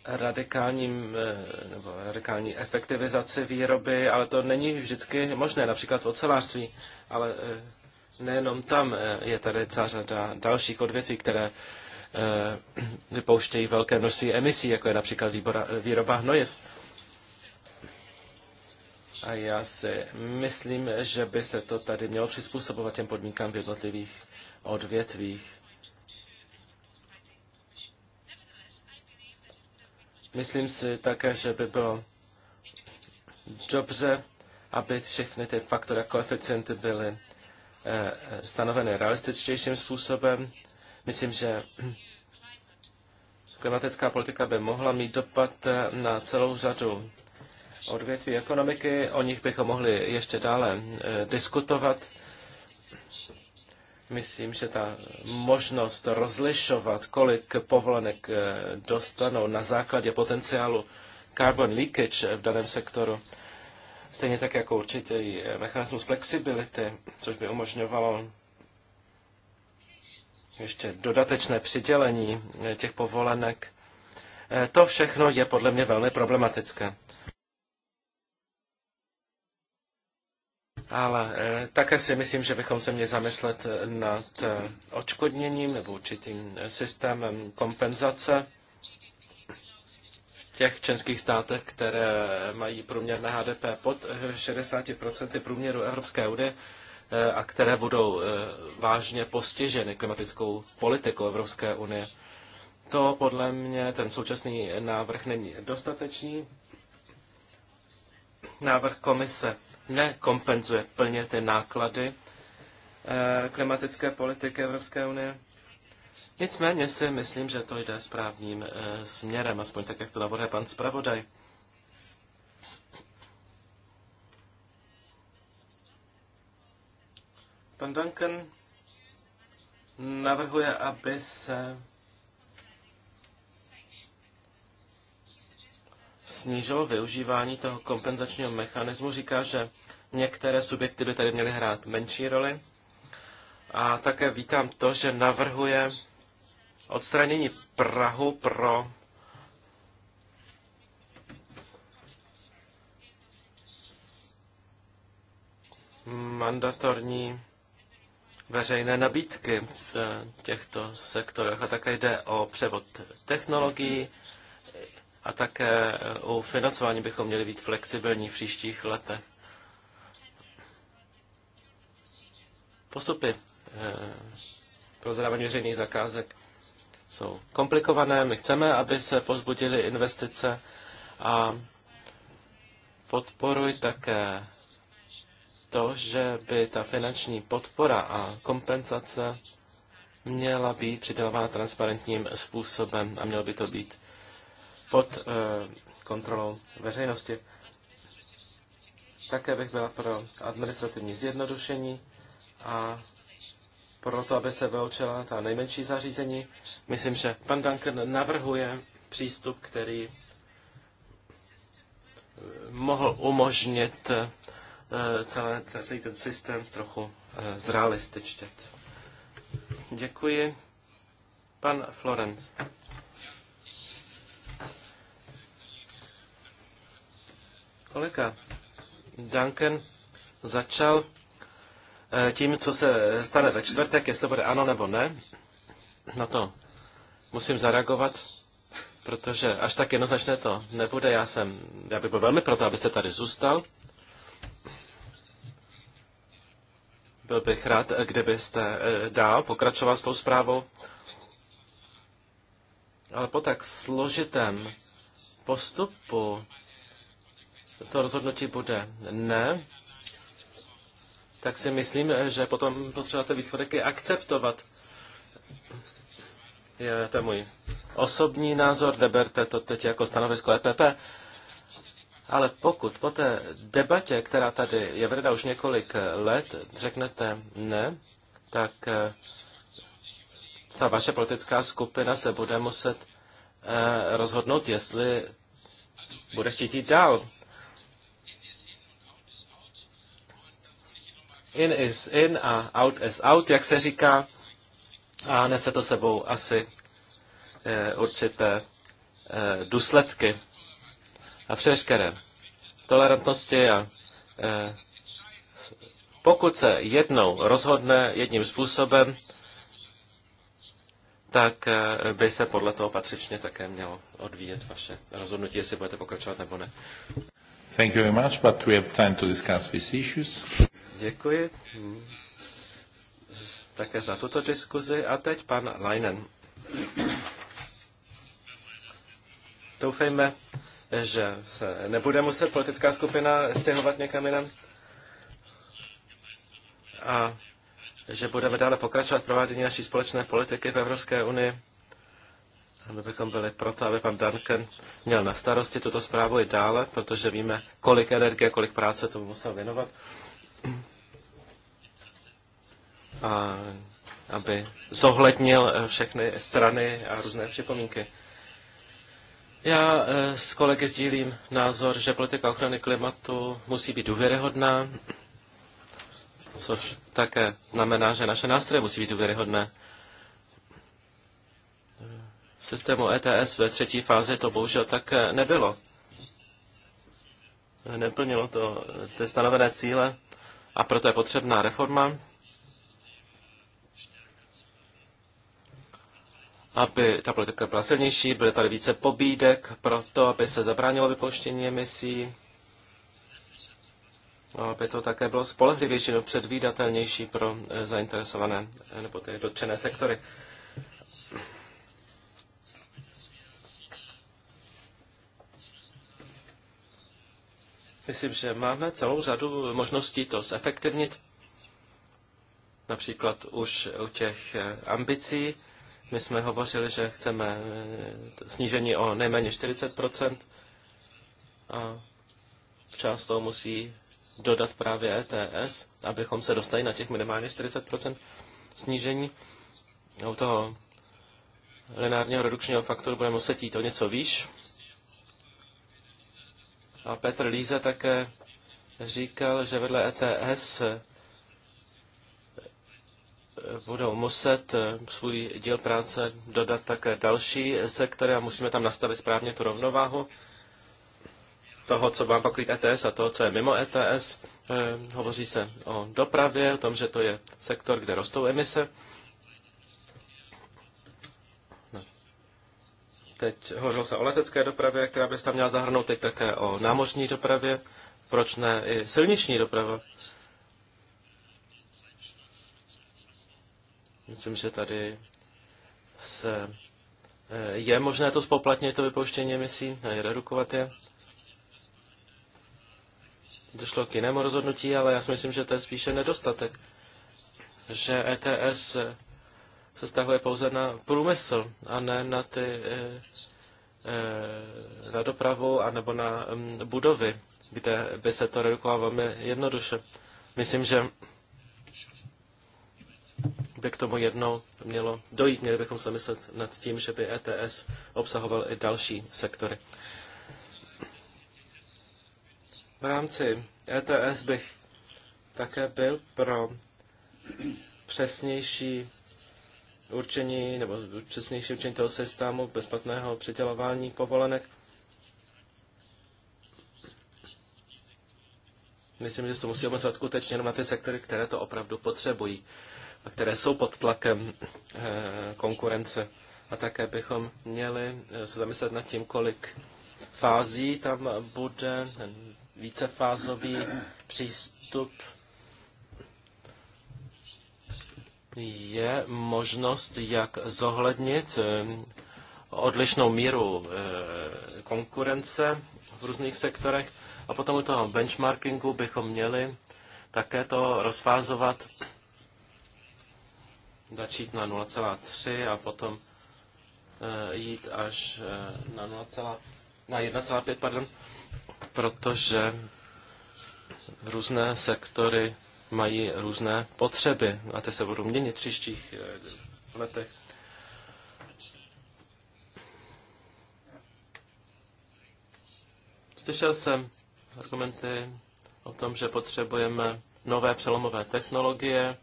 radikálním eh, nebo radikální efektivizaci výroby, ale to není vždycky možné, například v ocelářství, ale eh, nejenom tam je tady celá řada dalších odvětví, které *clears throat* vypouštějí velké množství emisí, jako je například výbora, výroba hnojiv. A já si myslím, že by se to tady mělo přizpůsobovat těm podmínkám v jednotlivých odvětvích. Myslím si také, že by bylo dobře, aby všechny ty faktory a koeficienty byly eh, stanoveny realističtějším způsobem. Myslím, že klimatická politika by mohla mít dopad eh, na celou řadu odvětví ekonomiky, o nich bychom mohli ještě dále eh, diskutovat. Myslím, že ta možnost rozlišovat, kolik povolenek eh, dostanou na základě potenciálu carbon leakage v daném sektoru, stejně tak jako určitý eh, mechanismus flexibility, což by umožňovalo ještě dodatečné přidělení eh, těch povolenek, to všechno je podle mě velmi problematické. Ale eh, také si myslím, že bychom se měli zamyslet nad eh, očkodněním nebo určitým eh, systémem kompenzace v těch členských státech, které mají průměrné HDP pod 60% průměru Evropské unie a které budou vážně postiženy klimatickou politikou Evropské unie. To podle mě ten současný návrh není dostatečný. Návrh komise nekompenzuje plně ty náklady eh, klimatické politiky Evropské unie. Nicméně si myslím, že to jde správným eh, směrem, aspoň tak, jak to navrhuje pan zpravodaj. Pan Duncan navrhuje, aby se snížilo využívání toho kompenzačního mechanismu, říká, že některé subjekty by tady měly hrát menší roli. A také vítám to, že navrhuje odstranění Prahu pro mandatorní veřejné nabídky v eh, těchto sektorech. A také jde o převod technologií, a také eh, u financování bychom měli být flexibilní v příštích letech. Postupy eh, pro zadávání veřejných zakázek jsou komplikované. My chceme, aby se pozbudily investice a podporuj také to, že by ta finanční podpora a kompenzace měla být přidávána transparentním způsobem a mělo by to být pod eh, kontrolou veřejnosti. Také bych byla pro administrativní zjednodušení a pro to, aby se vyloučila ta nejmenší zařízení. Myslím, že pan Duncan navrhuje přístup, který eh, mohl umožnit eh, celé, celý ten systém trochu zrealističtět. Děkuji. Pan Florent. Kolega Duncan začal eh, tím, co se stane ve čtvrtek, jestli bude ano nebo ne. Na to musím zareagovat, protože až tak jednoznačné to nebude. Já, jsem, já bych byl velmi proto, abyste tady zůstal. Byl bych rád, eh, kdybyste eh, dál pokračoval s tou zprávou. Ale po tak složitém postupu to rozhodnutí bude ne, tak si myslím, že potom potřebujete výsledky akceptovat. Je to můj osobní názor, neberte to teď jako stanovisko EPP, ale pokud po té debatě, která tady je vedena už několik let, řeknete ne, tak eh, ta vaše politická skupina se bude muset eh, rozhodnout, jestli bude chtít jít dál in is in a out is out, jak se říká, a nese to sebou asi e, určité e, důsledky. A při veškeré tolerantnosti a e, pokud se jednou rozhodne jedním způsobem, tak by se podle toho patřičně také mělo odvíjet vaše rozhodnutí, jestli budete pokračovat nebo ne. Thank you very much, but we have time to discuss these issues. Děkuji také za tuto diskuzi. A teď pan Leinen. Doufejme, že se nebude muset politická skupina stěhovat někam jinam a že budeme dále pokračovat v provádění naší společné politiky v Evropské unii. My bychom byli proto, aby pan Duncan měl na starosti tuto zprávu i dále, protože víme, kolik energie, kolik práce tomu musel věnovat a aby zohlednil eh, všechny strany a různé připomínky. Já eh, s kolegy sdílím názor, že politika ochrany klimatu musí být důvěryhodná, což také znamená, že naše nástroje musí být důvěryhodné. V systému ETS ve třetí fázi to bohužel tak eh, nebylo. Neplnilo to ty stanovené cíle a proto je potřebná reforma. aby ta politika byla silnější, byly tady více pobídek pro to, aby se zabránilo vypouštění emisí, aby to také bylo spolehlivější, no předvídatelnější pro eh, zainteresované eh, nebo ty dotčené sektory. Myslím, že máme celou řadu možností to zefektivnit, například už u těch eh, ambicí, my jsme hovořili, že chceme eh, snížení o nejméně 40 a část toho musí dodat právě ETS, abychom se dostali na těch minimálně 40 snížení. U toho lineárního redukčního faktoru budeme muset jít o něco výš. A Petr Líze také říkal, že vedle ETS budou muset eh, svůj díl práce dodat také další sektory a musíme tam nastavit správně tu rovnováhu toho, co má pokrýt ETS a toho, co je mimo ETS. Eh, hovoří se o dopravě, o tom, že to je sektor, kde rostou emise. No. Teď hovořil se o letecké dopravě, která by se tam měla zahrnout, teď také o námořní dopravě. Proč ne i silniční doprava? Myslím, že tady se eh, je možné to spoplatnit, to vypouštění emisí, ne, redukovat je. Došlo k jinému rozhodnutí, ale já si myslím, že to je spíše nedostatek, že ETS se stahuje pouze na průmysl a ne na ty eh, eh, na dopravu a nebo na mm, budovy, kde by se to redukovalo velmi jednoduše. Myslím, že by k tomu jednou mělo dojít. Měli bychom se myslet nad tím, že by ETS obsahoval i další sektory. V rámci ETS bych také byl pro přesnější určení nebo přesnější určení toho systému bezplatného přidělování povolenek. Myslím, že se to musí omezovat skutečně jenom na ty sektory, které to opravdu potřebují které jsou pod tlakem eh, konkurence. A také bychom měli eh, se zamyslet nad tím, kolik fází tam bude, vícefázový přístup. Je možnost, jak zohlednit eh, odlišnou míru konkurence v různých sektorech a potom u toho benchmarkingu bychom měli také to rozfázovat začít na 0,3 a potom eh, jít až eh, na 0, na 1,5, pardon, protože různé sektory mají různé potřeby a ty se budou měnit v příštích eh, letech. Slyšel jsem argumenty o tom, že potřebujeme nové přelomové technologie,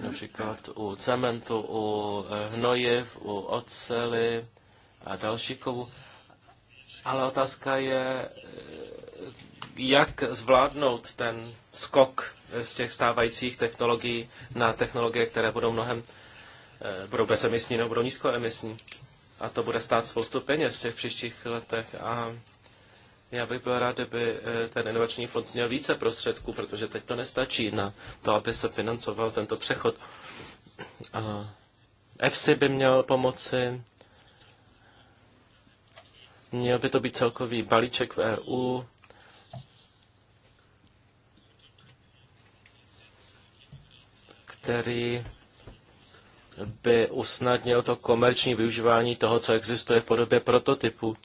například u cementu, u eh, hnojiv, u ocely a další kovu. Ale otázka je, eh, jak zvládnout ten skok z těch stávajících technologií na technologie, které budou mnohem eh, budou bezemisní nebo budou nízkoemisní. A to bude stát spoustu peněz v těch příštích letech. A já bych byl rád, kdyby eh, ten inovační fond měl více prostředků, protože teď to nestačí na to, aby se financoval tento přechod. EFSI by měl pomoci, měl by to být celkový balíček v EU, který by usnadnil to komerční využívání toho, co existuje v podobě prototypu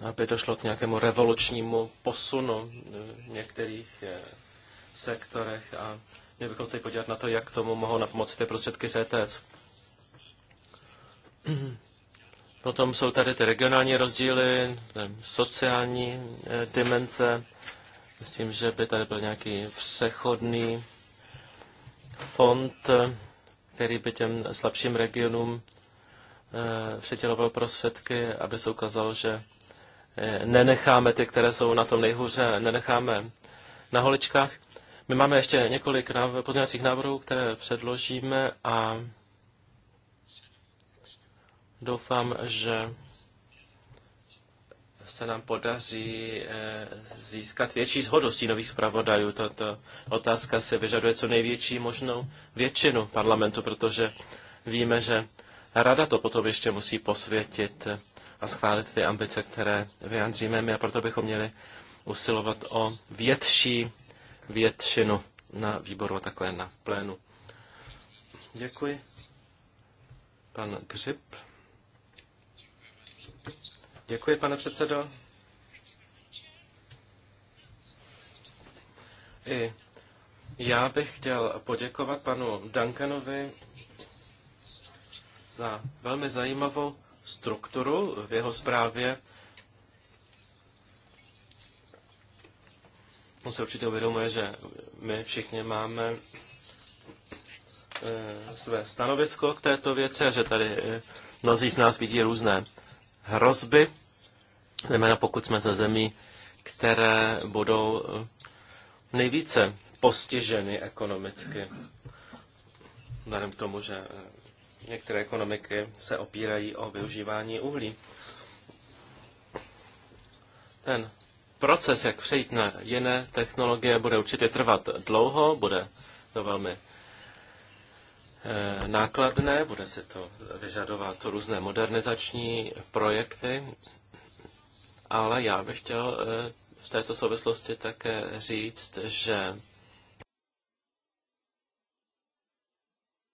aby došlo k nějakému revolučnímu posunu v některých eh, sektorech a měli bychom se podívat na to, jak tomu mohou napomoci ty prostředky e CTF. *clears throat* Potom jsou tady ty regionální rozdíly, sociální eh, dimenze, s tím, že by tady byl nějaký přechodný fond, eh, který by těm slabším regionům přiděloval prostředky, aby se ukázalo, že Eh, nenecháme ty, které jsou na tom nejhůře, nenecháme na holičkách. My máme ještě několik pozměňovacích návrhů, které předložíme a doufám, že se nám podaří eh, získat větší shodu nových zpravodajů. Tato otázka se vyžaduje co největší možnou většinu parlamentu, protože víme, že rada to potom ještě musí posvětit a schválit ty ambice, které vyjádříme my a proto bychom měli usilovat o větší většinu na výboru a takhle na plénu. Děkuji. Pan Gřib. Děkuji, pane předsedo. I já bych chtěl poděkovat panu Duncanovi za velmi zajímavou strukturu v jeho zprávě. On se určitě uvědomuje, že my všichni máme eh, své stanovisko k této věci a že tady eh, mnozí z nás vidí různé hrozby, zejména pokud jsme ze zemí, které budou eh, nejvíce postiženy ekonomicky. Vzhledem k tomu, že Některé ekonomiky se opírají o využívání uhlí. Ten proces, jak přejít na jiné technologie, bude určitě trvat dlouho, bude to velmi eh, nákladné, bude se to vyžadovat různé modernizační projekty, ale já bych chtěl eh, v této souvislosti také říct, že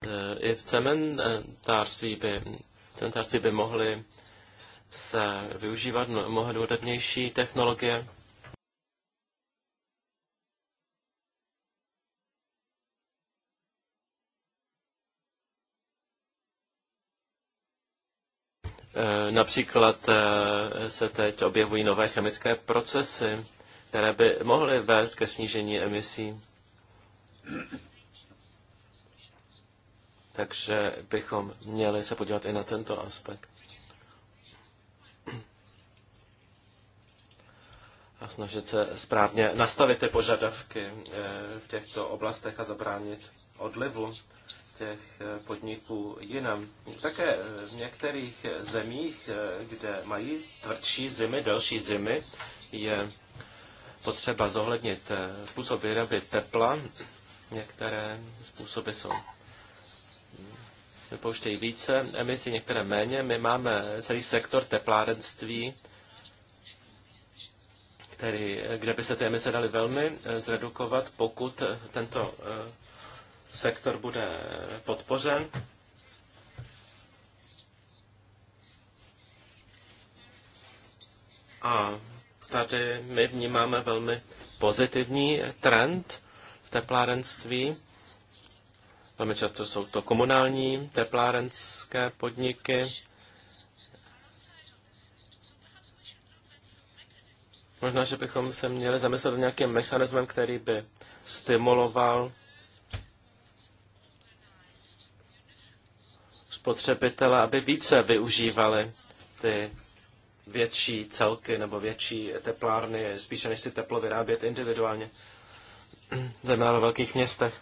Eh, I v cementářství by, cementářství by mohly se využívat mnohem modernější technologie. Eh, například eh, se teď objevují nové chemické procesy, které by mohly vést ke snížení emisí takže bychom měli se podívat i na tento aspekt. A snažit se správně nastavit ty požadavky eh, v těchto oblastech a zabránit odlivu těch eh, podniků jinam. Také eh, v některých zemích, kde mají tvrdší zimy, delší zimy, je potřeba zohlednit způsob výroby tepla. Některé způsoby jsou vypouštějí více emisí, některé méně. My máme celý sektor teplárenství, který, kde by se ty emise daly velmi eh, zredukovat, pokud eh, tento eh, sektor bude podpořen. A tady my vnímáme velmi pozitivní trend v teplárenství. Velmi často jsou to komunální teplárenské podniky. Možná, že bychom se měli zamyslet nějakým mechanismem, který by stimuloval spotřebitele, aby více využívali ty větší celky nebo větší teplárny, spíše než si teplo vyrábět individuálně, *clears throat* zejména ve velkých městech.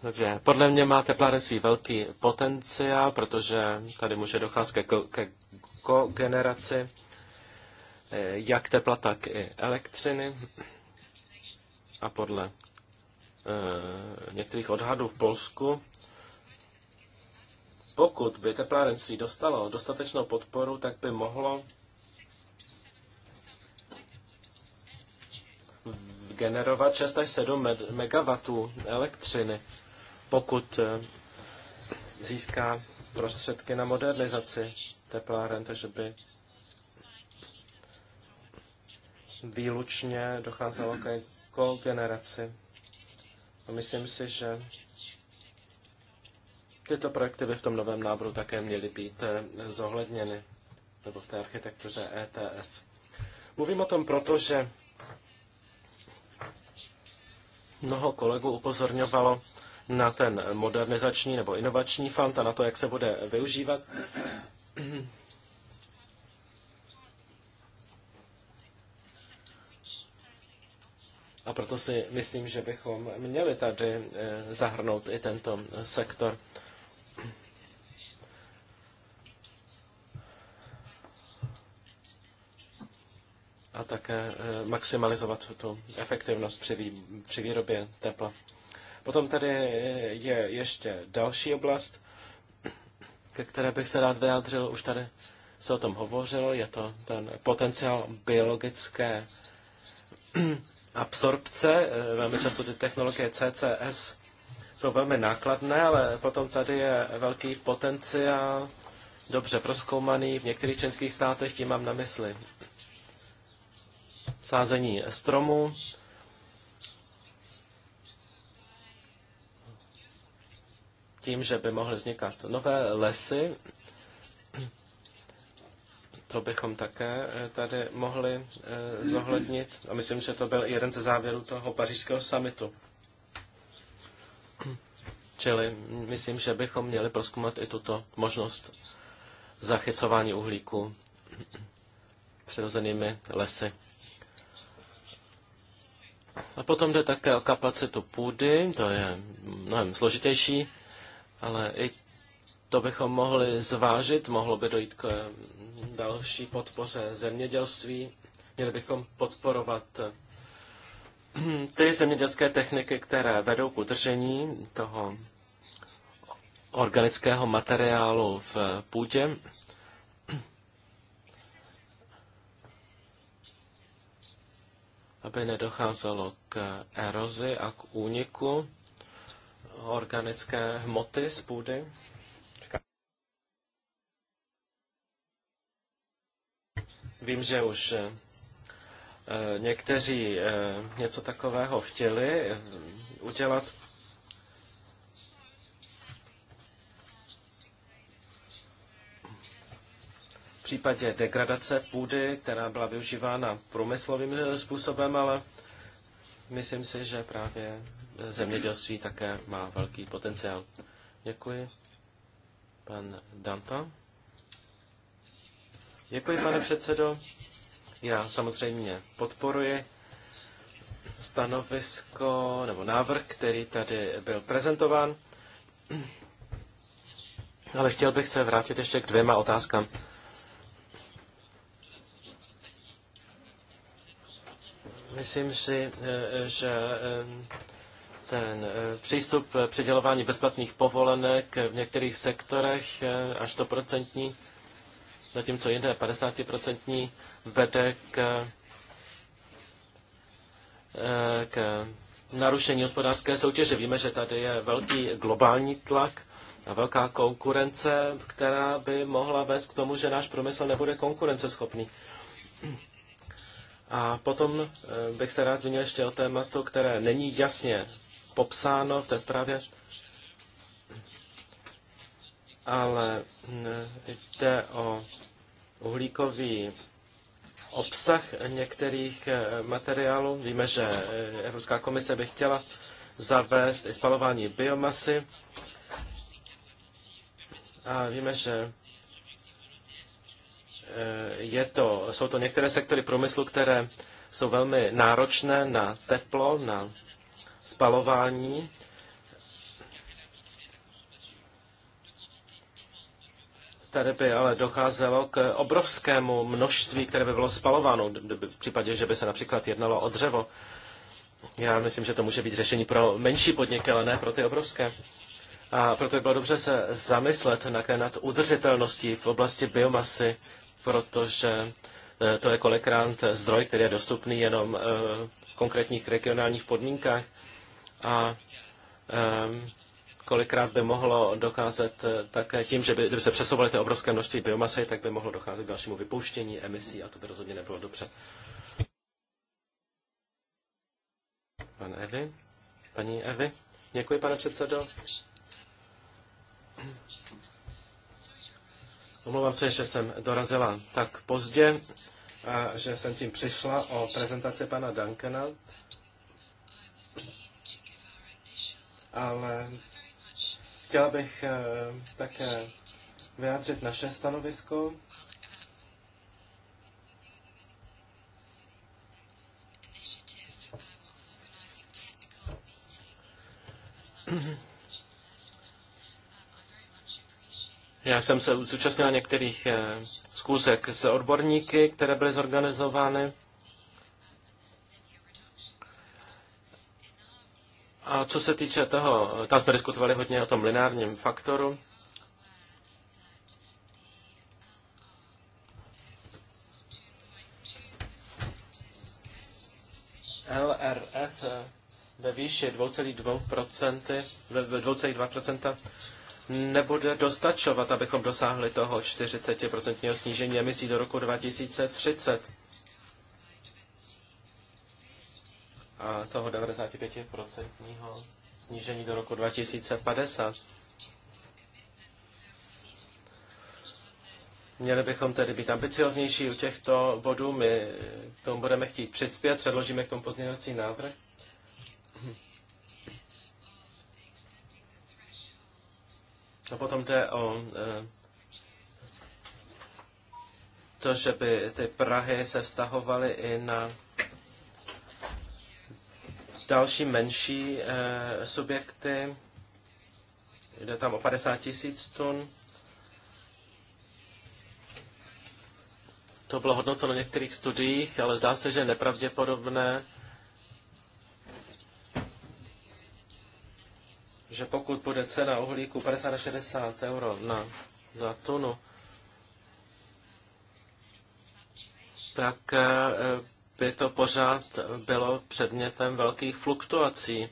Takže podle mě má teplárenství velký potenciál, protože tady může docházet ke, ke kogeneraci eh, jak tepla, tak i elektřiny. A podle e, některých odhadů v Polsku, pokud by teplárenství dostalo dostatečnou podporu, tak by mohlo generovat 6 až 7 MW elektřiny pokud eh, získá prostředky na modernizaci tepláren, takže by výlučně docházelo ke kogeneraci. A myslím si, že tyto projekty by v tom novém návrhu také měly být eh, zohledněny, nebo v té architektuře ETS. Mluvím o tom proto, že mnoho kolegů upozorňovalo na ten modernizační nebo inovační fond a na to, jak se bude využívat. A proto si myslím, že bychom měli tady eh, zahrnout i tento sektor. A také eh, maximalizovat tu efektivnost při, vý, při výrobě tepla. Potom tady je ještě další oblast, ke které bych se rád vyjádřil. Už tady se o tom hovořilo. Je to ten potenciál biologické *clears throat* absorpce. Velmi často ty technologie CCS jsou velmi nákladné, ale potom tady je velký potenciál, dobře proskoumaný v některých členských státech, tím mám na mysli sázení stromů, tím, že by mohly vznikat nové lesy. To bychom také eh, tady mohli eh, zohlednit. A myslím, že to byl jeden ze závěrů toho pařížského samitu. Čili myslím, že bychom měli proskoumat i tuto možnost zachycování uhlíku přirozenými lesy. A potom jde také o kapacitu půdy, to je mnohem složitější ale i to bychom mohli zvážit, mohlo by dojít k eh, další podpoře zemědělství. Měli bychom podporovat eh, *clears throat* ty zemědělské techniky, které vedou k udržení toho organického materiálu v půdě. aby nedocházelo k erozi a k úniku organické hmoty z půdy. Vím, že už eh, někteří eh, něco takového chtěli eh, udělat. V případě degradace půdy, která byla využívána průmyslovým způsobem, ale myslím si, že právě zemědělství také má velký potenciál. Děkuji. Pan Danta. Děkuji, pane předsedo. Já samozřejmě podporuji stanovisko nebo návrh, který tady byl prezentován. Ale chtěl bych se vrátit ještě k dvěma otázkám. Myslím si, eh, že eh, ten eh, přístup eh, předělování bezplatných povolenek v některých sektorech eh, až 100%, zatímco jinde 50% vede k, k narušení hospodářské soutěže. Víme, že tady je velký globální tlak a velká konkurence, která by mohla vést k tomu, že náš průmysl nebude konkurenceschopný. A potom bych se rád zmínil ještě o tématu, které není jasně popsáno v té zprávě, ale mm, jde o uhlíkový obsah některých eh, materiálů. Víme, že eh, Evropská komise by chtěla zavést i spalování biomasy. A víme, že eh, je to, jsou to některé sektory průmyslu, které jsou velmi náročné na teplo, na spalování. Tady by ale docházelo k obrovskému množství, které by bylo spalováno, v případě, že by se například jednalo o dřevo. Já myslím, že to může být řešení pro menší podniky, ale ne pro ty obrovské. A proto by bylo dobře se zamyslet nad udržitelností v oblasti biomasy, protože eh, to je kolikrát zdroj, který je dostupný jenom eh, v konkrétních regionálních podmínkách a kolikrát by mohlo docházet eh, také tím, že by, kdyby se přesouvaly ty obrovské množství biomasy, tak by mohlo docházet k dalšímu vypouštění emisí a to by rozhodně nebylo dobře. Pan Evy? Paní Evy? Děkuji, pane předsedo. Omlouvám se, že jsem dorazila tak pozdě, a že jsem tím přišla o prezentaci pana Duncana, ale chtěl bych eh, také vyjádřit naše stanovisko. Já jsem se zúčastnil některých zkůzek eh, s odborníky, které byly zorganizovány. A co se týče toho, tam jsme diskutovali hodně o tom lineárním faktoru. LRF ve výši 2,2%, ve 2,2% nebude dostačovat, abychom dosáhli toho 40% snížení emisí do roku 2030. a toho 95% snížení do roku 2050. Měli bychom tedy být ambicioznější u těchto bodů. My k tomu budeme chtít přispět, předložíme k tomu pozměňovací návrh. A potom je o eh, to, že by ty Prahy se vztahovaly i na další menší eh, subjekty. Jde tam o 50 tisíc tun. To bylo hodnoceno v některých studiích, ale zdá se, že je nepravděpodobné, že pokud bude cena uhlíku 50 až 60 euro na, za tunu, tak eh, by to pořád bylo předmětem velkých fluktuací.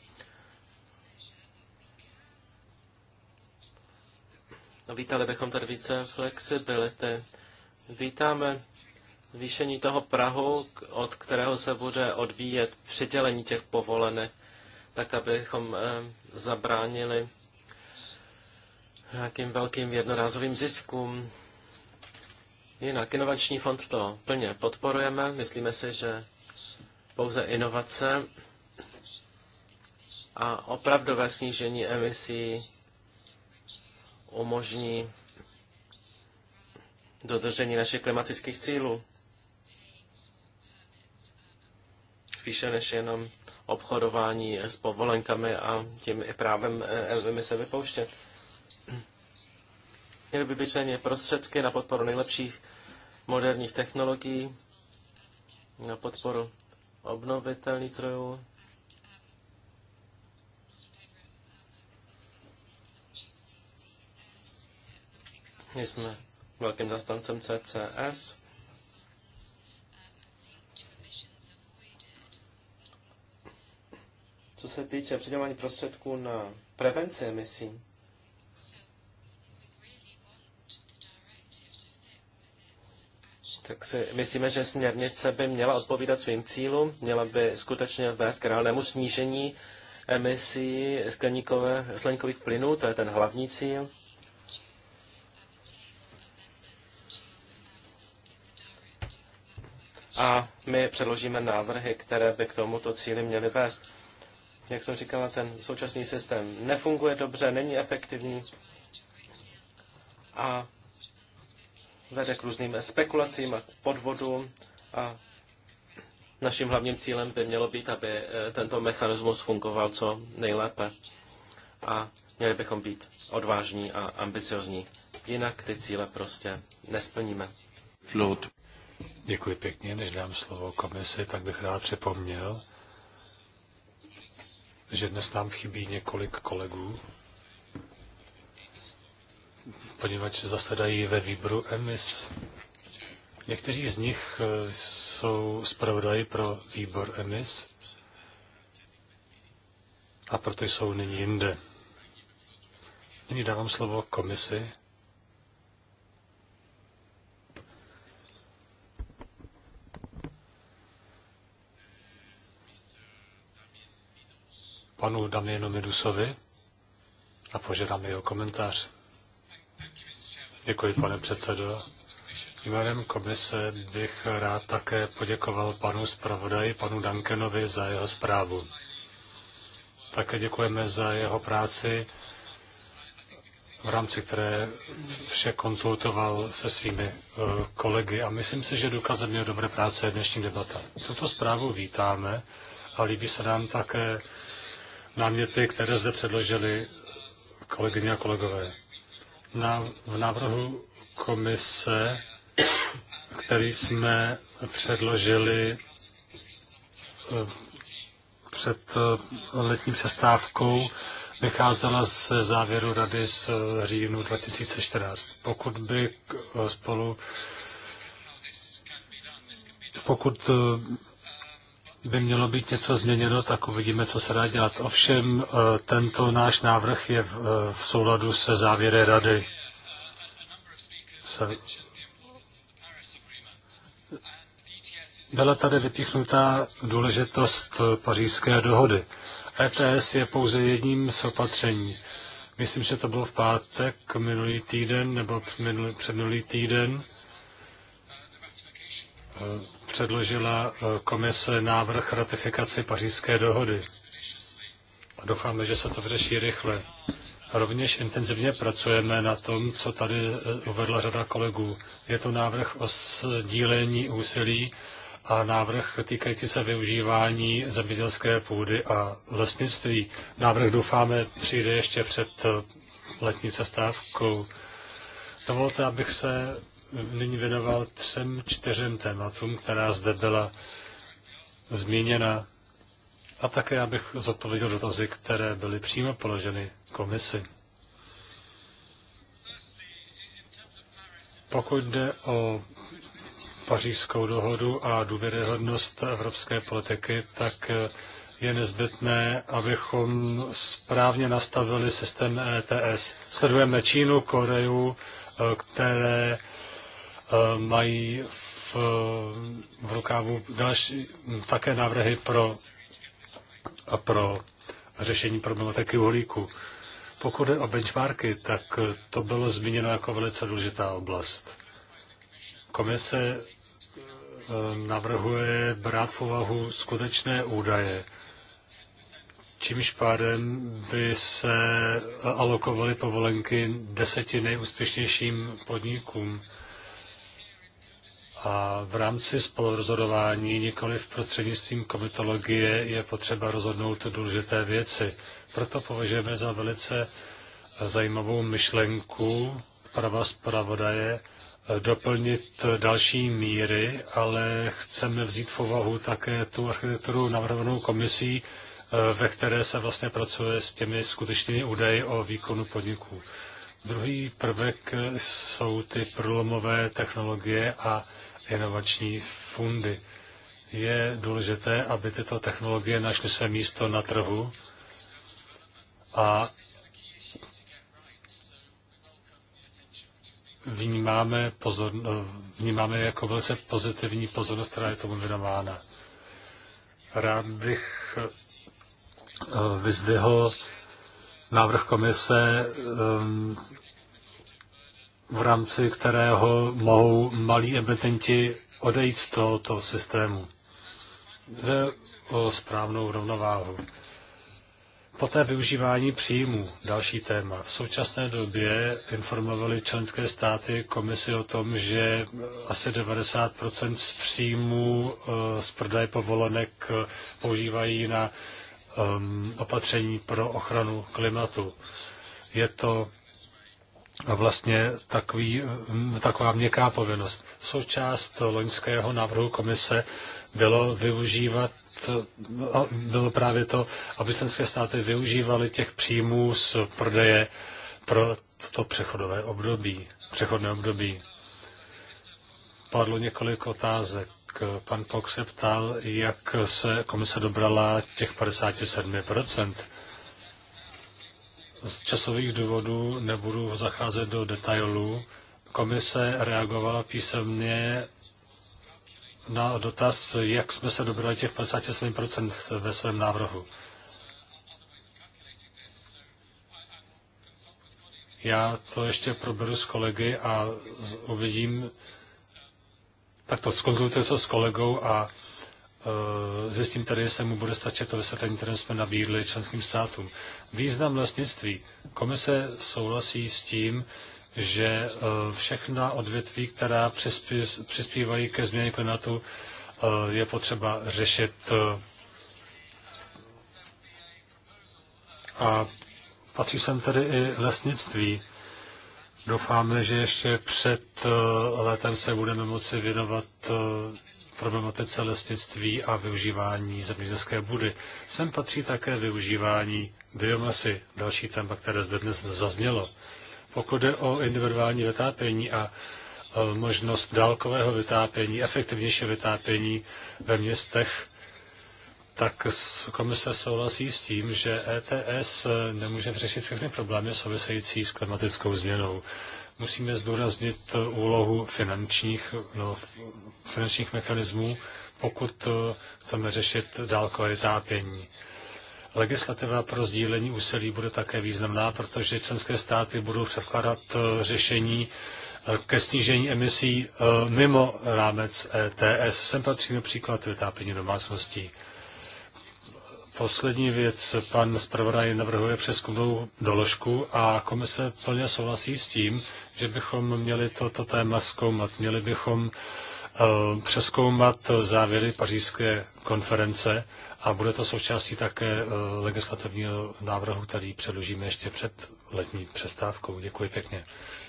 Vítali bychom tady více flexibility. Vítáme výšení toho Prahu, od kterého se bude odvíjet přidělení těch povolenek, tak abychom eh, zabránili nějakým velkým jednorázovým ziskům. Jinak inovační fond to plně podporujeme. Myslíme si, že pouze inovace a opravdové snížení emisí umožní dodržení našich klimatických cílů. Spíše než jenom obchodování s povolenkami a tím i právem e, e, emise vypouštět. Měly by být prostředky na podporu nejlepších moderních technologií, na podporu obnovitelných zdrojů. My jsme velkým zastancem CCS. Co se týče přidělování prostředků na prevenci emisí, tak si myslíme, že směrnice by měla odpovídat svým cílům, měla by skutečně vést k reálnému snížení emisí skleníkových plynů, to je ten hlavní cíl. A my předložíme návrhy, které by k tomuto cíli měly vést. Jak jsem říkala, ten současný systém nefunguje dobře, není efektivní a vede k různým spekulacím a podvodům a naším hlavním cílem by mělo být, aby eh, tento mechanismus fungoval co nejlépe a měli bychom být odvážní a ambiciozní. Jinak ty cíle prostě nesplníme. Flut. Děkuji pěkně. Než dám slovo komisi, tak bych rád připomněl, že dnes nám chybí několik kolegů poněvadž zasedají ve výboru EMIS. Někteří z nich eh, jsou zpravodaji pro výbor EMIS a proto jsou nyní jinde. Nyní dávám slovo komisi. panu Damienu Medusovi a požádám jeho komentář. Děkuji, pane předsedo. Jménem komise bych rád také poděkoval panu zpravodaji, panu Dankenovi, za jeho zprávu. Také děkujeme za jeho práci, v rámci které vše konzultoval se svými eh, kolegy a myslím si, že důkazem jeho dobré práce je dnešní debata. Tuto zprávu vítáme a líbí se nám také náměty, které zde předložili kolegyně a kolegové v návrhu komise, který jsme předložili eh, před eh, letní přestávkou, vycházela ze závěru rady z eh, říjnu 2014. Pokud by spolu pokud by mělo být něco změněno, tak uvidíme, co se dá dělat. Ovšem, eh, tento náš návrh je eh, v souladu se závěry rady. Se... Byla tady vypíchnutá důležitost eh, pařížské dohody. ETS je pouze jedním z opatření. Myslím, že to bylo v pátek minulý týden nebo minulý, minulý týden předložila eh, komise návrh ratifikaci pařížské dohody. A doufáme, že se to vyřeší rychle. A rovněž intenzivně pracujeme na tom, co tady eh, uvedla řada kolegů. Je to návrh o sdílení úsilí a návrh týkající se využívání zemědělské půdy a lesnictví. Návrh doufáme přijde ještě před eh, letní cestávkou. Dovolte, abych se nyní věnoval třem, čtyřem tématům, která zde byla změněna. a také abych zodpověděl dotazy, které byly přímo položeny komisi. Pokud jde o pařížskou dohodu a důvěryhodnost evropské politiky, tak je nezbytné, abychom správně nastavili systém ETS. Sledujeme Čínu, Koreju, e, které Eh, mají v, v rukávu další hm, také návrhy pro, pro řešení problematiky uhlíku. Pokud jde o benchmarky, tak eh, to bylo zmíněno jako velice důležitá oblast. Komise eh, navrhuje brát v úvahu skutečné údaje, čímž pádem by se alokovaly povolenky deseti nejúspěšnějším podnikům. A v rámci spolurozhodování, nikoli v prostřednictvím komitologie, je potřeba rozhodnout důležité věci. Proto považujeme za velice zajímavou myšlenku prava zpravodaje eh, doplnit další míry, ale chceme vzít v úvahu také tu architekturu navrhovanou komisí, eh, ve které se vlastně pracuje s těmi skutečnými údaji o výkonu podniků. Druhý prvek jsou ty průlomové technologie a inovační fundy. Je důležité, aby tyto technologie našly své místo na trhu a vnímáme, pozor, no, vnímáme jako velice pozitivní pozornost, která je tomu věnována. Rád bych eh, vyzdvihl návrh komise ehm, v rámci kterého mohou malí emitenti odejít z tohoto systému. Jde o správnou rovnováhu. Poté využívání příjmů, další téma. V současné době informovali členské státy komisi o tom, že asi 90 z příjmů eh, z prodeje povolenek eh, používají na um, opatření pro ochranu klimatu. Je to a vlastně takový, taková měkká povinnost. Součást loňského návrhu komise bylo využívat, bylo právě to, aby členské státy využívaly těch příjmů z prodeje pro toto přechodové období, přechodné období. Padlo několik otázek. Pan Pok se ptal, jak se komise dobrala těch 57 z časových důvodů nebudu zacházet do detailů. Komise reagovala písemně na dotaz, jak jsme se dobrali těch 57% ve svém návrhu. Já to ještě proberu s kolegy a uvidím, tak to skonzultuji se s kolegou a Eh, zjistím tady, jestli mu bude stačit to vysvětlení, které jsme nabídli členským státům. Význam lesnictví. Komise souhlasí s tím, že eh, všechna odvětví, která přispívají ke změně klimatu, eh, je potřeba řešit. A patří sem tedy i lesnictví. Doufáme, že ještě před letem se budeme moci věnovat problematice lesnictví a využívání zemědělské budy. Sem patří také využívání biomasy, další téma, které zde dnes zaznělo. Pokud jde o individuální vytápění a e, možnost dálkového vytápění, efektivnějšího vytápění ve městech, tak komise souhlasí s tím, že ETS e, nemůže řešit všechny problémy související s klimatickou změnou. Musíme zdůraznit úlohu finančních, no, finančních mechanismů, pokud eh, chceme řešit dálkové vytápění. Legislativa pro sdílení úsilí bude také významná, protože členské státy budou předkládat eh, řešení eh, ke snížení emisí mimo rámec ETS. Sem patří například vytápění domácností. Poslední věc, pan zpravodaj navrhuje přeskumnou doložku a komise plně souhlasí s tím, že bychom měli toto téma zkoumat. Měli bychom Eh, přeskoumat závěry pařížské konference a bude to součástí také eh, legislativního návrhu, který předložíme ještě před letní přestávkou. Děkuji pěkně.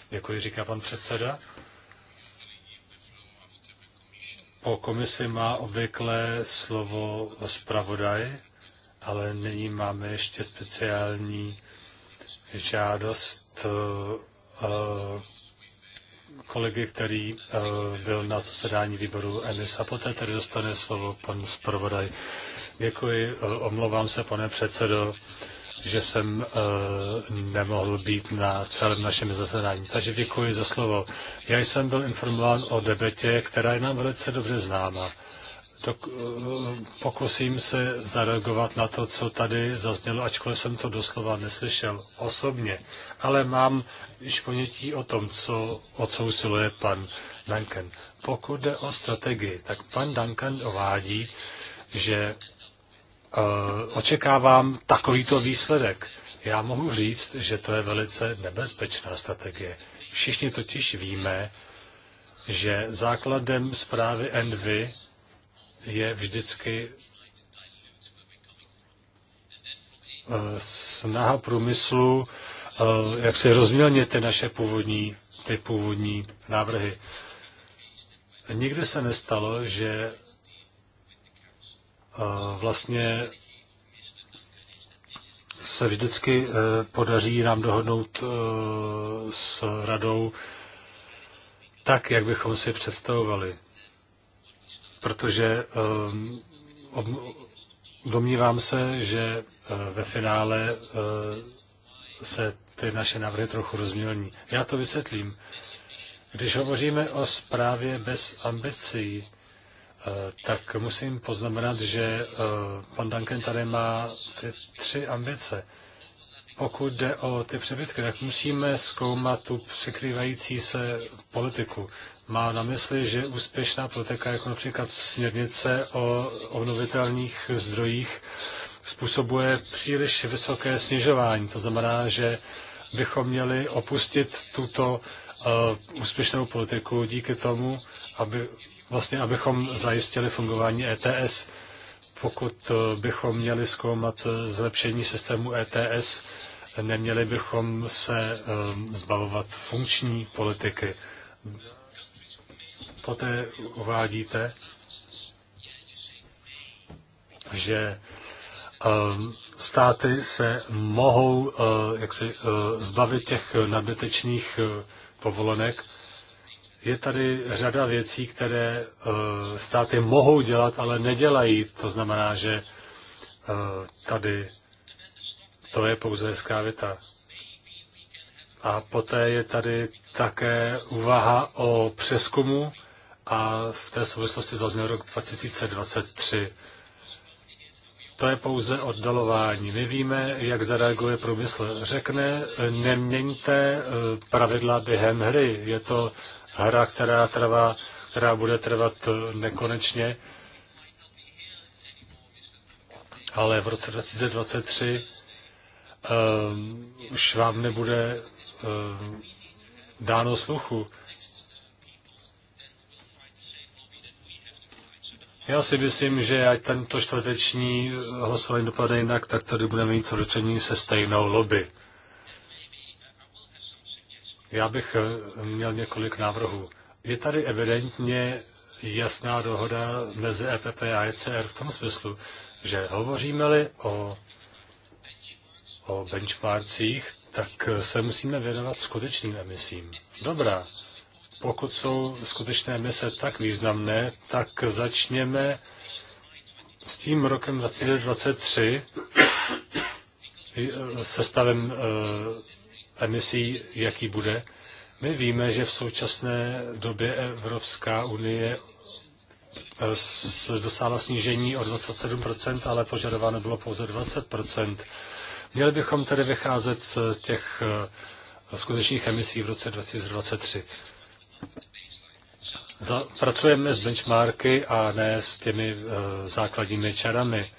Děkuji, říká pan předseda. Po komisi má obvykle slovo zpravodaj, ale nyní máme ještě speciální žádost uh, kolegy, který eh, byl na zasedání výboru ENIS a poté tedy dostane slovo pan sprovodaj. Děkuji, eh, omlouvám se, pane předsedo, že jsem eh, nemohl být na celém našem zasedání. Takže děkuji za slovo. Já jsem byl informován o debetě, která je nám velice dobře známa to, eh, pokusím se zareagovat na to, co tady zaznělo, ačkoliv jsem to doslova neslyšel osobně. Ale mám již ponětí o tom, co, o pan Duncan. Pokud jde o strategii, tak pan Duncan ovádí, že uh, očekávám takovýto výsledek. Já mohu říct, že to je velice nebezpečná strategie. Všichni totiž víme, že základem zprávy Envy je vždycky eh, snaha průmyslu, eh, jak se rozmělnit ty naše původní, ty původní návrhy. Nikdy se nestalo, že eh, vlastně se vždycky podaří nám dohodnout s radou tak, jak bychom si představovali protože ehm, domnívám se, že eh, ve finále eh, se ty naše návrhy trochu rozmělní. Já to vysvětlím. Když hovoříme o zprávě bez ambicí, eh, tak musím poznamenat, že pan Duncan tady má ty tři ambice. Pokud jde o ty přebytky, tak musíme zkoumat tu překrývající se politiku má na mysli, že úspěšná politika, jako například směrnice o obnovitelných zdrojích, způsobuje příliš vysoké snižování. To znamená, že bychom měli opustit tuto uh, úspěšnou politiku díky tomu, aby, vlastně, abychom zajistili fungování ETS. Pokud eh, bychom měli zkoumat eh, zlepšení systému ETS, neměli bychom se zbavovat funkční politiky poté uvádíte, že ehm, státy se mohou eh, jaksi, eh, zbavit těch nadbytečných eh, povolenek. Je tady řada věcí, které státy mohou dělat, ale nedělají. To znamená, že tady to je pouze hezká věta. A poté je tady také úvaha o přeskumu a v té souvislosti zazněl rok 2023. To je pouze oddalování. My víme, jak zareaguje průmysl. Řekne, neměňte eh, pravidla během hry. Je to hra, která, trvá, která bude trvat eh, nekonečně. Ale v roce 2023 um, eh, už vám nebude um, dáno sluchu. Já si myslím, že ať tento čtvrteční eh, hlasování dopadne jinak, tak tady budeme mít dočení se stejnou lobby. Já bych eh, měl několik návrhů. Je tady evidentně jasná dohoda mezi EPP a ECR v tom smyslu, že hovoříme-li o, o benchmarkcích, tak eh, se musíme věnovat skutečným emisím. Dobrá, pokud jsou skutečné mise tak významné, tak začněme s tím rokem 2023 se stavem eh, emisí, jaký bude. My víme, že v současné době Evropská unie eh, dosáhla snížení o 27%, ale požadováno bylo pouze 20%. Měli bychom tedy vycházet z těch eh, skutečných emisí v roce 2023 pracujeme s benchmarky a ne s těmi eh, základními čarami.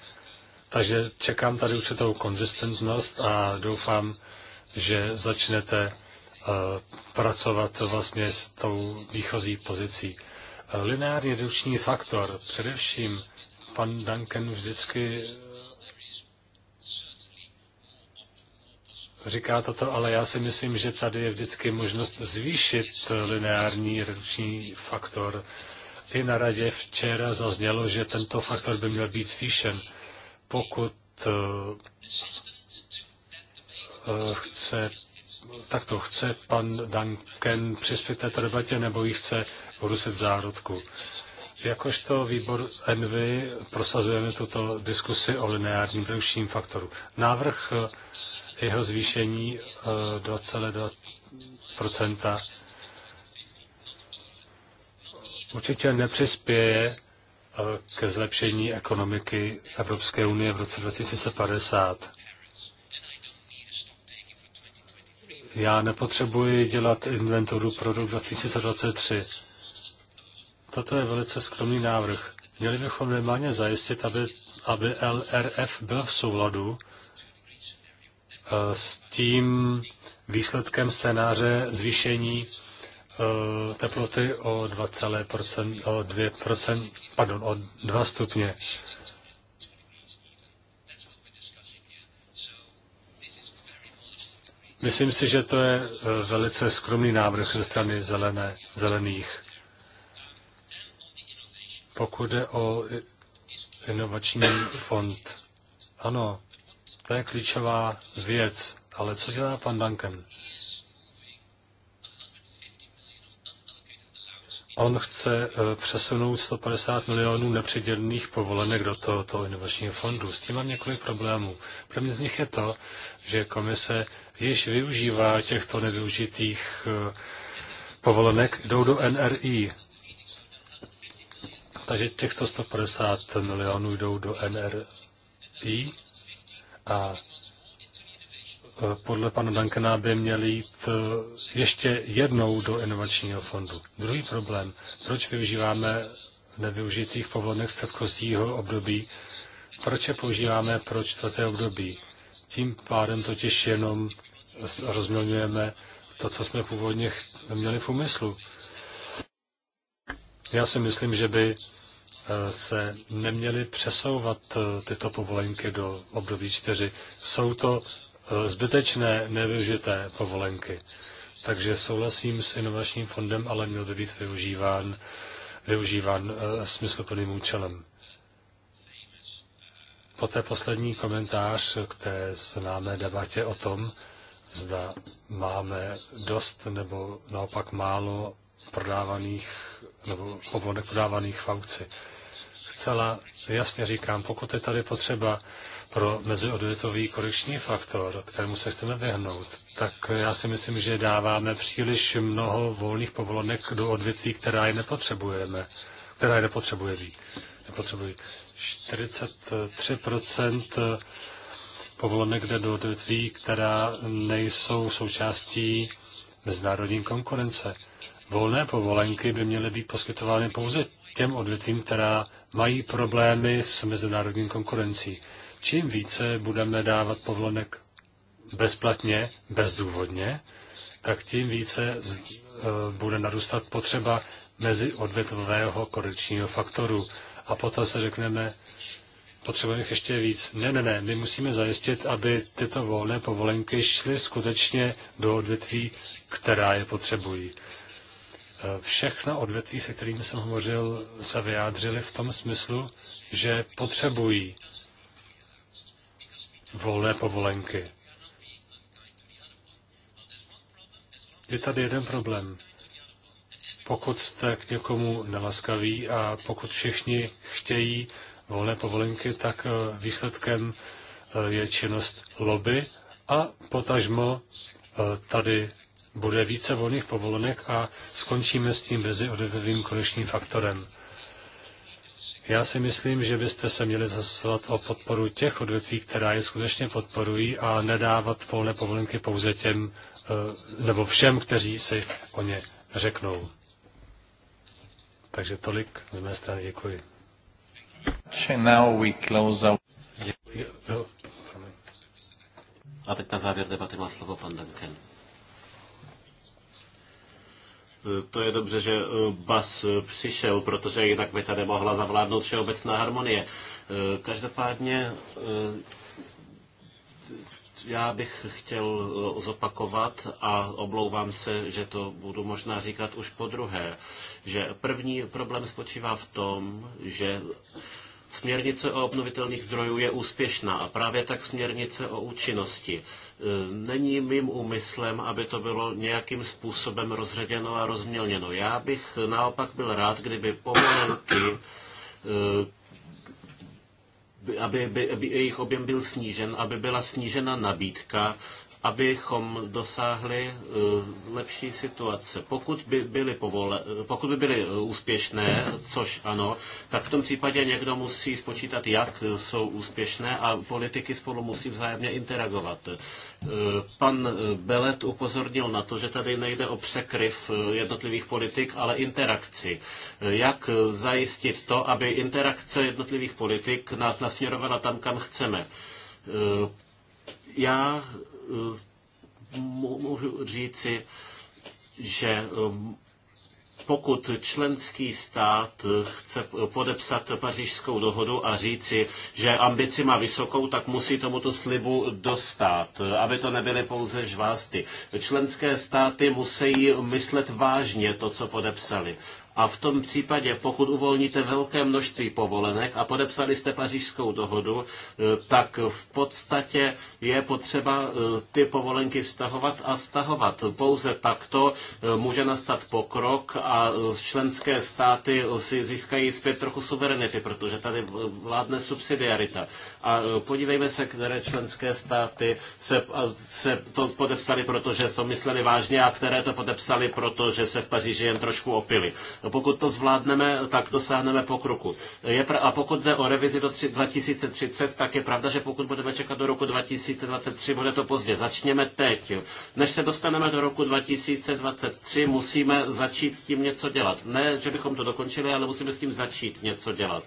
Takže čekám tady určitou konzistentnost a doufám, že začnete eh, pracovat vlastně s tou výchozí pozicí. Eh, lineární redukční faktor, především pan Duncan vždycky říká toto, ale já si myslím, že tady je vždycky možnost zvýšit lineární redukční faktor. I na radě včera zaznělo, že tento faktor by měl být zvýšen. Pokud eh, eh, chce, tak to chce pan Duncan přispět této debatě, nebo ji chce rusit zárodku. Jakožto výbor Envy prosazujeme tuto diskusi o lineárním redukčním faktoru. Návrh eh, jeho zvýšení 2,2 eh, určitě nepřispěje eh, ke zlepšení ekonomiky Evropské unie v roce 2050. Já nepotřebuji dělat inventuru pro rok 2023. Toto je velice skromný návrh. Měli bychom nejméně zajistit, aby, aby LRF byl v souladu Eh, s tím výsledkem scénáře zvýšení eh, teploty o 2,2%, o 2%, pardon, o 2 stupně. Myslím si, že to je eh, velice skromný návrh ze strany zelené, zelených. Pokud jde o inovační fond, ano, to je klíčová věc. Ale co dělá pan Duncan? On chce eh, přesunout 150 milionů nepředělných povolenek do tohoto inovačního fondu. S tím mám několik problémů. První z nich je to, že komise již využívá těchto nevyužitých eh, povolenek, jdou do NRI. Takže těchto 150 milionů jdou do NRI a eh, podle pana Dankena by měl jít eh, ještě jednou do inovačního fondu. Druhý problém, proč využíváme nevyužitých povolenek z předchozího období, proč je používáme pro čtvrté období. Tím pádem totiž jenom rozmělňujeme to, co jsme původně měli v úmyslu. Já si myslím, že by se neměly přesouvat eh, tyto povolenky do období 4. Jsou to eh, zbytečné, nevyužité povolenky. Takže souhlasím s inovačním fondem, ale měl by být využíván, využíván eh, smysluplným účelem. Poté poslední komentář k té známé debatě o tom, zda máme dost nebo naopak málo prodávaných nebo povolenek prodávaných v aukci zcela jasně říkám, pokud je tady potřeba pro meziodvětový korekční faktor, kterému se chceme vyhnout, tak já si myslím, že dáváme příliš mnoho volných povolenek do odvětví, která je nepotřebujeme, která je nepotřebují. nepotřebují. 43% povolenek jde do odvětví, která nejsou součástí mezinárodní konkurence. Volné povolenky by měly být poskytovány pouze těm odvětvím, která mají problémy s mezinárodní konkurencí. Čím více budeme dávat povolenek bezplatně, bezdůvodně, tak tím více e, bude narůstat potřeba mezi odvětvového korekčního faktoru. A potom se řekneme, potřebujeme jich ještě víc. Ne, ne, ne, my musíme zajistit, aby tyto volné povolenky šly skutečně do odvětví, která je potřebují. Všechna odvětví, se kterými jsem hovořil, se vyjádřili v tom smyslu, že potřebují volné povolenky. Je tady jeden problém. Pokud jste k někomu nelaskaví a pokud všichni chtějí volné povolenky, tak eh, výsledkem eh, je činnost lobby a potažmo eh, tady bude více volných povolenek a skončíme s tím meziodvětovým konečným faktorem. Já si myslím, že byste se měli zasazovat o podporu těch odvětví, která je skutečně podporují a nedávat volné povolenky pouze těm eh, nebo všem, kteří si o ně řeknou. Takže tolik z mé strany. Děkuji. A teď na závěr debaty má slovo pan Duncan. To je dobře, že eh, Bas eh, přišel, protože jinak by tady mohla zavládnout všeobecná harmonie. Eh, každopádně já bych chtěl zopakovat a oblouvám se, že to budu možná říkat už po druhé, že první problém spočívá v tom, že směrnice o obnovitelných zdrojů je úspěšná a právě tak směrnice o účinnosti. Eh, není mým úmyslem, aby to bylo nějakým způsobem rozředěno a rozmělněno. Já bych naopak byl rád, kdyby povolenky eh, aby, aby, aby jejich objem byl snížen, aby byla snížena nabídka abychom dosáhli eh, lepší situace. Pokud by byly, povole, pokud by byly eh, úspěšné, což ano, tak v tom případě někdo musí spočítat, jak eh, jsou úspěšné a politiky spolu musí vzájemně interagovat. Pan Belet upozornil na to, že tady nejde o překryv jednotlivých politik, ale interakci. Jak zajistit to, aby interakce jednotlivých politik nás nasměrovala tam, kam chceme? já Eh, můžu říci, že eh, pokud členský stát eh, chce podepsat pařížskou dohodu a říci, že ambici má vysokou, tak musí tomuto slibu dostat, aby to nebyly pouze žvásty. Členské státy musí myslet vážně to, co podepsali. A v tom případě, pokud uvolníte velké množství povolenek a podepsali jste pařížskou dohodu, e, tak v podstatě je potřeba e, ty povolenky stahovat a stahovat. Pouze takto e, může nastat pokrok a členské státy si získají zpět trochu suverenity, protože tady vládne subsidiarita. A podívejme se, které členské státy se, se to podepsali, protože jsou mysleli vážně a které to podepsali, protože se v Paříži jen trošku opili. No pokud to zvládneme, tak dosáhneme pokroku. a pokud jde o revizi do 2030, tak je pravda, že pokud budeme čekat do roku 2023, bude to pozdě. Začněme teď. Než se dostaneme do roku 2023, musíme začít s tím něco dělat. Ne, že bychom to dokončili, ale musíme s tím začít něco dělat.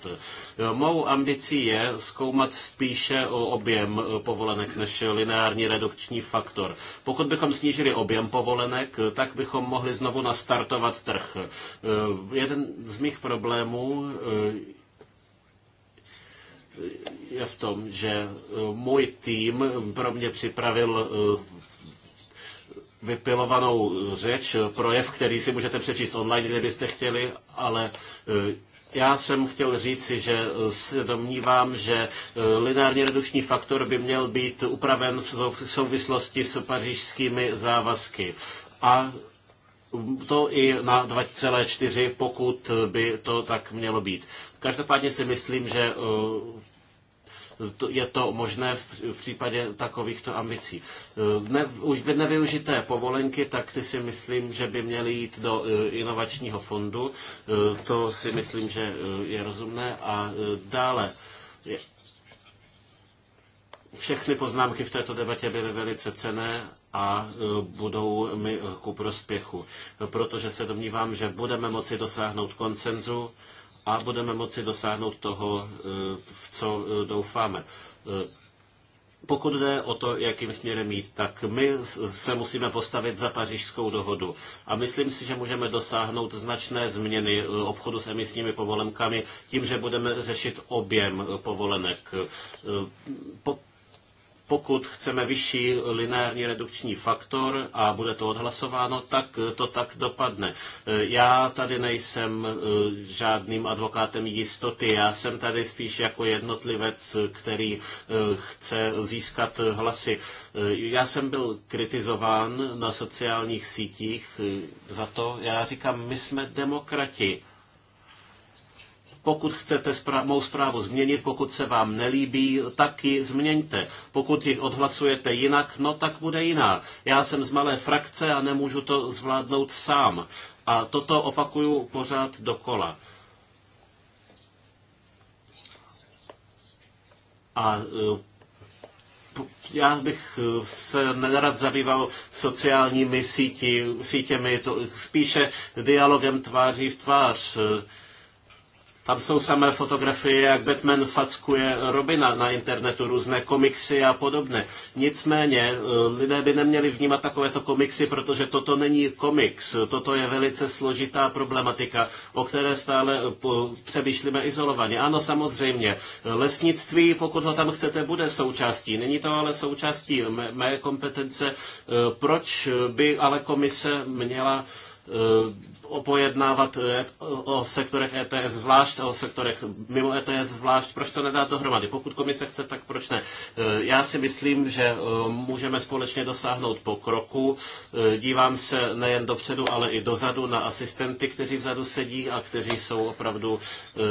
Mou ambicí je zkoumat spíše o objem povolenek než lineární redukční faktor. Pokud bychom snížili objem povolenek, tak bychom mohli znovu nastartovat trh. Eh, jeden z mých problémů eh, je v tom, že eh, můj tým pro mě připravil vypilovanou řeč, projev, který si můžete přečíst online, kdybyste chtěli, ale já jsem chtěl říci, že se domnívám, že lineární redukční faktor by měl být upraven v souvislosti s pařížskými závazky. A to i na 2,4, pokud by to tak mělo být. Každopádně si myslím, že eh, je to možné v případě takovýchto ambicí. Eh, ne, už nevyužité povolenky, tak ty si myslím, že by měly jít do eh, inovačního fondu. To si myslím, že je rozumné. A dále. Všechny poznámky v této debatě byly velice cené a e, budou mi e, ku prospěchu, protože se domnívám, že budeme moci dosáhnout konsenzu a budeme moci dosáhnout toho, e, v co doufáme. Pokud jde o to, jakým směrem jít, tak my se musíme postavit za pařížskou dohodu. A myslím si, že můžeme dosáhnout značné změny obchodu s emisními povolenkami tím, že budeme řešit objem povolenek. Po pokud chceme vyšší lineární redukční faktor a bude to odhlasováno, tak to tak dopadne. Já tady nejsem e, žádným advokátem jistoty, já jsem tady spíš jako jednotlivec, který e, chce získat hlasy. E, já jsem byl kritizován na sociálních sítích za to, já říkám, my jsme demokrati pokud chcete zpráv, mou zprávu změnit, pokud se vám nelíbí, tak ji změňte. Pokud ji odhlasujete jinak, no tak bude jiná. Já jsem z malé frakce a nemůžu to zvládnout sám. A toto opakuju pořád dokola. A e, já bych se nerad zabýval sociálními síti, sítěmi, to, spíše dialogem tváří v tvář. Tam jsou samé fotografie, jak Batman fackuje Robina na internetu, různé komiksy a podobně. Nicméně eh, lidé by neměli vnímat takovéto komiksy, protože toto není komiks. Toto je velice složitá problematika, o které stále eh, přemýšlíme izolovaně. Ano, samozřejmě. Eh, lesnictví, pokud ho tam chcete, bude součástí. Není to ale součástí mé kompetence. Proč by ale komise měla pojednávat eh, o sektorech ETS zvlášť, o sektorech mimo ETS zvlášť, proč to nedá dohromady? Pokud komise chce, tak proč ne? Eh, já si myslím, že eh, můžeme společně dosáhnout pokroku. Dívám se nejen dopředu, ale i dozadu na asistenty, kteří vzadu sedí a kteří jsou opravdu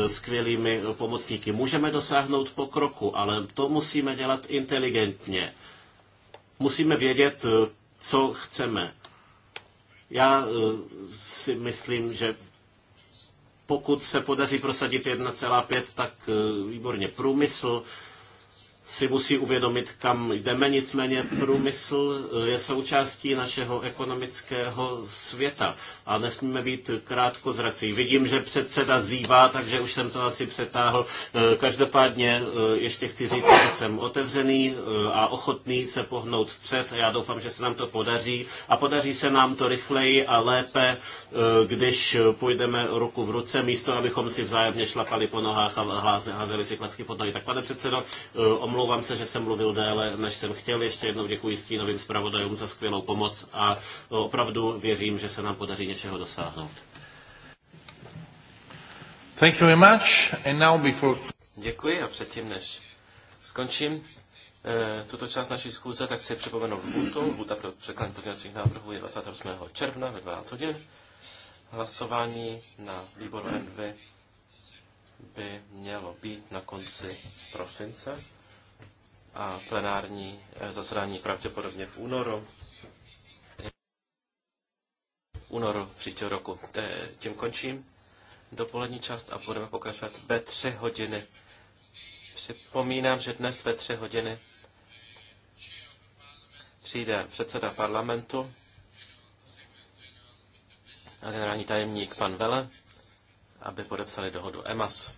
skvělými pomocníky. Můžeme dosáhnout pokroku, ale to musíme dělat inteligentně. Musíme vědět, co chceme. Já eh, si myslím, že pokud se podaří prosadit 1,5, tak eh, výborně průmysl, si musí uvědomit, kam jdeme. Nicméně průmysl eh, je součástí našeho ekonomického světa a nesmíme být krátkozrací. Vidím, že předseda zývá, takže už jsem to asi přetáhl. Eh, každopádně eh, ještě chci říct, že jsem otevřený a ochotný se pohnout vpřed. Já doufám, že se nám to podaří a podaří se nám to rychleji a lépe, když půjdeme ruku v ruce, místo abychom si vzájemně šlapali po nohách a házeli si klacky pod nohy. Tak pane předsedo, Omlouvám se, že jsem mluvil déle, než jsem chtěl. Ještě jednou děkuji stínovým zpravodajům za skvělou pomoc a opravdu věřím, že se nám podaří něčeho dosáhnout. Thank you very much. And now before... Děkuji a předtím, než skončím e, tuto část naší schůze, tak chci připomenout lhůtu. Lhůta pro překlad pozměňovacích návrhů je 28. června ve 12 hodin. Hlasování na výboru NV by mělo být na konci prosince a plenární eh, zasedání pravděpodobně v únoru. Únoru příštího roku. Eh, tím končím dopolední část a budeme pokračovat ve tři hodiny. Připomínám, že dnes ve tři hodiny přijde předseda parlamentu a generální tajemník pan Vele, aby podepsali dohodu EMAS.